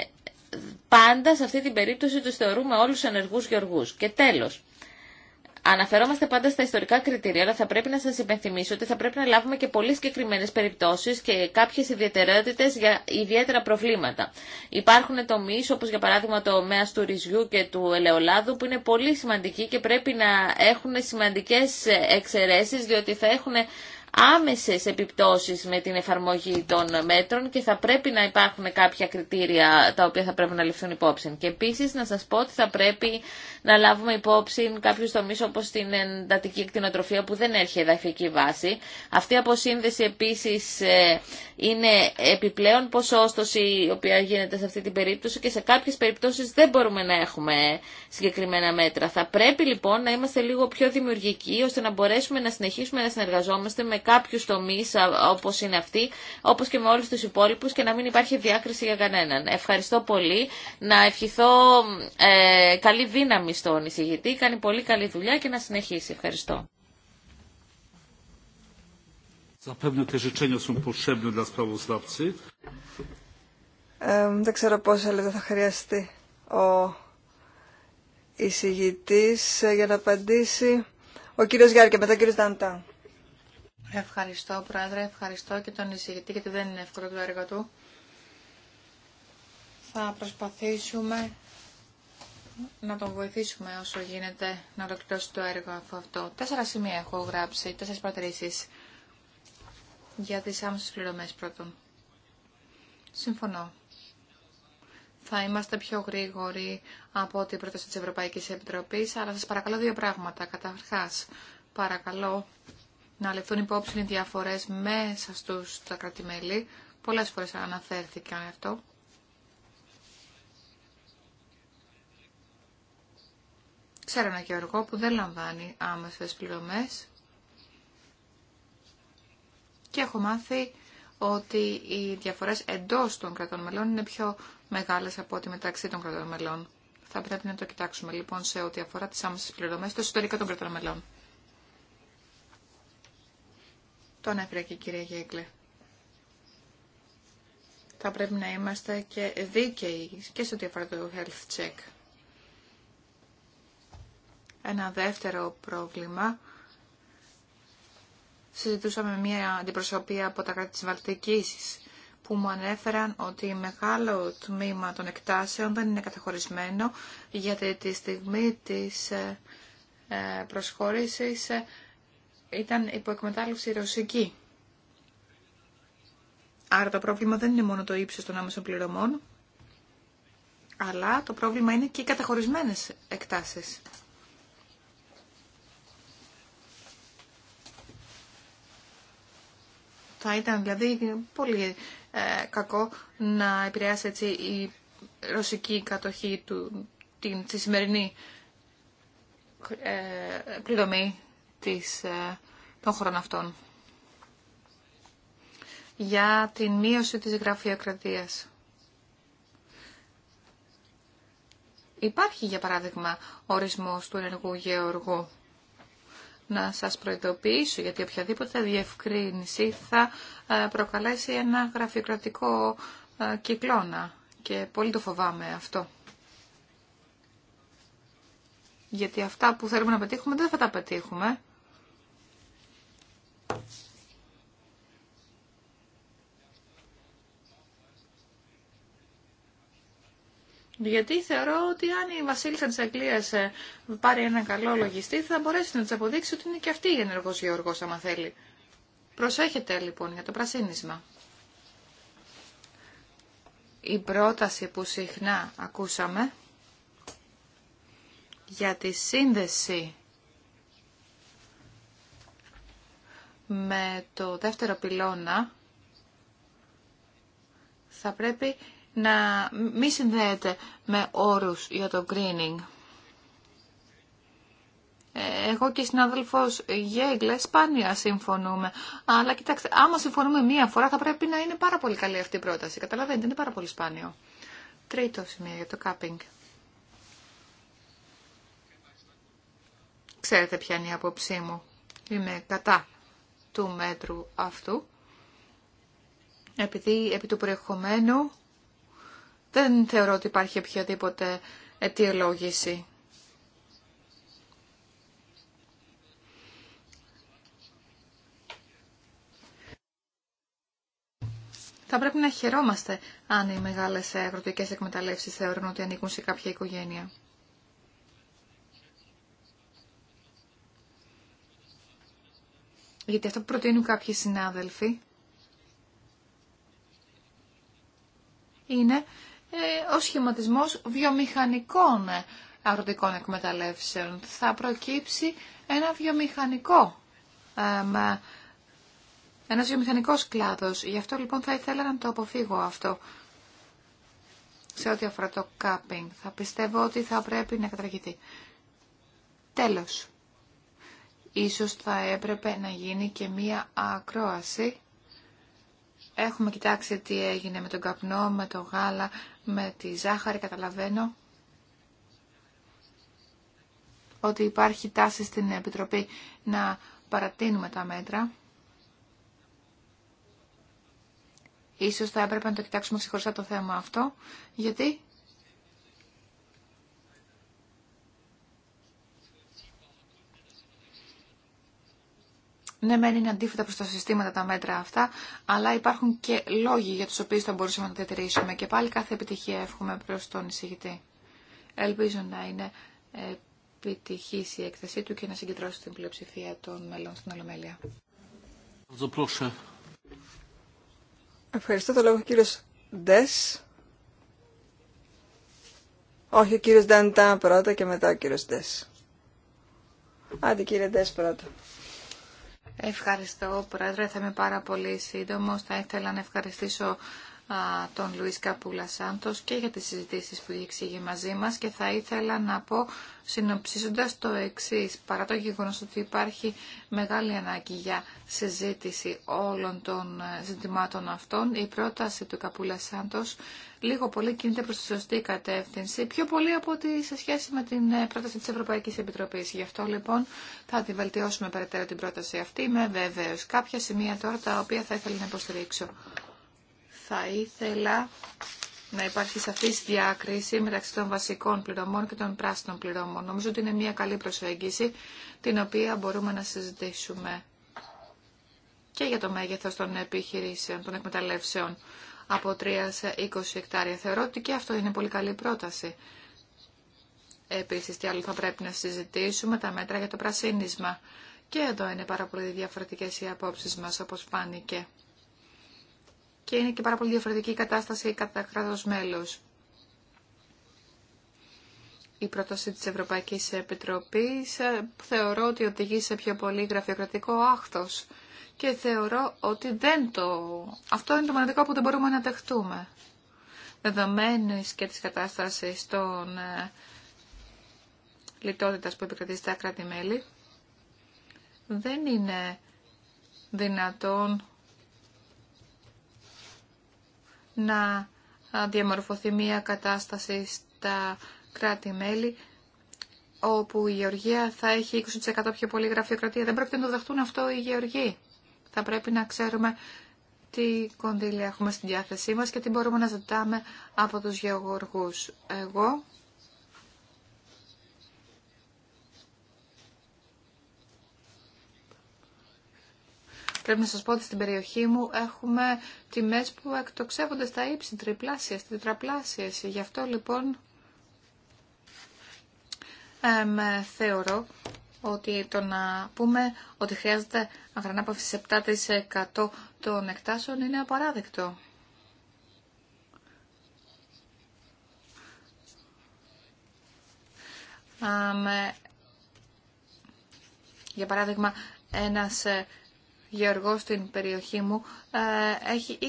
S1: πάντα σε αυτή την περίπτωση τους θεωρούμε όλους ενεργούς γεωργούς. Και τέλος, Αναφερόμαστε πάντα στα ιστορικά κριτήρια, αλλά θα πρέπει να σα υπενθυμίσω ότι θα πρέπει να λάβουμε και πολύ συγκεκριμένε περιπτώσει και κάποιε ιδιαιτερότητε για ιδιαίτερα προβλήματα. Υπάρχουν τομείς, όπω για παράδειγμα το μέας του ρυζιού και του ελαιολάδου, που είναι πολύ σημαντικοί και πρέπει να έχουν σημαντικέ εξαιρεσει, διότι θα έχουν άμεσες επιπτώσεις με την εφαρμογή των μέτρων και θα πρέπει να υπάρχουν κάποια κριτήρια τα οποία θα πρέπει να ληφθούν υπόψη. Και επίσης να σας πω ότι θα πρέπει να λάβουμε υπόψη κάποιου τομεί όπω την εντατική εκτινοτροφία που δεν έχει εδαφική βάση. Αυτή η αποσύνδεση επίση ε, είναι επιπλέον ποσόστοση η οποία γίνεται σε αυτή την περίπτωση και σε κάποιε περιπτώσει δεν μπορούμε να έχουμε συγκεκριμένα μέτρα. Θα πρέπει λοιπόν να είμαστε λίγο πιο δημιουργικοί ώστε να μπορέσουμε να συνεχίσουμε να συνεργαζόμαστε με κάποιου τομεί όπω είναι αυτή, όπω και με όλου του υπόλοιπου και να μην υπάρχει διάκριση για κανέναν. Ευχαριστώ πολύ. Να ευχηθώ ε, καλή δύναμη στον εισηγητή, κάνει πολύ καλή δουλειά και να συνεχίσει. Ευχαριστώ. δεν ξέρω πόσα
S2: λεπτά θα χρειαστεί ο εισηγητής ε, για να απαντήσει. Ο κύριος Γιάρ και μετά ο κύριος Νταντά.
S3: Ευχαριστώ πρόεδρε, ευχαριστώ και τον εισηγητή γιατί δεν είναι εύκολο το έργο του. Θα προσπαθήσουμε να τον βοηθήσουμε όσο γίνεται να ολοκληρώσει το έργο αυτό. Τέσσερα σημεία έχω γράψει, τέσσερις παρατηρήσεις για τις άμεσες πληρωμές πρώτον. Συμφωνώ. Θα είμαστε πιο γρήγοροι από ό,τι πρόταση της Ευρωπαϊκής Επιτροπής, αλλά σας παρακαλώ δύο πράγματα. Καταρχάς, παρακαλώ να λεφτούν υπόψη οι διαφορές μέσα στους τα κρατημέλη. Πολλές φορές αναφέρθηκαν αυτό. Ξέρω ένα γεωργό που δεν λαμβάνει άμεσες πληρωμές και έχω μάθει ότι οι διαφορές εντός των κρατών μελών είναι πιο μεγάλες από ό,τι μεταξύ των κρατών μελών. Θα πρέπει να το κοιτάξουμε λοιπόν σε ό,τι αφορά τις άμεσες πληρωμές στο εσωτερικό των κρατών μελών. Το ανέφερε και η κυρία Γέγκλε. Θα πρέπει να είμαστε και δίκαιοι και σε ό,τι αφορά το health check. Ένα δεύτερο πρόβλημα. Συζητούσαμε μια αντιπροσωπεία από τα κράτη της Βαλτικής που μου ανέφεραν ότι μεγάλο τμήμα των εκτάσεων δεν είναι καταχωρισμένο γιατί τη στιγμή της ε, ε, προσχώρησης ε, ήταν εκμετάλλευση ρωσική. Άρα το πρόβλημα δεν είναι μόνο το ύψος των άμεσων πληρωμών, αλλά το πρόβλημα είναι και οι καταχωρισμένες εκτάσεις. Θα ήταν δηλαδή πολύ ε, κακό να επηρεάσει έτσι η ρωσική κατοχή του, την, τη σημερινή ε, πληρωμή της, ε, των χωρών αυτών για την μείωση της γραφειοκρατίας. Υπάρχει, για παράδειγμα, ορισμός του ενεργού γεωργού να σας προειδοποιήσω, γιατί οποιαδήποτε διευκρίνηση θα ε, προκαλέσει ένα γραφειοκρατικό ε, κυκλώνα και πολύ το φοβάμαι αυτό. Γιατί αυτά που θέλουμε να πετύχουμε δεν θα τα πετύχουμε. Γιατί θεωρώ ότι αν η βασίλισσα της Αγγλίας ε, πάρει ένα καλό λογιστή θα μπορέσει να της αποδείξει ότι είναι και αυτή η ενεργός γεωργός άμα θέλει. Προσέχετε λοιπόν για το πρασίνισμα. Η πρόταση που συχνά ακούσαμε για τη σύνδεση με το δεύτερο πυλώνα θα πρέπει να μη συνδέεται με όρους για το greening. Ε, εγώ και η συνάδελφος Γέγκλε σπάνια συμφωνούμε. Αλλά κοιτάξτε, άμα συμφωνούμε μία φορά θα πρέπει να είναι πάρα πολύ καλή αυτή η πρόταση. Καταλαβαίνετε, είναι πάρα πολύ σπάνιο. Τρίτο σημείο για το cupping. Ξέρετε ποια είναι η άποψή μου. Είμαι κατά του μέτρου αυτού. Επειδή επί του προεχομένου δεν θεωρώ ότι υπάρχει οποιαδήποτε αιτιολόγηση. Θα πρέπει να χαιρόμαστε αν οι μεγάλες αγροτικές εκμεταλλεύσεις θεωρούν ότι ανήκουν σε κάποια οικογένεια. Γιατί αυτό που προτείνουν κάποιοι συνάδελφοι είναι ε, ο σχηματισμός βιομηχανικών αγροτικών εκμεταλλεύσεων. Θα προκύψει ένα βιομηχανικό ένας βιομηχανικός κλάδος. Γι' αυτό λοιπόν θα ήθελα να το αποφύγω αυτό σε ό,τι αφορά το κάπινγκ. Θα πιστεύω ότι θα πρέπει να καταργηθεί. Τέλος. Ίσως θα έπρεπε να γίνει και μία ακρόαση. Έχουμε κοιτάξει τι έγινε με τον καπνό, με το γάλα, με τη ζάχαρη καταλαβαίνω ότι υπάρχει τάση στην Επιτροπή να παρατείνουμε τα μέτρα. Ίσως θα έπρεπε να το κοιτάξουμε ξεχωριστά το θέμα αυτό, γιατί Ναι, μεν είναι αντίθετα προ τα συστήματα τα μέτρα αυτά, αλλά υπάρχουν και λόγοι για του οποίου θα μπορούσαμε να τα διατηρήσουμε. Και πάλι κάθε επιτυχία εύχομαι προ τον εισηγητή. Ελπίζω να είναι επιτυχή η έκθεσή του και να συγκεντρώσει την πλειοψηφία των μελών στην Ολομέλεια. Ευχαριστώ το λόγο κύριο Ντε.
S2: Όχι, ο κύριο Νταντά πρώτα και μετά ο κύριο Ντε. Άντε κύριε Ντες πρώτα.
S3: Ευχαριστώ, Πρόεδρε. Θα είμαι πάρα πολύ σύντομο. Θα ήθελα να ευχαριστήσω τον Λουίς Καπούλα Σάντος και για τις συζητήσεις που εξηγεί μαζί μας και θα ήθελα να πω συνοψίζοντας το εξής παρά το γεγονός ότι υπάρχει μεγάλη ανάγκη για συζήτηση όλων των ε, ζητημάτων αυτών η πρόταση του Καπούλα Σάντος λίγο πολύ κινείται προς τη σωστή κατεύθυνση πιο πολύ από ότι σε σχέση με την ε, πρόταση της Ευρωπαϊκής Επιτροπής γι' αυτό λοιπόν θα τη βελτιώσουμε περαιτέρω την πρόταση αυτή με βεβαίως κάποια σημεία τώρα τα οποία θα ήθελα να υποστηρίξω θα ήθελα να υπάρχει σαφή διάκριση μεταξύ των βασικών πληρωμών και των πράσινων πληρωμών. Νομίζω ότι είναι μια καλή προσέγγιση την οποία μπορούμε να συζητήσουμε και για το μέγεθο των επιχειρήσεων, των εκμεταλλεύσεων από 3 σε 20 εκτάρια. Θεωρώ ότι και αυτό είναι πολύ καλή πρόταση. Επίσης, τι άλλο θα πρέπει να συζητήσουμε, τα μέτρα για το πρασίνισμα. Και εδώ είναι πάρα πολύ διαφορετικές οι απόψεις μας, όπως φάνηκε και είναι και πάρα πολύ διαφορετική η κατάσταση κατά κράτο μέλο. Η πρόταση της Ευρωπαϊκής Επιτροπής ε, θεωρώ ότι οδηγεί σε πιο πολύ γραφειοκρατικό άχθος και θεωρώ ότι δεν το... αυτό είναι το μοναδικό που δεν μπορούμε να δεχτούμε. Δεδομένης και της κατάστασης των ε, λιτότητας που επικρατεί στα κράτη-μέλη, δεν είναι δυνατόν να διαμορφωθεί μια κατάσταση στα κράτη-μέλη όπου η Γεωργία θα έχει 20% πιο πολύ γραφειοκρατία. Δεν πρέπει να το δεχτούν αυτό οι Γεωργοί. Θα πρέπει να ξέρουμε τι κονδύλια έχουμε στη διάθεσή μας και τι μπορούμε να ζητάμε από τους γεωργούς. Εγώ Πρέπει να σας πω ότι στην περιοχή μου έχουμε τιμές που εκτοξεύονται στα ύψη, τριπλάσιες, τετραπλάσια. Γι' αυτό λοιπόν θεωρώ ότι το να πούμε ότι χρειάζεται αγρανάπαυση 7% των εκτάσεων είναι απαράδεκτο. Ε, για παράδειγμα, ένας ε, γεωργό στην περιοχή μου ε, έχει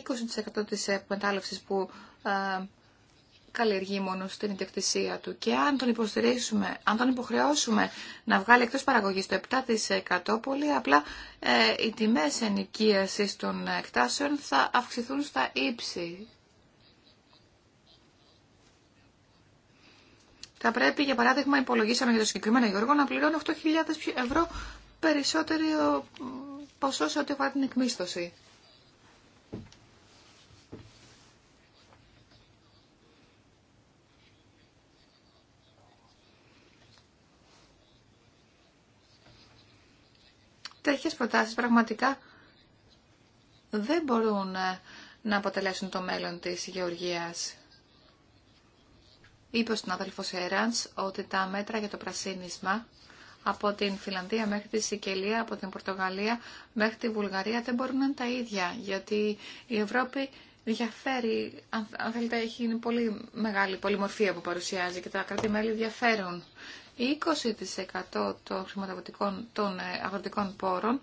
S3: 20% της εκμετάλλευσης που ε, καλλιεργεί μόνο στην ιδιοκτησία του και αν τον υποστηρίξουμε, αν τον υποχρεώσουμε να βγάλει εκτός παραγωγής το 7% πολύ απλά ε, οι τιμές ενοικίασης των εκτάσεων θα αυξηθούν στα ύψη. Θα πρέπει, για παράδειγμα, υπολογίσαμε για το συγκεκριμένο Γιώργο να πληρώνει 8.000 ευρώ περισσότερο ποσό σε ό,τι αφορά την εκμίσθωση. Τέτοιε προτάσει πραγματικά δεν μπορούν ε, να αποτελέσουν το μέλλον της γεωργίας. Είπε ο αδελφο Σέραντς ότι τα μέτρα για το πρασίνισμα από την Φιλανδία μέχρι τη Σικελία, από την Πορτογαλία μέχρι τη Βουλγαρία δεν μπορούν να είναι τα ίδια, γιατί η Ευρώπη διαφέρει, αν θέλετε έχει είναι πολύ μεγάλη πολυμορφία που παρουσιάζει και τα κράτη-μέλη διαφέρουν. 20% των χρηματοδοτικών των ε, αγροτικών πόρων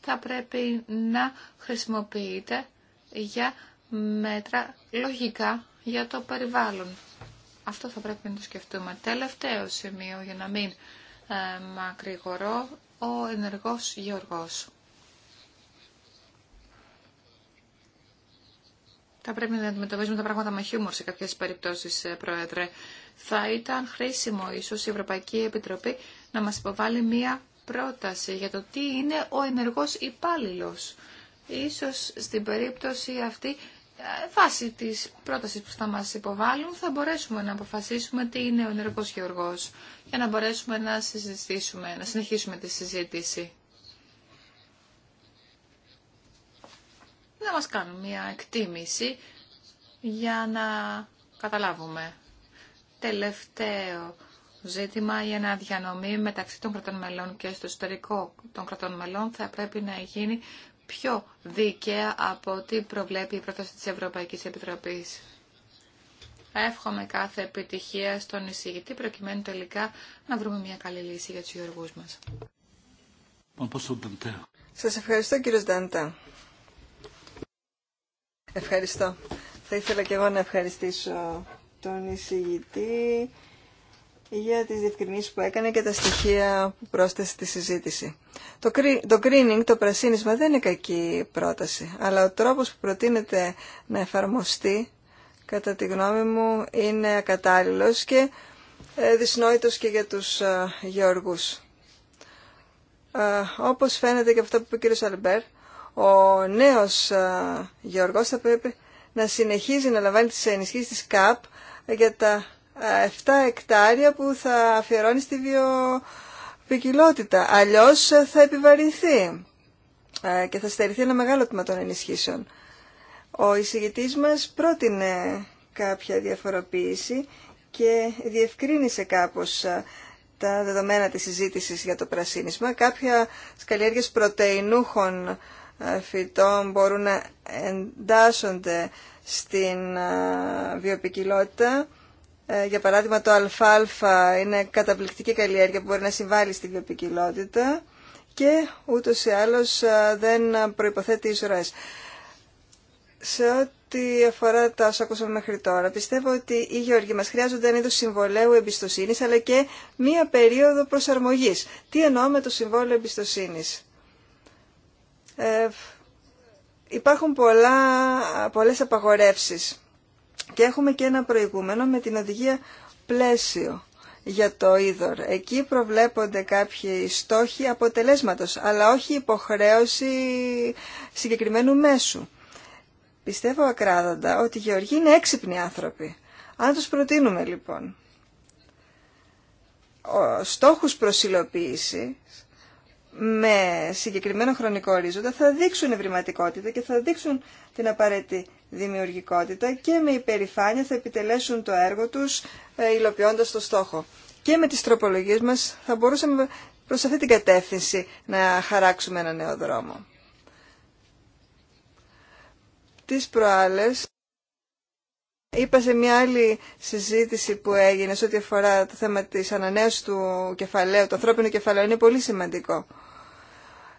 S3: θα πρέπει να χρησιμοποιείται για μέτρα λογικά για το περιβάλλον. Αυτό θα πρέπει να το σκεφτούμε. Τελευταίο σημείο για να μην ε, μακρηγορώ, ο ενεργός γεωργός. Θα πρέπει να αντιμετωπίζουμε τα πράγματα με χιούμορ σε κάποιες περιπτώσεις, ε, Πρόεδρε. Θα ήταν χρήσιμο ίσως η Ευρωπαϊκή Επιτροπή να μας υποβάλει μία πρόταση για το τι είναι ο ενεργός υπάλληλος. Ίσως στην περίπτωση αυτή βάσει τη πρόταση που θα μα υποβάλουν θα μπορέσουμε να αποφασίσουμε τι είναι ο ενεργός γεωργός για να μπορέσουμε να συζητήσουμε, να συνεχίσουμε τη συζήτηση. Να μας κάνουν μια εκτίμηση για να καταλάβουμε. Τελευταίο ζήτημα για να διανομή μεταξύ των κρατών μελών και στο εσωτερικό των κρατών μελών θα πρέπει να γίνει πιο δίκαια από ό,τι προβλέπει η πρόταση της Ευρωπαϊκής Επιτροπής. Εύχομαι κάθε επιτυχία στον εισηγητή προκειμένου τελικά να βρούμε μια καλή λύση για τους γεωργούς μας. Σας ευχαριστώ κύριος
S2: Ντάντα. Ευχαριστώ. Θα ήθελα και εγώ να ευχαριστήσω τον εισηγητή για τις διευκρινήσεις που έκανε και τα στοιχεία που πρόσθεσε στη συζήτηση. Το, το greening, το πρασίνισμα δεν είναι κακή πρόταση, αλλά ο τρόπος που προτείνεται να εφαρμοστεί, κατά τη γνώμη μου, είναι ακατάλληλος και ε, δυσνόητος και για τους ε, γεωργούς. Ε, όπως φαίνεται και αυτό που είπε ο κύριος Αλμπέρ, ο νέος γεωργός θα πρέπει να συνεχίζει να λαμβάνει τις ενισχύσεις της ΚΑΠ για τα 7 εκτάρια που θα αφιερώνει στη βιοπικιλότητα. Αλλιώς θα επιβαρυνθεί ε, και θα στερηθεί ένα μεγάλο τμήμα των ενισχύσεων. Ο εισηγητής μας πρότεινε κάποια διαφοροποίηση και διευκρίνησε κάπως ε, τα δεδομένα της συζήτηση για το πρασίνισμα. Κάποια καλλιέργειες πρωτεϊνούχων ε, φυτών μπορούν να εντάσσονται στην βιοπικιλότητα ε, για παράδειγμα το αλφα-αλφα είναι καταπληκτική καλλιέργεια που μπορεί να συμβάλλει στην βιοπικιλότητα και ούτως ή άλλως ε, δεν προϋποθέτει ισορές. Σε ό,τι αφορά τα όσα ακούσαμε μέχρι τώρα, πιστεύω ότι οι γεωργοί μας χρειάζονται ένα είδος συμβολέου εμπιστοσύνης, αλλά και μία περίοδο προσαρμογής. Τι εννοώ με το συμβόλαιο εμπιστοσύνης. Ε, υπάρχουν πολλά, πολλές απαγορεύσεις και έχουμε και ένα προηγούμενο με την οδηγία πλαίσιο για το είδωρ. Εκεί προβλέπονται κάποιοι στόχοι αποτελέσματος, αλλά όχι υποχρέωση συγκεκριμένου μέσου. Πιστεύω ακράδαντα ότι οι γεωργοί είναι έξυπνοι άνθρωποι. Αν τους προτείνουμε λοιπόν στόχους προσιλοποίηση με συγκεκριμένο χρονικό ορίζοντα θα δείξουν ευρηματικότητα και θα δείξουν την απαραίτητη δημιουργικότητα και με υπερηφάνεια θα επιτελέσουν το έργο τους ε, υλοποιώντας το στόχο. Και με τις τροπολογίες μας θα μπορούσαμε προς αυτή την κατεύθυνση να χαράξουμε ένα νέο δρόμο. Τις προάλλες είπα σε μια άλλη συζήτηση που έγινε σε ό,τι αφορά το θέμα της ανανέωσης του κεφαλαίου, του ανθρώπινου κεφαλαίου, είναι πολύ σημαντικό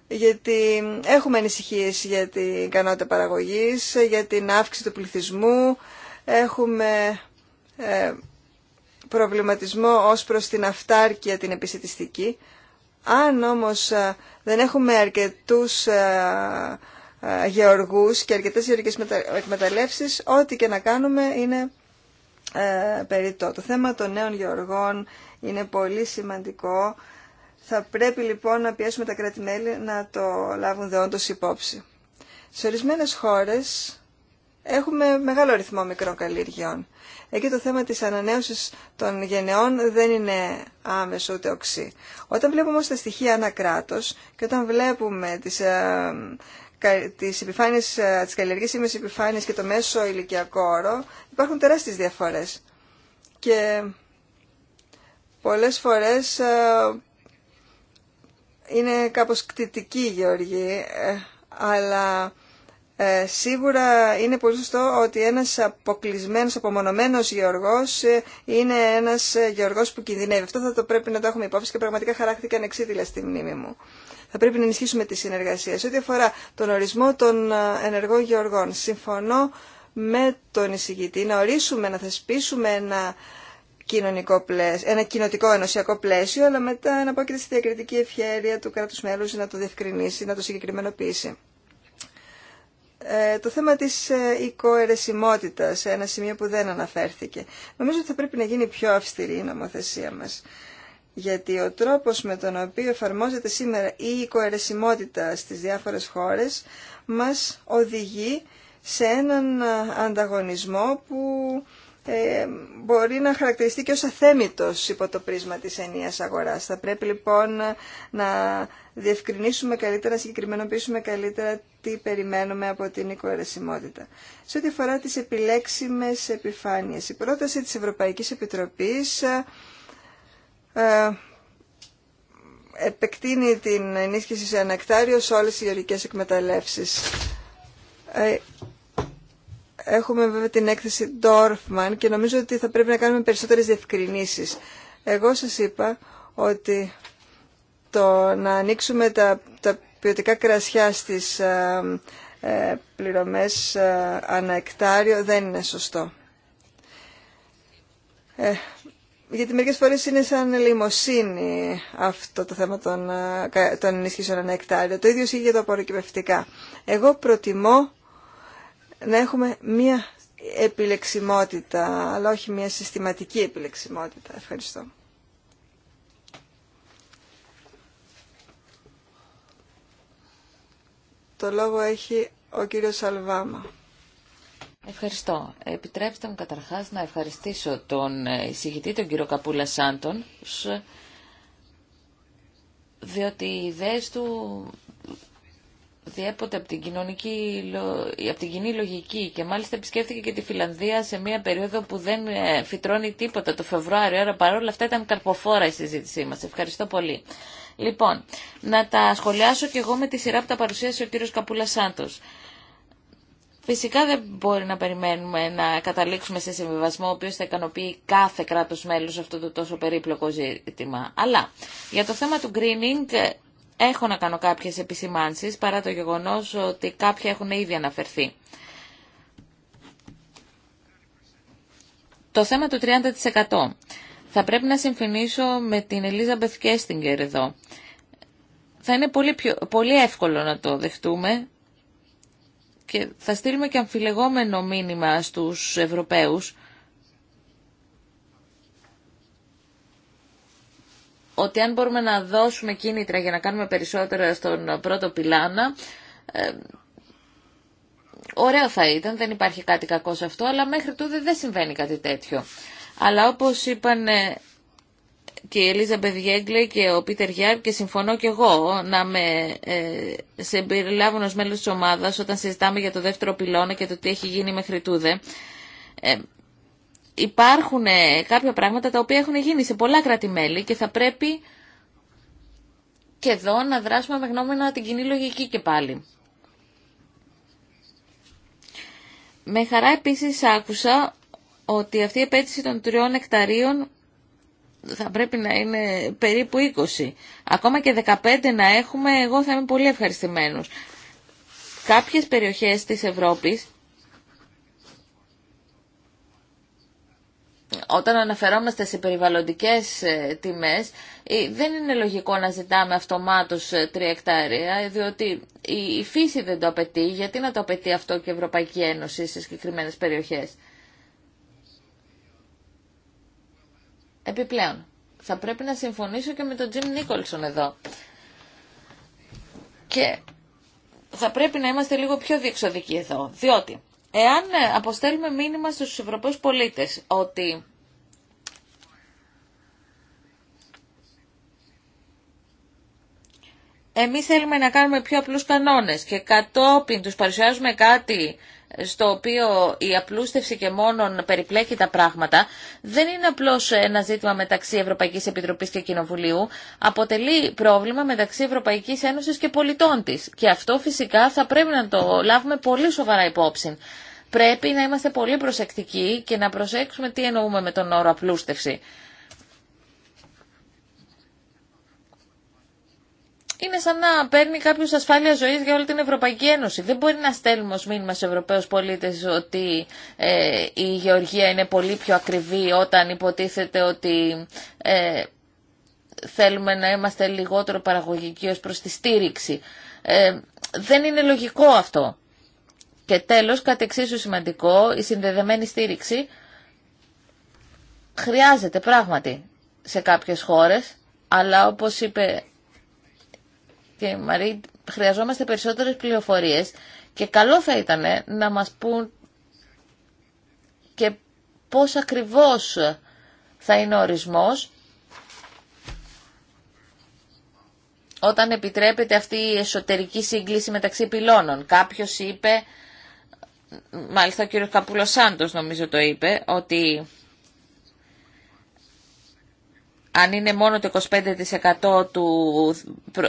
S2: γιατί έχουμε ανησυχίες για την ικανότητα παραγωγής, για την αύξηση του πληθυσμού, έχουμε ε, προβληματισμό ως προς την αυτάρκεια την επιστημιστική. Αν όμως ε, δεν έχουμε αρκετούς ε, γεωργούς και αρκετές γεωργικές εκμεταλλεύσεις, ό,τι και να κάνουμε είναι περιττό. Το θέμα των νέων γεωργών είναι πολύ σημαντικό θα πρέπει λοιπόν να πιέσουμε τα κράτη-μέλη να το λάβουν δεόντως υπόψη. Σε ορισμένες χώρες έχουμε μεγάλο ρυθμό μικρών καλλιεργειών. Εκεί το θέμα της ανανέωσης των γενεών δεν είναι άμεσο ούτε οξύ. Όταν βλέπουμε όμως τα στοιχεία ανακράτος και όταν βλέπουμε τις, ε, τις, ε, επιφάνειες, και το μέσο ηλικιακό όρο, υπάρχουν τεράστιες διαφορές. Και πολλές φορές ε, είναι κάπως κτητική Γιώργη, ε, αλλά ε, σίγουρα είναι πολύ σωστό ότι ένας αποκλεισμένος, απομονωμένος Γεωργός ε, είναι ένας Γεωργός που κινδυνεύει. Αυτό θα το πρέπει να το έχουμε υπόψη και πραγματικά χαράχτηκαν εξίδηλα στη μνήμη μου. Θα πρέπει να ενισχύσουμε τη συνεργασία. Σε ό,τι αφορά τον ορισμό των ενεργών Γεωργών, συμφωνώ με τον εισηγητή να ορίσουμε, να θεσπίσουμε ένα κοινωνικό πλαίσιο, ένα κοινοτικό ενωσιακό πλαίσιο, αλλά μετά να και στη διακριτική ευχαίρεια του κράτους μέλους να το διευκρινίσει, να το συγκεκριμενοποιήσει. Ε, το θέμα της ε, οικοαιρεσιμότητας, ένα σημείο που δεν αναφέρθηκε. Νομίζω ότι θα πρέπει να γίνει πιο αυστηρή η νομοθεσία μας. Γιατί ο τρόπος με τον οποίο εφαρμόζεται σήμερα η οικοαιρεσιμότητα στις διάφορες χώρες μας οδηγεί σε έναν ε, ανταγωνισμό που ε, μπορεί να χαρακτηριστεί και ως αθέμητος υπό το πρίσμα της ενίας αγοράς. Θα πρέπει λοιπόν να διευκρινίσουμε καλύτερα, να συγκεκριμενοποιήσουμε καλύτερα τι περιμένουμε από την οικοαιρεσιμότητα. Σε ό,τι αφορά τις επιλέξιμες επιφάνειες, η πρόταση της Ευρωπαϊκής Επιτροπής ε, ε, επεκτείνει την ενίσχυση σε ανακτάριο σε όλες οι γεωργικές εκμεταλλεύσεις. Έχουμε βέβαια την έκθεση Dorfman και νομίζω ότι θα πρέπει να κάνουμε περισσότερες διευκρινήσεις. Εγώ σας είπα ότι το να ανοίξουμε τα, τα ποιοτικά κρασιά στις α, ε, ε, πληρωμές ε, αναεκτάριο δεν είναι σωστό. Ε, γιατί μερικές φορές είναι σαν λιμοσύνη αυτό το θέμα των, ε, των ενίσχυσεων αναεκτάριο. Το ίδιο ισχύει για τα απορροκυπευτικά. Εγώ προτιμώ να έχουμε μία επιλεξιμότητα, αλλά όχι μία συστηματική επιλεξιμότητα. Ευχαριστώ. Το
S1: λόγο έχει ο κύριος Σαλβάμα. Ευχαριστώ. Επιτρέψτε μου καταρχάς να ευχαριστήσω τον εισηγητή, τον κύριο Καπούλα Σάντον, διότι οι ιδέες του διέπονται από την, κοινωνική, από την κοινή λογική και μάλιστα επισκέφθηκε και τη Φιλανδία σε μια περίοδο που δεν ε, φυτρώνει τίποτα το Φεβρουάριο, άρα παρόλα αυτά ήταν καρποφόρα η συζήτησή μας. Ευχαριστώ πολύ. Λοιπόν, να τα σχολιάσω και εγώ με τη σειρά που τα παρουσίασε ο κύριος Καπούλα Σάντος. Φυσικά δεν μπορεί να περιμένουμε να καταλήξουμε σε συμβιβασμό ο οποίος θα ικανοποιεί κάθε κράτος μέλος αυτό το τόσο περίπλοκο ζήτημα. Αλλά για το θέμα του greening Έχω να κάνω κάποιες επισημάνσεις παρά το γεγονός ότι κάποια έχουν ήδη αναφερθεί. Το θέμα του 30%. Θα πρέπει να συμφωνήσω με την Ελίζα Μπεθκέστιγκερ εδώ. Θα είναι πολύ, πιο, πολύ εύκολο να το δεχτούμε και θα στείλουμε και αμφιλεγόμενο μήνυμα στους Ευρωπαίους ότι αν μπορούμε να δώσουμε κίνητρα για να κάνουμε περισσότερα στον πρώτο πυλάνα, ε, ωραίο θα ήταν, δεν υπάρχει κάτι κακό σε αυτό, αλλά μέχρι τούδε δεν συμβαίνει κάτι τέτοιο. Αλλά όπως είπαν ε, και η Ελίζα Μπεδιέγκλε και ο Πίτερ Γιάρ και συμφωνώ και εγώ να με ε, σε περιλάβουν ως μέλος της ομάδας όταν συζητάμε για το δεύτερο πυλώνα και το τι έχει γίνει μέχρι τούδε. Ε, υπάρχουν ε, κάποια πράγματα τα οποία έχουν γίνει σε πολλά κράτη-μέλη και θα πρέπει και εδώ να δράσουμε με γνώμενα την κοινή λογική και πάλι. Με χαρά επίσης άκουσα ότι αυτή η επέτηση των τριών εκταρίων θα πρέπει να είναι περίπου 20. Ακόμα και 15 να έχουμε, εγώ θα είμαι πολύ ευχαριστημένος. Κάποιες περιοχές της Ευρώπης όταν αναφερόμαστε σε περιβαλλοντικές ε, τιμές, ε, δεν είναι λογικό να ζητάμε αυτομάτως ε, τρία εκτάρια, διότι η φύση δεν το απαιτεί. Γιατί να το απαιτεί αυτό και η Ευρωπαϊκή Ένωση σε συγκεκριμένες περιοχές. Επιπλέον, θα πρέπει να συμφωνήσω και με τον Τζιμ Νίκολσον εδώ. Και θα πρέπει να είμαστε λίγο πιο διεξοδικοί εδώ, διότι Εάν ε, αποστέλουμε μήνυμα στους Ευρωπαίους πολίτες ότι εμείς θέλουμε να κάνουμε πιο απλούς κανόνες και κατόπιν τους παρουσιάζουμε κάτι στο οποίο η απλούστευση και μόνον περιπλέκει τα πράγματα, δεν είναι απλώς ένα ζήτημα μεταξύ Ευρωπαϊκής Επιτροπής και Κοινοβουλίου, αποτελεί πρόβλημα μεταξύ Ευρωπαϊκής Ένωσης και πολιτών της. Και αυτό φυσικά θα πρέπει να το λάβουμε πολύ σοβαρά υπόψη πρέπει να είμαστε πολύ προσεκτικοί και να προσέξουμε τι εννοούμε με τον όρο απλούστευση. Είναι σαν να παίρνει κάποιο ασφάλεια ζωή για όλη την Ευρωπαϊκή Ένωση. Δεν μπορεί να στέλνουμε ω μήνυμα στου Ευρωπαίου πολίτε ότι ε, η γεωργία είναι πολύ πιο ακριβή όταν υποτίθεται ότι ε, θέλουμε να είμαστε λιγότερο παραγωγικοί ω προ τη στήριξη. Ε, δεν είναι λογικό αυτό. Και τέλος, κάτι εξίσου σημαντικό, η συνδεδεμένη στήριξη χρειάζεται πράγματι σε κάποιες χώρες, αλλά όπως είπε και η Μαρή, χρειαζόμαστε περισσότερες πληροφορίες και καλό θα ήταν να μας πούν και πώς ακριβώς θα είναι ο ορισμός όταν επιτρέπεται αυτή η εσωτερική σύγκληση μεταξύ πυλώνων. Κάποιος είπε μάλιστα ο κύριος Σάντος νομίζω το είπε, ότι αν είναι μόνο το 25% του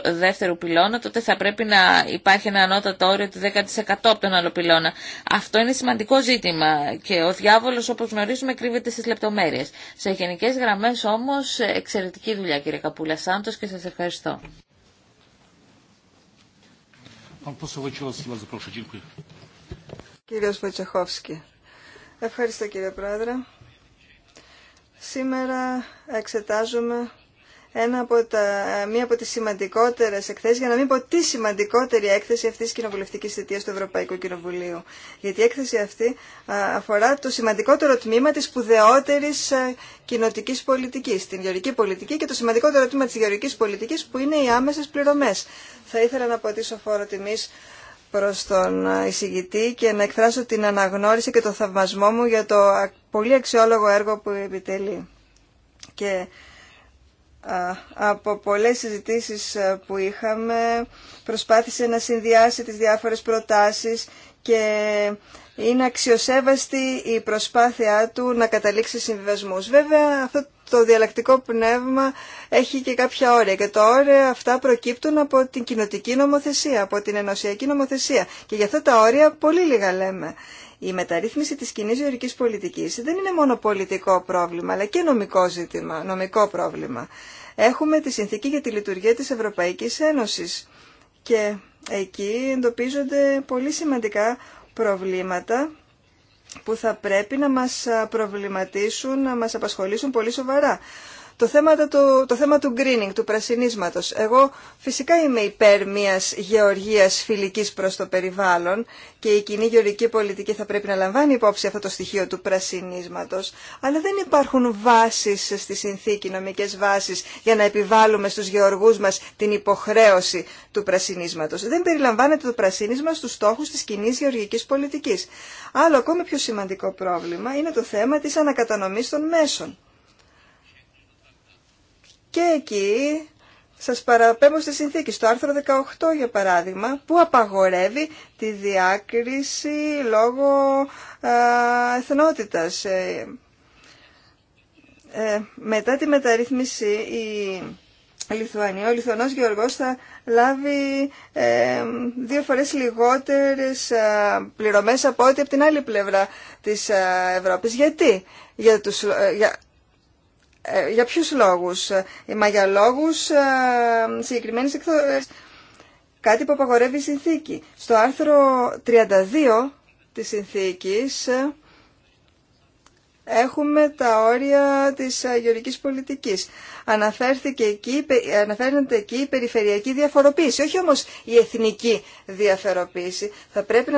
S1: δεύτερου πυλώνα, τότε θα πρέπει να υπάρχει ένα ανώτατο όριο του 10% από τον άλλο πυλώνα. Αυτό είναι σημαντικό ζήτημα και ο διάβολος, όπως γνωρίζουμε, κρύβεται στις λεπτομέρειες. Σε γενικές γραμμές όμως, εξαιρετική δουλειά κύριε Καπούλα Σάντος και σας ευχαριστώ.
S2: Κύριος Βοητσεχόφσκι. Ευχαριστώ κύριε Πρόεδρε. Σήμερα εξετάζουμε ένα από τα, μία από τις σημαντικότερες εκθέσεις, για να μην πω τι σημαντικότερη έκθεση αυτής της κοινοβουλευτικής θητείας του Ευρωπαϊκού Κοινοβουλίου. Γιατί η έκθεση αυτή αφορά το σημαντικότερο τμήμα της σπουδαιότερης ε, κοινοτικής πολιτικής, την γεωρική πολιτική και το σημαντικότερο τμήμα της γεωρικής πολιτικής που είναι οι άμεσες πληρωμές. Θα ήθελα να ποτίσω φόρο τιμής προς τον εισηγητή και να εκφράσω την αναγνώριση και το θαυμασμό μου για το πολύ αξιόλογο έργο που επιτελεί. Και από πολλές συζητήσεις που είχαμε προσπάθησε να συνδυάσει τις διάφορες προτάσεις και είναι αξιοσέβαστη η προσπάθειά του να καταλήξει συμβιβασμούς. Βέβαια αυτό το διαλλακτικό πνεύμα έχει και κάποια όρια και τα όρια αυτά προκύπτουν από την κοινοτική νομοθεσία, από την ενωσιακή νομοθεσία και για αυτά τα όρια πολύ λίγα λέμε. Η μεταρρύθμιση της κοινή ιωρικής πολιτικής δεν είναι μόνο πολιτικό πρόβλημα αλλά και νομικό ζήτημα, νομικό πρόβλημα. Έχουμε τη συνθήκη για τη λειτουργία της Ευρωπαϊκής Ένωσης και εκεί εντοπίζονται πολύ σημαντικά προβλήματα που θα πρέπει να μας προβληματίσουν, να μας απασχολήσουν πολύ σοβαρά. Το θέμα του, το θέμα του greening, του πρασινίσματος. Εγώ φυσικά είμαι υπέρ μιας γεωργίας φιλικής προς το περιβάλλον και η κοινή γεωργική πολιτική θα πρέπει να λαμβάνει υπόψη αυτό το στοιχείο του πρασινίσματος, αλλά δεν υπάρχουν βάσεις στη συνθήκη, νομικές βάσεις, για να επιβάλλουμε στους γεωργούς μας την υποχρέωση του πρασινίσματος. Δεν περιλαμβάνεται το πρασίνισμα στους στόχους της κοινή γεωργικής πολιτικής. Άλλο ακόμη πιο σημαντικό πρόβλημα είναι το θέμα της ανακατανομής των μέσων. Και εκεί σας παραπέμπω στη συνθήκη το άρθρο 18 για παράδειγμα, που απαγορεύει τη διάκριση λόγω α, εθνότητας. Ε, ε μετά τη μεταρρύθμιση η Λιθουανία, ο Λιθουανός Γεωργός θα λάβει ε, δύο φορές λιγότερες α, πληρωμές από ό,τι από την άλλη πλευρά της α, Ευρώπης. Γιατί? Για τους, ε, ε, για ποιους λόγους. Ε, μα για λόγους ε, συγκεκριμένης εκδοχής. Κάτι που απαγορεύει η συνθήκη. Στο άρθρο 32 της συνθήκης έχουμε τα όρια της ε, γεωργικής πολιτικής. Αναφέρθηκε εκεί, αναφέρεται εκεί η περιφερειακή διαφοροποίηση, όχι όμως η εθνική διαφοροποίηση. Θα πρέπει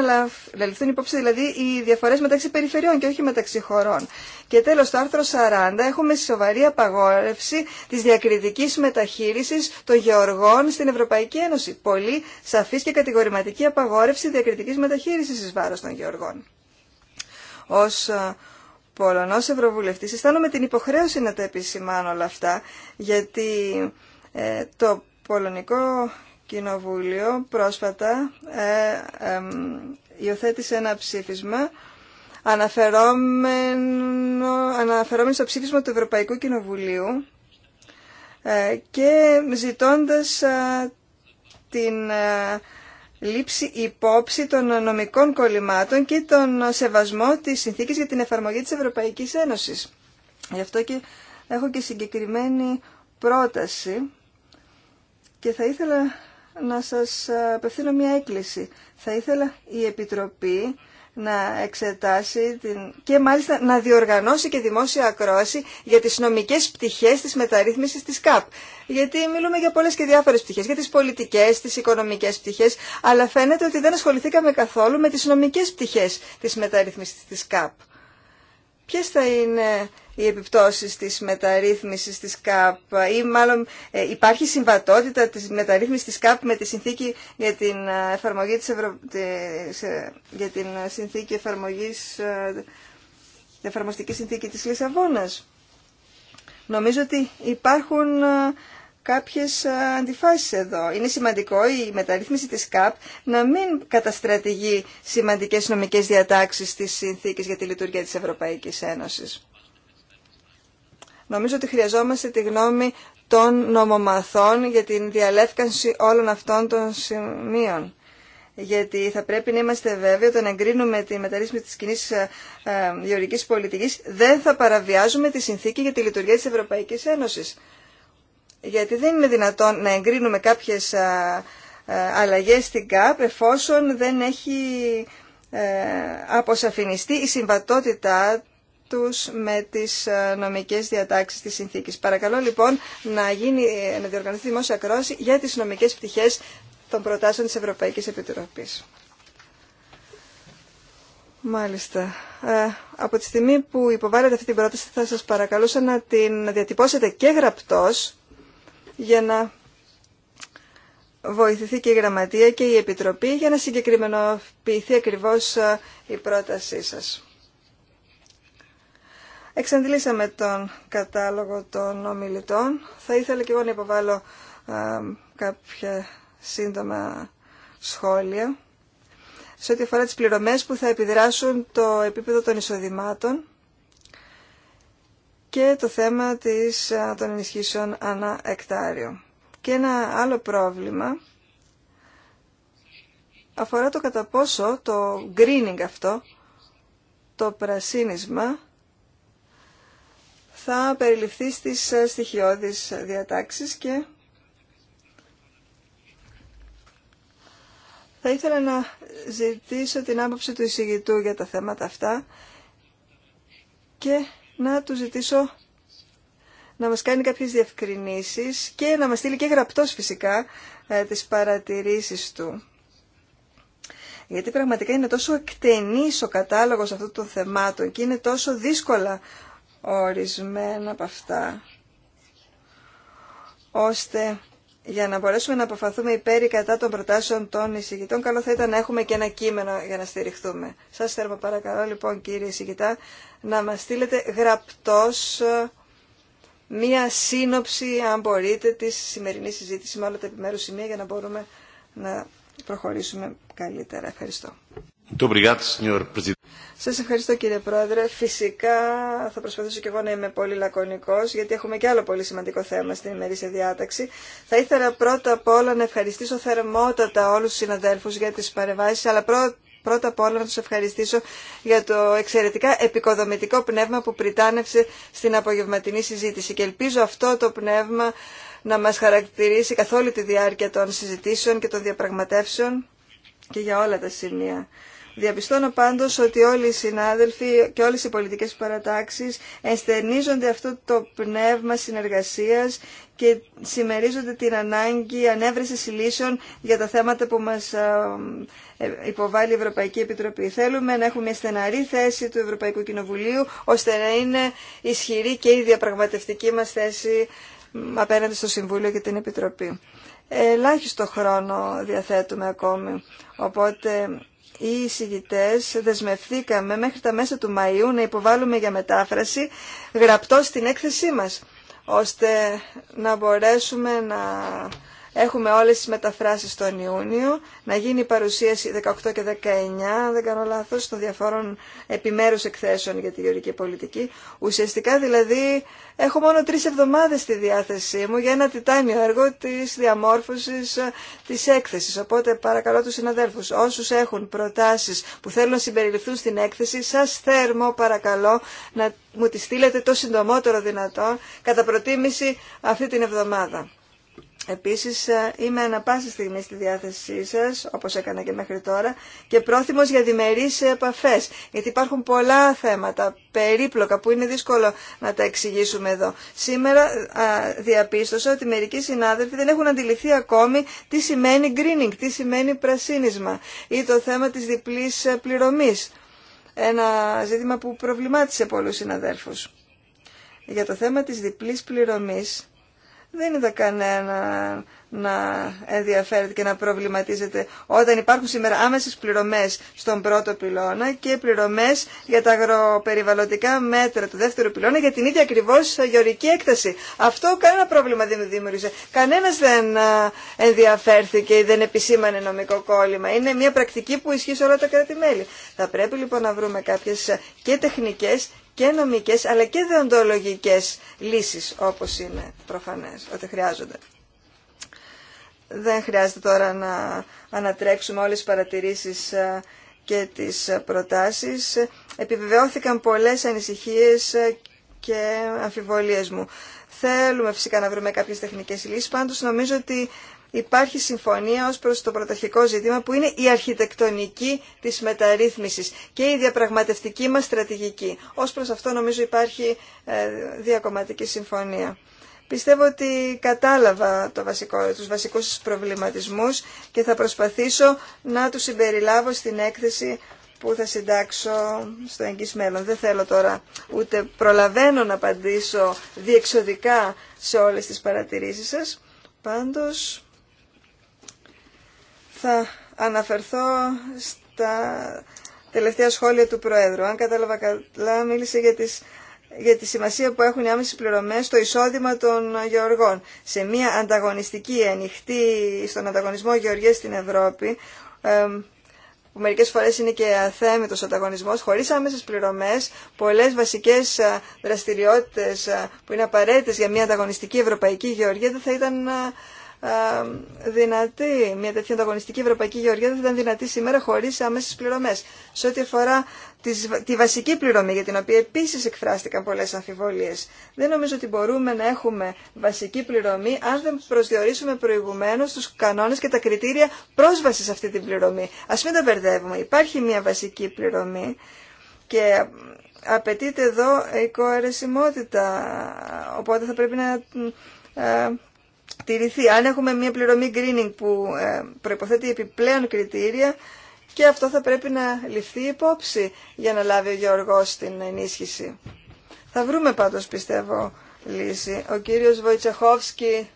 S2: να ληφθούν υπόψη δηλαδή οι διαφορές μεταξύ περιφερειών και όχι μεταξύ χωρών. Και τέλος, στο άρθρο 40 έχουμε σοβαρή απαγόρευση της διακριτικής μεταχείρισης των γεωργών στην Ευρωπαϊκή Ένωση. Πολύ σαφής και κατηγορηματική απαγόρευση διακριτικής μεταχείρισης εις βάρος των γεωργών. Ως ε, Πολωνός Ευρωβουλευτής αισθάνομαι την υποχρέωση να τα επισημάνω όλα αυτά γιατί ε, το Πολωνικό Κοινοβούλιο πρόσφατα ε, υιοθέτησε ένα ψήφισμα αναφερόμενο, αναφερόμενο στο ψήφισμα του Ευρωπαϊκού Κοινοβουλίου ε, και ζητώντας ε, την λήψη υπόψη των νομικών κολλημάτων και τον σεβασμό της συνθήκης για την εφαρμογή της Ευρωπαϊκής Ένωσης. Γι' αυτό και έχω και συγκεκριμένη πρόταση και θα ήθελα να σας απευθύνω μια έκκληση. Θα ήθελα η Επιτροπή να εξετάσει την... και μάλιστα να διοργανώσει και δημόσια ακρόαση για τις νομικές πτυχές της μεταρρύθμισης της ΚΑΠ. Γιατί μιλούμε για πολλές και διάφορες πτυχές, για τις πολιτικές, τις οικονομικές πτυχές, αλλά φαίνεται ότι δεν ασχοληθήκαμε καθόλου με τις νομικές πτυχές της μεταρρύθμισης της ΚΑΠ. Ποιες θα είναι οι επιπτώσεις της μεταρρύθμισης της ΚΑΠ ή μάλλον ε, υπάρχει συμβατότητα της μεταρρύθμισης της ΚΑΠ με τη συνθήκη για την ε, εφαρμογή της, Ευρω... Ε, για την συνθήκη εφαρμογής εφαρμοστική συνθήκη της Λισαβόνας. Νομίζω ότι υπάρχουν κάποιες αντιφάσεις εδώ. Είναι σημαντικό η μεταρρύθμιση της ΚΑΠ να μην καταστρατηγεί σημαντικές νομικές διατάξεις της συνθήκης για τη λειτουργία της Ευρωπαϊκής Ένωσης. Νομίζω ότι χρειαζόμαστε τη γνώμη των νομομαθών για την διαλεύκανση όλων αυτών των σημείων. Γιατί θα πρέπει να είμαστε βέβαιοι όταν εγκρίνουμε τη μεταρρύθμιση της κοινή ε, ε, γεωργικής πολιτικής δεν θα παραβιάζουμε τη συνθήκη για τη λειτουργία της Ευρωπαϊκής Ένωσης. Γιατί δεν είναι δυνατόν να εγκρίνουμε κάποιες ε, αλλαγές στην ΚΑΠ εφόσον δεν έχει αποσαφινιστεί η συμβατότητα τους με τις ε, νομικές διατάξεις της συνθήκης. Παρακαλώ λοιπόν να, γίνει, να διοργανωθεί δημόσια κρόση για τις νομικές πτυχές των προτάσεων της Ευρωπαϊκής Επιτροπής. Μάλιστα. Ε, από τη στιγμή που υποβάλλετε αυτή την πρόταση θα σας παρακαλούσα να την διατυπώσετε και γραπτός για να βοηθηθεί και η Γραμματεία και η Επιτροπή για να συγκεκριμενοποιηθεί ακριβώς ε, η πρότασή σας. Εξαντλήσαμε τον κατάλογο των ομιλητών. Θα ήθελα και εγώ να υποβάλω ε, κάποια σύντομα σχόλια σε ό,τι αφορά τις πληρωμές που θα επιδράσουν το επίπεδο των εισοδημάτων και το θέμα της, ε, των ενισχύσεων ανά εκτάριο. Και ένα άλλο πρόβλημα αφορά το κατά πόσο το greening αυτό, το πρασίνισμα, θα περιληφθεί στις ε, στοιχειώδεις διατάξεις και θα ήθελα να ζητήσω την άποψη του εισηγητού για τα θέματα αυτά και να του ζητήσω να μας κάνει κάποιες διευκρινήσεις και να μας στείλει και γραπτός φυσικά ε, τις παρατηρήσεις του. Γιατί πραγματικά είναι τόσο εκτενής ο κατάλογος αυτού των θεμάτων και είναι τόσο δύσκολα ορισμένα από αυτά, ώστε για να μπορέσουμε να αποφαθούμε υπέρ ή κατά των προτάσεων των εισηγητών, καλό θα ήταν να έχουμε και ένα κείμενο για να στηριχθούμε. Σας θέλω παρακαλώ λοιπόν κύριε εισηγητά να μας στείλετε γραπτός μία σύνοψη, αν μπορείτε, της σημερινής συζήτησης με όλα τα επιμέρους σημεία για να μπορούμε να προχωρήσουμε καλύτερα. Ευχαριστώ. Σας ευχαριστώ κύριε Πρόεδρε. Φυσικά θα προσπαθήσω και εγώ να είμαι πολύ λακωνικός γιατί έχουμε και άλλο πολύ σημαντικό θέμα στην ημερήσια διάταξη. Θα ήθελα πρώτα απ' όλα να ευχαριστήσω θερμότατα όλους τους συναδέλφους για τις παρεμβάσεις αλλά πρώτα απ' όλα να τους ευχαριστήσω για το εξαιρετικά επικοδομητικό πνεύμα που πριτάνευσε στην απογευματινή συζήτηση και ελπίζω αυτό το πνεύμα να μας χαρακτηρίσει καθ' όλη τη διάρκεια των συζητήσεων και των διαπραγματεύσεων και για όλα τα σημεία Διαπιστώνω πάντω ότι όλοι οι συνάδελφοι και όλε οι πολιτικέ παρατάξει ενστερνίζονται αυτό το πνεύμα συνεργασία και συμμερίζονται την ανάγκη ανέβρεση λύσεων για τα θέματα που μα ε, υποβάλλει η Ευρωπαϊκή Επιτροπή. Θέλουμε να έχουμε στεναρή θέση του Ευρωπαϊκού Κοινοβουλίου, ώστε να είναι ισχυρή και η διαπραγματευτική μα θέση απέναντι στο Συμβούλιο και την Επιτροπή. Ελάχιστο χρόνο διαθέτουμε ακόμη, οπότε οι εισηγητές δεσμευθήκαμε μέχρι τα μέσα του Μαΐου να υποβάλουμε για μετάφραση γραπτό στην έκθεσή μας, ώστε να μπορέσουμε να Έχουμε όλες τις μεταφράσεις τον Ιούνιο, να γίνει η παρουσίαση 18 και 19, δεν κάνω λάθος, των διαφόρων επιμέρους εκθέσεων για τη γεωρική πολιτική. Ουσιαστικά δηλαδή έχω μόνο τρεις εβδομάδες στη διάθεσή μου για ένα τιτάνιο έργο της διαμόρφωσης ε, της έκθεσης. Οπότε παρακαλώ τους συναδέλφους, όσους έχουν προτάσεις που θέλουν να συμπεριληφθούν στην έκθεση, σας θέρμο παρακαλώ να μου τις στείλετε το συντομότερο δυνατό, κατά προτίμηση αυτή την εβδομάδα. Επίσης ε, είμαι ανα πάση στιγμή στη διάθεσή σας, όπως έκανα και μέχρι τώρα, και πρόθυμος για διμερείς επαφές, γιατί υπάρχουν πολλά θέματα περίπλοκα που είναι δύσκολο να τα εξηγήσουμε εδώ. Σήμερα ε, διαπίστωσα ότι μερικοί συνάδελφοι δεν έχουν αντιληφθεί ακόμη τι σημαίνει greening, τι σημαίνει πρασίνισμα ή το θέμα της διπλής ε, πληρωμής. Ένα ζήτημα που προβλημάτισε πολλούς συναδέλφους. Για το θέμα της διπλής πληρωμής δεν είδα κανένα να ενδιαφέρεται και να προβληματίζεται όταν υπάρχουν σήμερα άμεσες πληρωμές στον πρώτο πυλώνα και πληρωμές για τα αγροπεριβαλλοντικά μέτρα του δεύτερου πυλώνα για την ίδια ακριβώς γεωρική έκταση. Αυτό κανένα πρόβλημα δεν δημιούργησε. Κανένας δεν ενδιαφέρθηκε ή δεν επισήμανε νομικό κόλλημα. Είναι μια πρακτική που ισχύει σε όλα τα κράτη-μέλη. Θα πρέπει λοιπόν να βρούμε κάποιες ε, και τεχνικές και νομικές αλλά και δεοντολογικές λύσεις όπως είναι προφανές ότι χρειάζονται. Δεν χρειάζεται τώρα να ανατρέξουμε όλες τις παρατηρήσεις ε, και τις προτάσεις. Επιβεβαιώθηκαν πολλές ανησυχίες ε, και αμφιβολίες μου. Θέλουμε φυσικά να βρούμε κάποιες τεχνικές λύσεις, πάντως νομίζω ότι υπάρχει συμφωνία ως προς το πρωταρχικό ζήτημα που είναι η αρχιτεκτονική της μεταρρύθμισης και η διαπραγματευτική μας στρατηγική. Ως προς αυτό νομίζω υπάρχει ε, διακομματική συμφωνία. Πιστεύω ότι κατάλαβα το βασικό, τους βασικούς προβληματισμούς και θα προσπαθήσω να τους συμπεριλάβω στην έκθεση που θα συντάξω στο εγγύς μέλλον. Δεν θέλω τώρα ούτε προλαβαίνω να απαντήσω διεξοδικά σε όλες τις παρατηρήσεις σας. Πάντως θα αναφερθώ στα τελευταία σχόλια του Προέδρου. Αν κατάλαβα καλά, μίλησε για, τις, για τη σημασία που έχουν οι άμεσες πληρωμές στο εισόδημα των γεωργών. Σε μια ανταγωνιστική, ανοιχτή στον ανταγωνισμό γεωργίας στην Ευρώπη, που μερικές φορές είναι και αθέμητος ανταγωνισμός, χωρίς άμεσες πληρωμές, πολλές βασικές ε, δραστηριότητες ε, που είναι απαραίτητες για μια ανταγωνιστική ευρωπαϊκή γεωργία δεν θα ήταν ε, ε, δυνατή. Μια τέτοια ανταγωνιστική ευρωπαϊκή γεωργία δεν θα ήταν δυνατή σήμερα χωρίς άμεσες πληρωμές. Σε ό,τι αφορά τη βασική πληρωμή, για την οποία επίσης εκφράστηκαν πολλές αμφιβολίες. Δεν νομίζω ότι μπορούμε να έχουμε βασική πληρωμή αν δεν προσδιορίσουμε προηγουμένως τους κανόνες και τα κριτήρια πρόσβασης σε αυτή την πληρωμή. Ας μην τα μπερδεύουμε. Υπάρχει μια βασική πληρωμή και απαιτείται εδώ η Οπότε θα πρέπει να ε, αν έχουμε μια πληρωμή greening που ε, προϋποθέτει επιπλέον κριτήρια και αυτό θα πρέπει να ληφθεί υπόψη για να λάβει ο Γεωργός την ενίσχυση. Θα βρούμε πάντως πιστεύω λύση. Ο κύριος Βοητσεχόφσκι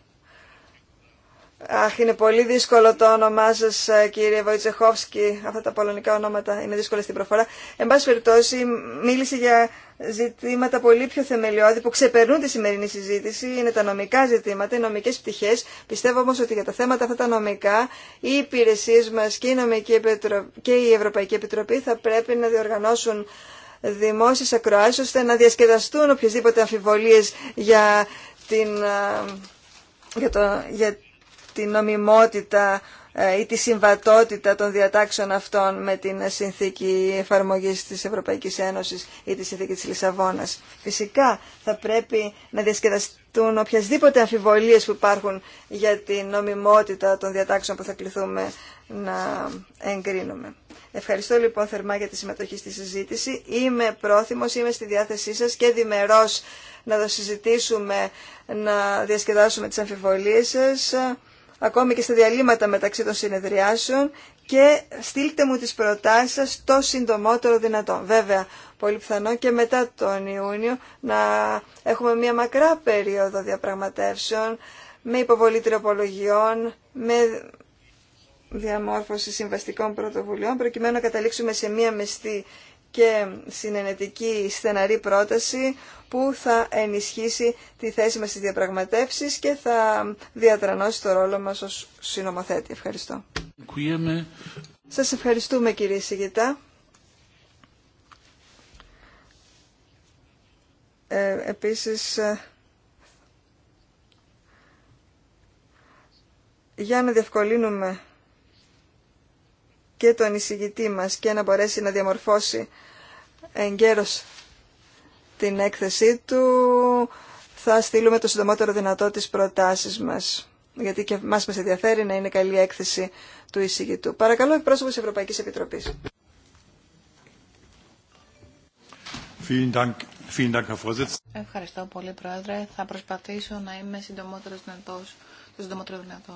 S2: Αχ, είναι πολύ δύσκολο το όνομά σα, ε, κύριε Βοητσεχόφσκι. Αυτά τα πολωνικά ονόματα είναι δύσκολα στην προφορά. Εν πάση περιπτώσει, μίλησε για ζητήματα πολύ πιο θεμελιώδη που ξεπερνούν τη σημερινή συζήτηση. Είναι τα νομικά ζητήματα, οι νομικέ πτυχέ. Πιστεύω όμω ότι για τα θέματα αυτά τα νομικά, οι υπηρεσίε μα και η, και η Ευρωπαϊκή Επιτροπή θα πρέπει να διοργανώσουν δημόσιε ακροάσει ώστε να διασκεδαστούν οποιασδήποτε αμφιβολίε για την ε, για, το, για την νομιμότητα ε, ή τη συμβατότητα των διατάξεων αυτών με την συνθήκη εφαρμογής της Ευρωπαϊκής Ένωση ή τη συνθήκη της Λισαβόνας. Φυσικά θα πρέπει να διασκεδαστούν οποιασδήποτε αμφιβολίες που υπάρχουν για την νομιμότητα των διατάξεων που θα κληθούμε να εγκρίνουμε. Ευχαριστώ λοιπόν θερμά για τη συμμετοχή στη συζήτηση. Είμαι πρόθυμος, είμαι στη διάθεσή σας και διμερός να το συζητήσουμε, να διασκεδάσουμε τις αμφιβολίες σας ακόμη και στα διαλύματα μεταξύ των συνεδριάσεων και στείλτε μου τις προτάσεις σας το συντομότερο δυνατόν. Βέβαια, πολύ πιθανό και μετά τον Ιούνιο να έχουμε μια μακρά περίοδο διαπραγματεύσεων με υποβολή τριοπολογιών, με διαμόρφωση συμβαστικών πρωτοβουλειών, προκειμένου να καταλήξουμε σε μια μεστή και συνενετική στεναρή πρόταση που θα ενισχύσει τη θέση μας στις διαπραγματεύσεις και θα διατρανώσει το ρόλο μας ως συνομοθέτη. Ευχαριστώ. Σας ευχαριστούμε κύριε Σιγητά. Ε, επίσης, ε, για να διευκολύνουμε και τον εισηγητή μας και να μπορέσει να διαμορφώσει εγκαίρως την έκθεσή του, θα στείλουμε το συντομότερο δυνατό τις προτάσεις μας. Γιατί και μας μας ενδιαφέρει να είναι καλή έκθεση του εισηγητού. Παρακαλώ, εκπρόσωπο της Ευρωπαϊκής Επιτροπής.
S3: Ευχαριστώ πολύ, Πρόεδρε. Θα προσπαθήσω να είμαι δυνατός, το συντομότερο δυνατό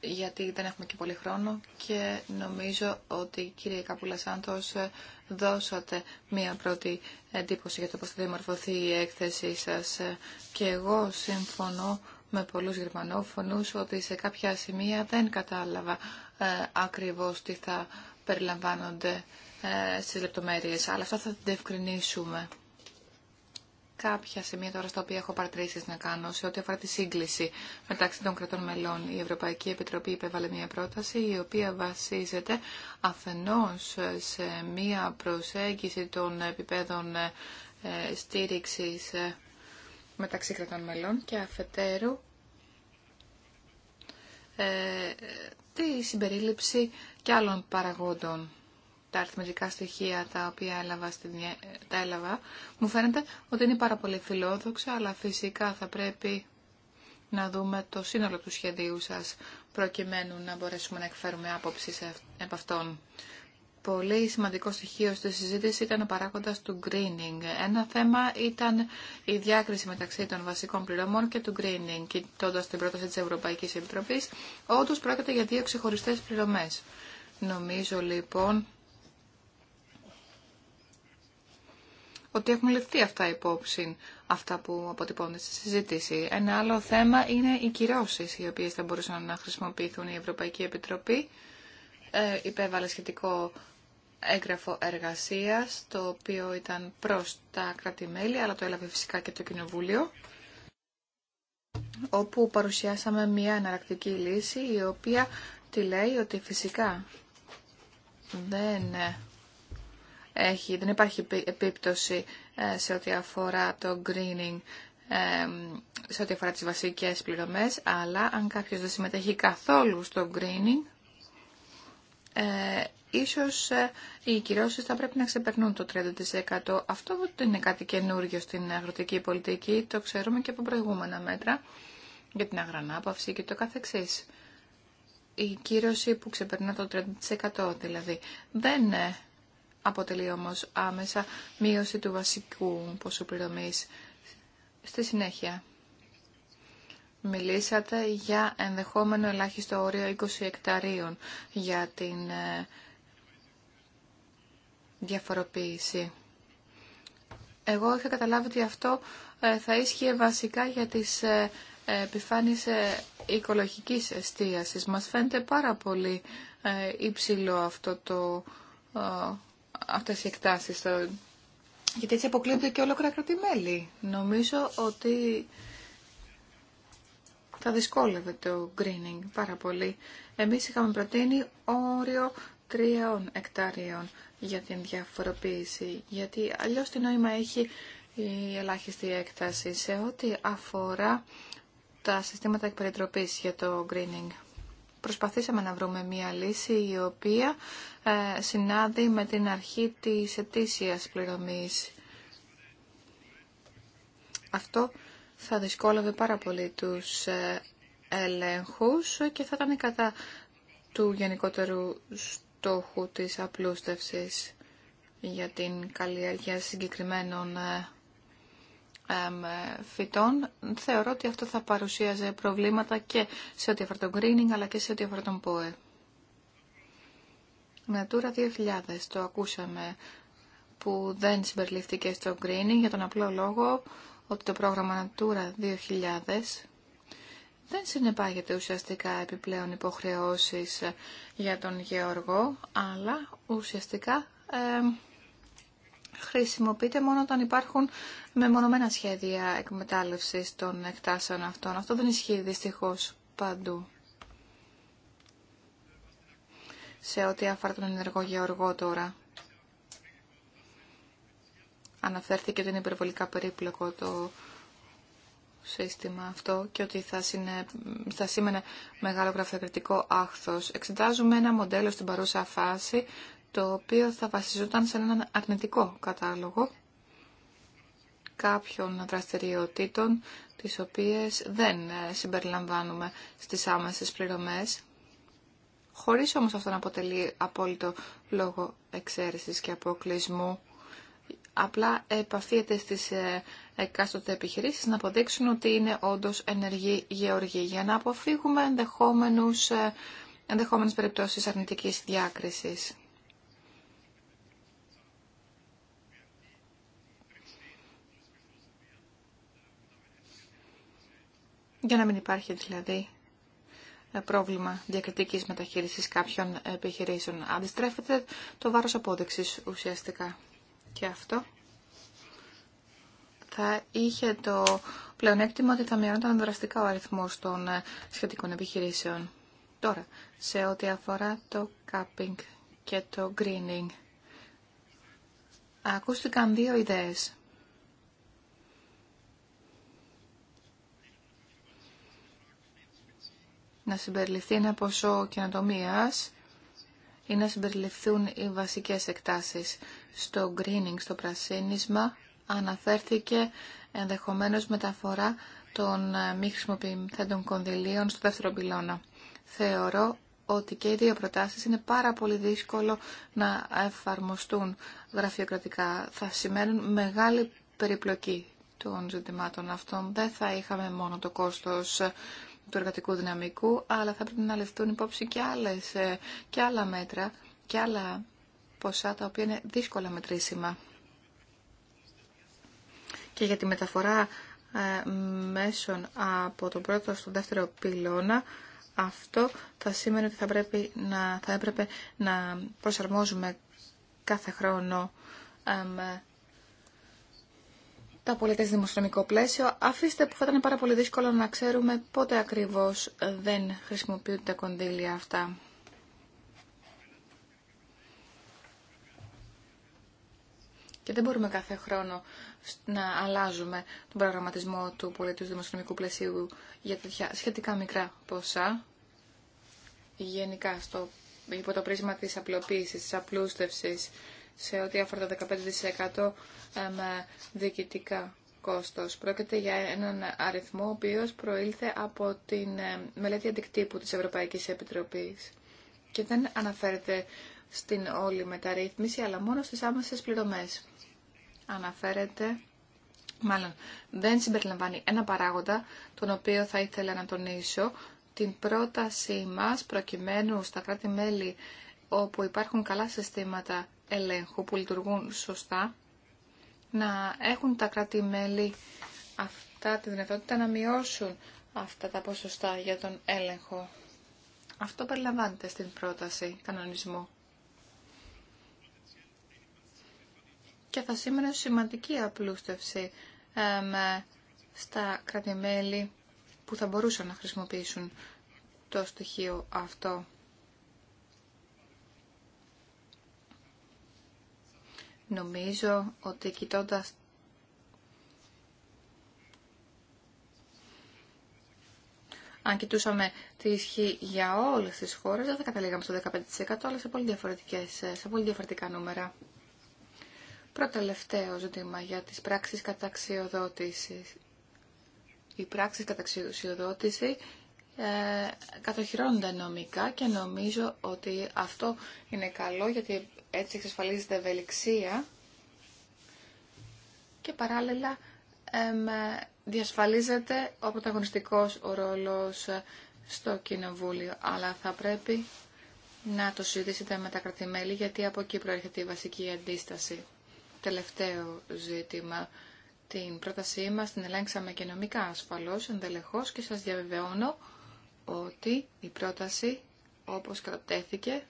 S3: γιατί δεν έχουμε και πολύ χρόνο και νομίζω ότι κύριε Καπούλα Σάντος δώσατε μία πρώτη εντύπωση για το πώς θα διαμορφωθεί η έκθεσή σας και εγώ συμφωνώ με πολλούς γερμανόφωνους ότι σε κάποια σημεία δεν κατάλαβα ε, ακριβώς τι θα περιλαμβάνονται ε, στις λεπτομέρειες αλλά αυτό θα ευκρινίσουμε κάποια σημεία τώρα στα οποία έχω παρτρήσει να κάνω σε ό,τι αφορά τη σύγκληση μεταξύ των κρατών μελών. Η Ευρωπαϊκή Επιτροπή υπέβαλε μια πρόταση η οποία βασίζεται αφενός σε μια προσέγγιση των επιπέδων ε, στήριξης ε, μεταξύ κρατών μελών και αφετέρου ε, τη συμπερίληψη και άλλων παραγόντων τα αριθμητικά στοιχεία τα οποία έλαβα τα έλαβα, μου φαίνεται ότι είναι πάρα πολύ φιλόδοξα, αλλά φυσικά θα πρέπει να δούμε το σύνολο του σχεδίου σας, προκειμένου να μπορέσουμε να εκφέρουμε άποψη σε, από αυτόν. Πολύ σημαντικό στοιχείο στη συζήτηση ήταν ο παράγοντας του greening. Ένα θέμα ήταν η διάκριση μεταξύ των βασικών πληρωμών και του greening. Κοιτώντας την πρόταση της Ευρωπαϊκής Επιτροπής, όντως πρόκειται για δύο ξεχωριστές πληρωμές. Νομίζω λοιπόν ότι έχουν ληφθεί αυτά υπόψη, αυτά που αποτυπώνται στη συζήτηση. Ένα άλλο θέμα είναι οι κυρώσει οι οποίε θα μπορούσαν να χρησιμοποιηθούν. Η Ευρωπαϊκή Επιτροπή ε, υπέβαλε σχετικό έγγραφο εργασίας, το οποίο ήταν προ τα κράτη-μέλη, αλλά το έλαβε φυσικά και το Κοινοβούλιο, όπου παρουσιάσαμε μια αναρακτική λύση, η οποία τη λέει ότι φυσικά δεν έχει, δεν υπάρχει επίπτωση ε, σε ό,τι αφορά το greening, σε ό,τι αφορά τις βασικές πληρωμές, αλλά αν κάποιος δεν συμμετέχει καθόλου στο greening, ε, ίσως ε, οι κυρώσεις θα πρέπει να ξεπερνούν το 30%. Αυτό δεν είναι κάτι καινούργιο στην αγροτική πολιτική, το ξέρουμε και από προηγούμενα μέτρα για την αγρανάπαυση και το καθεξής. Η κύρωση που ξεπερνά το 30% δηλαδή δεν ε, αποτελεί όμως άμεσα μείωση του βασικού ποσού Στη συνέχεια, μιλήσατε για ενδεχόμενο ελάχιστο όριο 20 εκταρίων για την ε, διαφοροποίηση. Εγώ είχα καταλάβει ότι αυτό ε, θα ίσχυε βασικά για τις ε, επιφάνειες οικολογικής εστίασης. Μας φαίνεται πάρα πολύ υψηλό αυτό το αυτές οι εκτάσεις. Γιατί έτσι αποκλείονται και ολόκληρα κρατημέλη. Νομίζω ότι θα δυσκόλευε το greening πάρα πολύ. Εμείς είχαμε προτείνει όριο τριών εκτάριων για την διαφοροποίηση. Γιατί αλλιώς την νόημα έχει η ελάχιστη έκταση σε ό,τι αφορά τα συστήματα εκπεριτροπής για το greening προσπαθήσαμε να βρούμε μία λύση η οποία ε, συνάδει με την αρχή της ετήσιας πληρωμής. Αυτό θα δυσκόλευε πάρα πολύ τους ε, ελέγχους και θα ήταν κατά του γενικότερου στόχου της απλούστευσης για την καλλιέργεια συγκεκριμένων ε, φυτών, θεωρώ ότι αυτό θα παρουσίαζε προβλήματα και σε ό,τι αφορά τον greening αλλά και σε ό,τι αφορά τον ΠΟΕ. Natura 2000, το ακούσαμε, που δεν συμπεριληφθήκε στο greening για τον απλό λόγο ότι το πρόγραμμα Natura 2000 δεν συνεπάγεται ουσιαστικά επιπλέον υποχρεώσεις για τον γεωργό, αλλά ουσιαστικά ε, χρησιμοποιείται μόνο όταν υπάρχουν μεμονωμένα σχέδια εκμετάλλευσης των εκτάσεων αυτών. Αυτό δεν ισχύει δυστυχώς παντού. Σε ό,τι αφορά τον ενεργό γεωργό τώρα. Αναφέρθηκε ότι είναι υπερβολικά περίπλοκο το σύστημα αυτό και ότι θα, συνε... θα σήμαινε μεγάλο γραφειοκρατικό άχθος. Εξετάζουμε ένα μοντέλο στην παρούσα φάση το οποίο θα βασιζόταν σε έναν αρνητικό κατάλογο κάποιων δραστηριοτήτων τις οποίες δεν ε, συμπεριλαμβάνουμε στις άμεσες πληρωμές, χωρίς όμως αυτό να αποτελεί απόλυτο λόγο εξαίρεσης και αποκλεισμού. Απλά επαφίεται στις ε, εκάστοτε επιχειρήσεις να αποδείξουν ότι είναι όντως ενεργή γεωργή, για να αποφύγουμε ενδεχόμενους, ε, ενδεχόμενες περιπτώσεις αρνητικής διάκρισης. Για να μην υπάρχει δηλαδή ε, πρόβλημα διακριτικής μεταχείρισης κάποιων επιχειρήσεων. Αντιστρέφεται το βάρος απόδειξης ουσιαστικά. Και αυτό θα είχε το πλεονέκτημα ότι θα μειώνονταν δραστικά ο αριθμός των ε, σχετικών επιχειρήσεων. Τώρα, σε ό,τι αφορά το κάπινγκ και το greening, ακούστηκαν δύο ιδέες. να συμπεριληφθεί ένα ποσό καινοτομία ή να συμπεριληφθούν οι βασικές εκτάσεις. Στο greening, στο πρασίνισμα, αναφέρθηκε ενδεχομένως μεταφορά των ε, μη χρησιμοποιημένων κονδυλίων στο δεύτερο πυλώνα. Θεωρώ ότι και οι δύο προτάσεις είναι πάρα πολύ δύσκολο να εφαρμοστούν γραφειοκρατικά. Θα σημαίνουν μεγάλη περιπλοκή των ζητημάτων αυτών. Δεν θα είχαμε μόνο το κόστος του εργατικού δυναμικού, αλλά θα πρέπει να λεφτούν υπόψη και, άλλες, ε, και άλλα μέτρα και άλλα ποσά τα οποία είναι δύσκολα μετρήσιμα. Και για τη μεταφορά ε, μέσων από τον πρώτο στον δεύτερο πυλώνα, αυτό θα σημαίνει ότι θα, πρέπει να, θα έπρεπε να προσαρμόζουμε κάθε χρόνο τα πολιτές δημοσιονομικό πλαίσιο, αφήστε που θα ήταν πάρα πολύ δύσκολο να ξέρουμε πότε ακριβώς ε, δεν χρησιμοποιούνται τα κονδύλια αυτά. Και δεν μπορούμε κάθε χρόνο να αλλάζουμε τον προγραμματισμό του πολιτικού δημοσιονομικού πλαισίου για τέτοια σχετικά μικρά ποσά. Γενικά, στο, υπό το πρίσμα της απλοποίησης, της απλούστευσης, σε ό,τι αφορά το 15% ε, διοικητικά κόστος. Πρόκειται για έναν αριθμό ο οποίος προήλθε από την ε, μελέτη αντικτύπου της Ευρωπαϊκής Επιτροπής και δεν αναφέρεται στην όλη μεταρρύθμιση, αλλά μόνο στις άμεσες πληρωμές. Αναφέρεται, μάλλον δεν συμπεριλαμβάνει ένα παράγοντα, τον οποίο θα ήθελα να τονίσω, την πρότασή μας προκειμένου στα κράτη-μέλη όπου υπάρχουν καλά συστήματα ελέγχου που λειτουργούν σωστά, να έχουν τα κράτη-μέλη αυτά τη δυνατότητα να μειώσουν αυτά τα ποσοστά για τον έλεγχο. Αυτό περιλαμβάνεται στην πρόταση κανονισμού. Και θα σήμερα σημαντική απλούστευση ε, στα κρατη που θα μπορούσαν να χρησιμοποιήσουν το στοιχείο αυτό. Νομίζω ότι κοιτώντας αν κοιτούσαμε τι ισχύει για όλες τις χώρες, δεν θα καταλήγαμε στο 15% αλλά σε πολύ, διαφορετικές, σε πολύ διαφορετικά νούμερα. Πρώτο τελευταίο ζήτημα για τις πράξεις καταξιοδότησης. Οι πράξεις καταξιοδότηση ε, κατοχυρώνονται νομικά και νομίζω ότι αυτό είναι καλό γιατί έτσι εξασφαλίζεται ευελιξία και παράλληλα εμ, διασφαλίζεται ο πρωταγωνιστικός ο ρόλος στο Κοινοβούλιο. Αλλά θα πρέπει να το συζητήσετε με τα κρατημέλη γιατί από εκεί προέρχεται η βασική αντίσταση. Τελευταίο ζήτημα. Την πρότασή μας την ελέγξαμε και νομικά ασφαλώς, ενδελεχώς και σας διαβεβαιώνω ότι η πρόταση όπως κρατέθηκε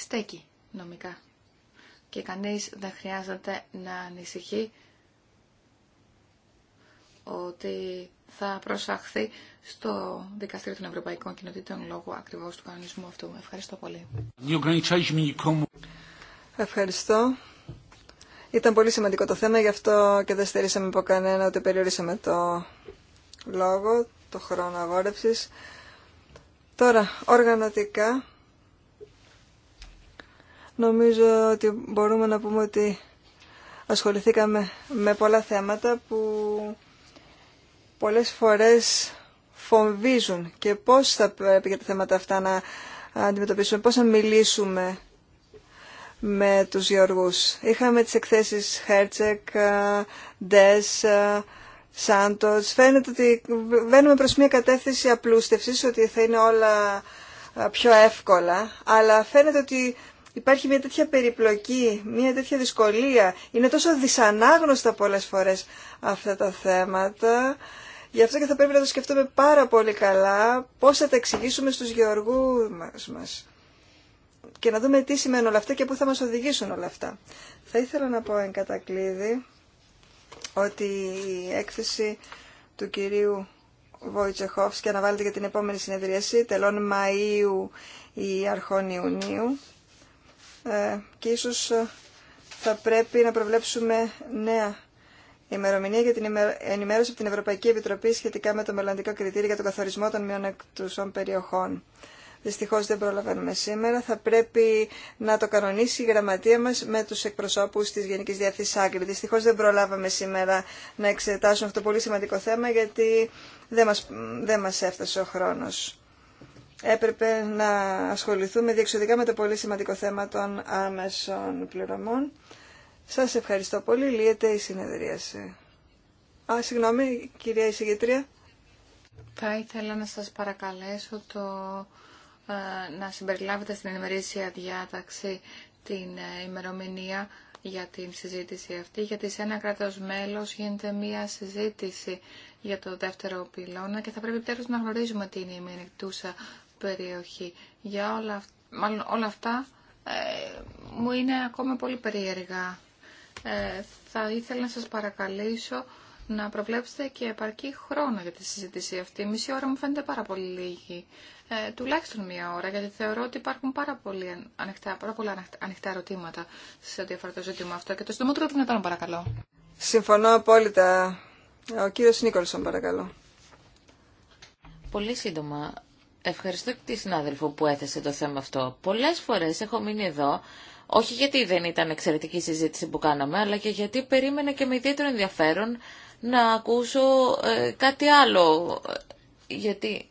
S3: στέκει νομικά. Και κανείς δεν χρειάζεται να ανησυχεί ότι θα προσαχθεί στο Δικαστήριο των Ευρωπαϊκών Κοινοτήτων λόγω ακριβώς του κανονισμού αυτού. Ευχαριστώ πολύ.
S2: Ευχαριστώ. Ήταν πολύ σημαντικό το θέμα, γι' αυτό και δεν στερήσαμε από κανένα, ότι περιορίσαμε το λόγο, το χρόνο αγόρευσης. Τώρα, οργανωτικά, Νομίζω ότι μπορούμε να πούμε ότι ασχοληθήκαμε με πολλά θέματα που πολλές φορές φοβίζουν και πώς θα πρέπει για τα θέματα αυτά να αντιμετωπίσουμε, πώς θα μιλήσουμε με τους γεωργούς. Είχαμε τις εκθέσεις Χέρτσεκ, Ντες, Σάντος. Φαίνεται ότι βαίνουμε προς μια κατεύθυνση απλούστευσης, ότι θα είναι όλα πιο εύκολα, αλλά φαίνεται ότι υπάρχει μια τέτοια περιπλοκή, μια τέτοια δυσκολία. Είναι τόσο δυσανάγνωστα πολλές φορές αυτά τα θέματα. Γι' αυτό και θα πρέπει να το σκεφτούμε πάρα πολύ καλά πώς θα τα εξηγήσουμε στους γεωργούς μας. Και να δούμε τι σημαίνουν όλα αυτά και πού θα μας οδηγήσουν όλα αυτά. Θα ήθελα να πω εν κατακλείδη ότι η έκθεση του κυρίου Βοητσεχόφς και αναβάλλεται για την επόμενη συνεδρίαση τελών Μαΐου ή αρχών Ιουνίου ε, και ίσως ε, θα πρέπει να προβλέψουμε νέα ημερομηνία για την ενημέρωση από την Ευρωπαϊκή Επιτροπή σχετικά με το μελλοντικό κριτήριο για τον καθορισμό των μειονεκτουσών περιοχών. Δυστυχώ δεν προλαβαίνουμε σήμερα. Θα πρέπει να το κανονίσει η γραμματεία μα με του εκπροσώπου τη Γενική Διεύθυνση Άγκρη. Δυστυχώ δεν προλάβαμε σήμερα να εξετάσουμε αυτό το πολύ σημαντικό θέμα, γιατί δεν μα μας έφτασε ο χρόνο έπρεπε να ασχοληθούμε διεξοδικά με το πολύ σημαντικό θέμα των άμεσων πληρωμών. Σας ευχαριστώ πολύ. Λύεται η συνεδρίαση. Α, συγγνώμη, κυρία εισηγητρία.
S3: Θα ήθελα να σας παρακαλέσω το, ε, να συμπεριλάβετε στην ενημερήσια διάταξη την ε, ημερομηνία για την συζήτηση αυτή, γιατί σε ένα κράτος μέλος γίνεται μία συζήτηση για το δεύτερο πυλώνα και θα πρέπει τέλος να γνωρίζουμε τι είναι η περιοχή. Για όλα, μάλλον όλα αυτά ε, μου είναι ακόμα πολύ περίεργα. Ε, θα ήθελα να σας παρακαλήσω να προβλέψετε και επαρκή χρόνο για τη συζήτηση αυτή. Μισή ώρα μου φαίνεται πάρα πολύ λίγη. Ε, τουλάχιστον μία ώρα, γιατί θεωρώ ότι υπάρχουν πάρα, πολύ ανοιχτά, πάρα πολλά ανοιχτά ερωτήματα σε ό,τι αφορά το ζήτημα αυτό. Και το συντομότερο δυνατόν, παρακαλώ.
S2: Συμφωνώ απόλυτα. Ο κύριος Νίκολσον,
S1: παρακαλώ. Πολύ σύντομα. Ευχαριστώ και τη συνάδελφο που έθεσε το θέμα αυτό. Πολλές φορές έχω μείνει εδώ, όχι γιατί δεν ήταν εξαιρετική συζήτηση που κάναμε, αλλά και γιατί περίμενα και με ιδιαίτερο ενδιαφέρον να ακούσω ε, κάτι άλλο. Γιατί...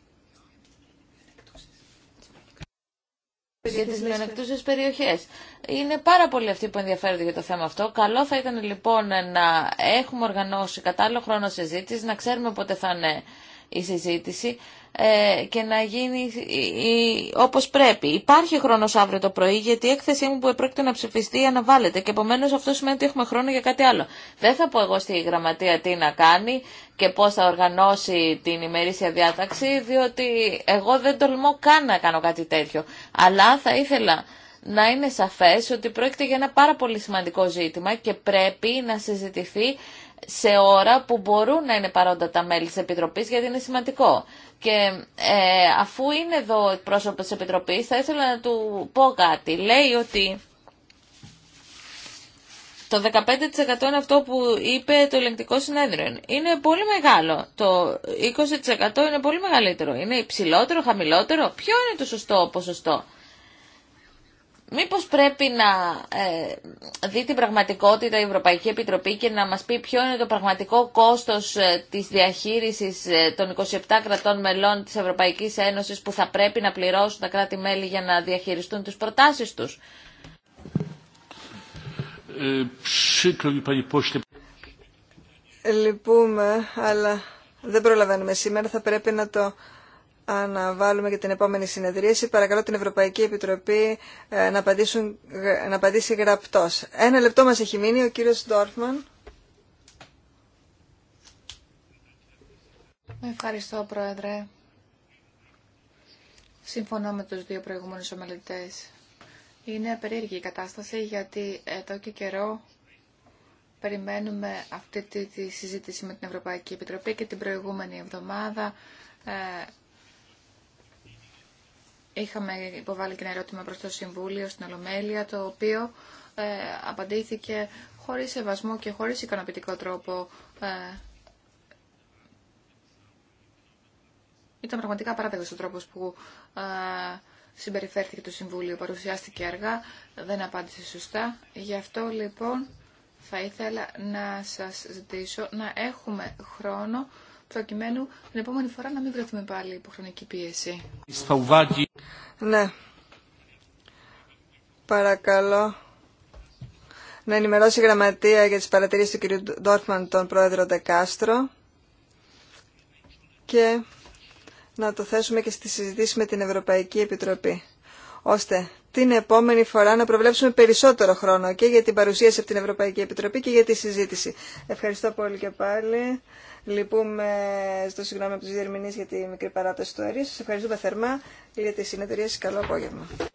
S1: για τις μειονεκτούσες περιοχές. Είναι πάρα πολύ αυτοί που ενδιαφέρονται για το θέμα αυτό. Καλό θα ήταν λοιπόν να έχουμε οργανώσει κατάλληλο χρόνο συζήτηση, να ξέρουμε πότε θα είναι η συζήτηση. Ε, και να γίνει όπως πρέπει. Υπάρχει χρόνος αύριο το πρωί γιατί η έκθεσή μου που πρόκειται να ψηφιστεί αναβάλλεται και επομένω αυτό σημαίνει ότι έχουμε χρόνο για κάτι άλλο. Δεν θα πω εγώ στη γραμματεία τι να κάνει και πώς θα οργανώσει την ημερήσια διάταξη διότι εγώ δεν τολμώ καν να κάνω κάτι τέτοιο. Αλλά θα ήθελα να είναι σαφές ότι πρόκειται για ένα πάρα πολύ σημαντικό ζήτημα και πρέπει να συζητηθεί σε ώρα που μπορούν να είναι παρόντα τα μέλη της Επιτροπής γιατί είναι σημαντικό. Και ε, αφού είναι εδώ πρόσωπο της Επιτροπής θα ήθελα να του πω κάτι. Λέει ότι το 15% είναι αυτό που είπε το ελεγκτικό συνέδριο. Είναι πολύ μεγάλο. Το 20% είναι πολύ μεγαλύτερο. Είναι υψηλότερο, χαμηλότερο. Ποιο είναι το σωστό ποσοστό. Μήπως πρέπει να ε, δει την πραγματικότητα η Ευρωπαϊκή Επιτροπή και να μας πει ποιο είναι το πραγματικό κόστος ε, της διαχείρισης ε, των 27 κρατών μελών της Ευρωπαϊκής Ένωσης που θα πρέπει να πληρώσουν τα κράτη-μέλη για να διαχειριστούν τις προτάσεις τους. Ε, λυπούμε, αλλά
S2: δεν προλαβαίνουμε σήμερα. Θα πρέπει να το βάλουμε για την επόμενη συνεδρίαση. Παρακαλώ την Ευρωπαϊκή Επιτροπή ε, να, απαντήσουν, να απαντήσει γραπτός. Ένα λεπτό μας έχει μείνει ο κύριος Ντόρφμαν.
S3: Ευχαριστώ, Πρόεδρε. Συμφωνώ με τους δύο προηγούμενους ομιλητές. Είναι περίεργη η κατάσταση γιατί εδώ και καιρό περιμένουμε αυτή τη συζήτηση με την Ευρωπαϊκή Επιτροπή και την προηγούμενη εβδομάδα ε, Είχαμε υποβάλει και ένα ερώτημα προς το Συμβούλιο στην Ολομέλεια, το οποίο ε, απαντήθηκε χωρίς σεβασμό και χωρίς ικανοποιητικό τρόπο. Ε, ήταν πραγματικά παράδειγμα ο τρόπος που ε, συμπεριφέρθηκε το Συμβούλιο, παρουσιάστηκε αργά, δεν απάντησε σωστά. Γι' αυτό λοιπόν θα ήθελα να σας ζητήσω να έχουμε χρόνο προκειμένου την επόμενη φορά να μην βρεθούμε πάλι υπό χρονική πίεση. Ναι. Παρακαλώ να
S2: ενημερώσει η Γραμματεία για τις παρατηρήσεις του κ. Ντόρφμαν τον πρόεδρο Δεκάστρο και να το θέσουμε και στη συζήτηση με την Ευρωπαϊκή Επιτροπή ώστε την επόμενη φορά να προβλέψουμε περισσότερο χρόνο και για την παρουσίαση από την Ευρωπαϊκή Επιτροπή και για τη συζήτηση. Ευχαριστώ πολύ και πάλι. Λυπούμε στο συγγνώμη από τους διερμηνείς για τη μικρή παράταση του αερίου. Σας ευχαριστούμε θερμά για τη συνεδρίαση. Καλό απόγευμα.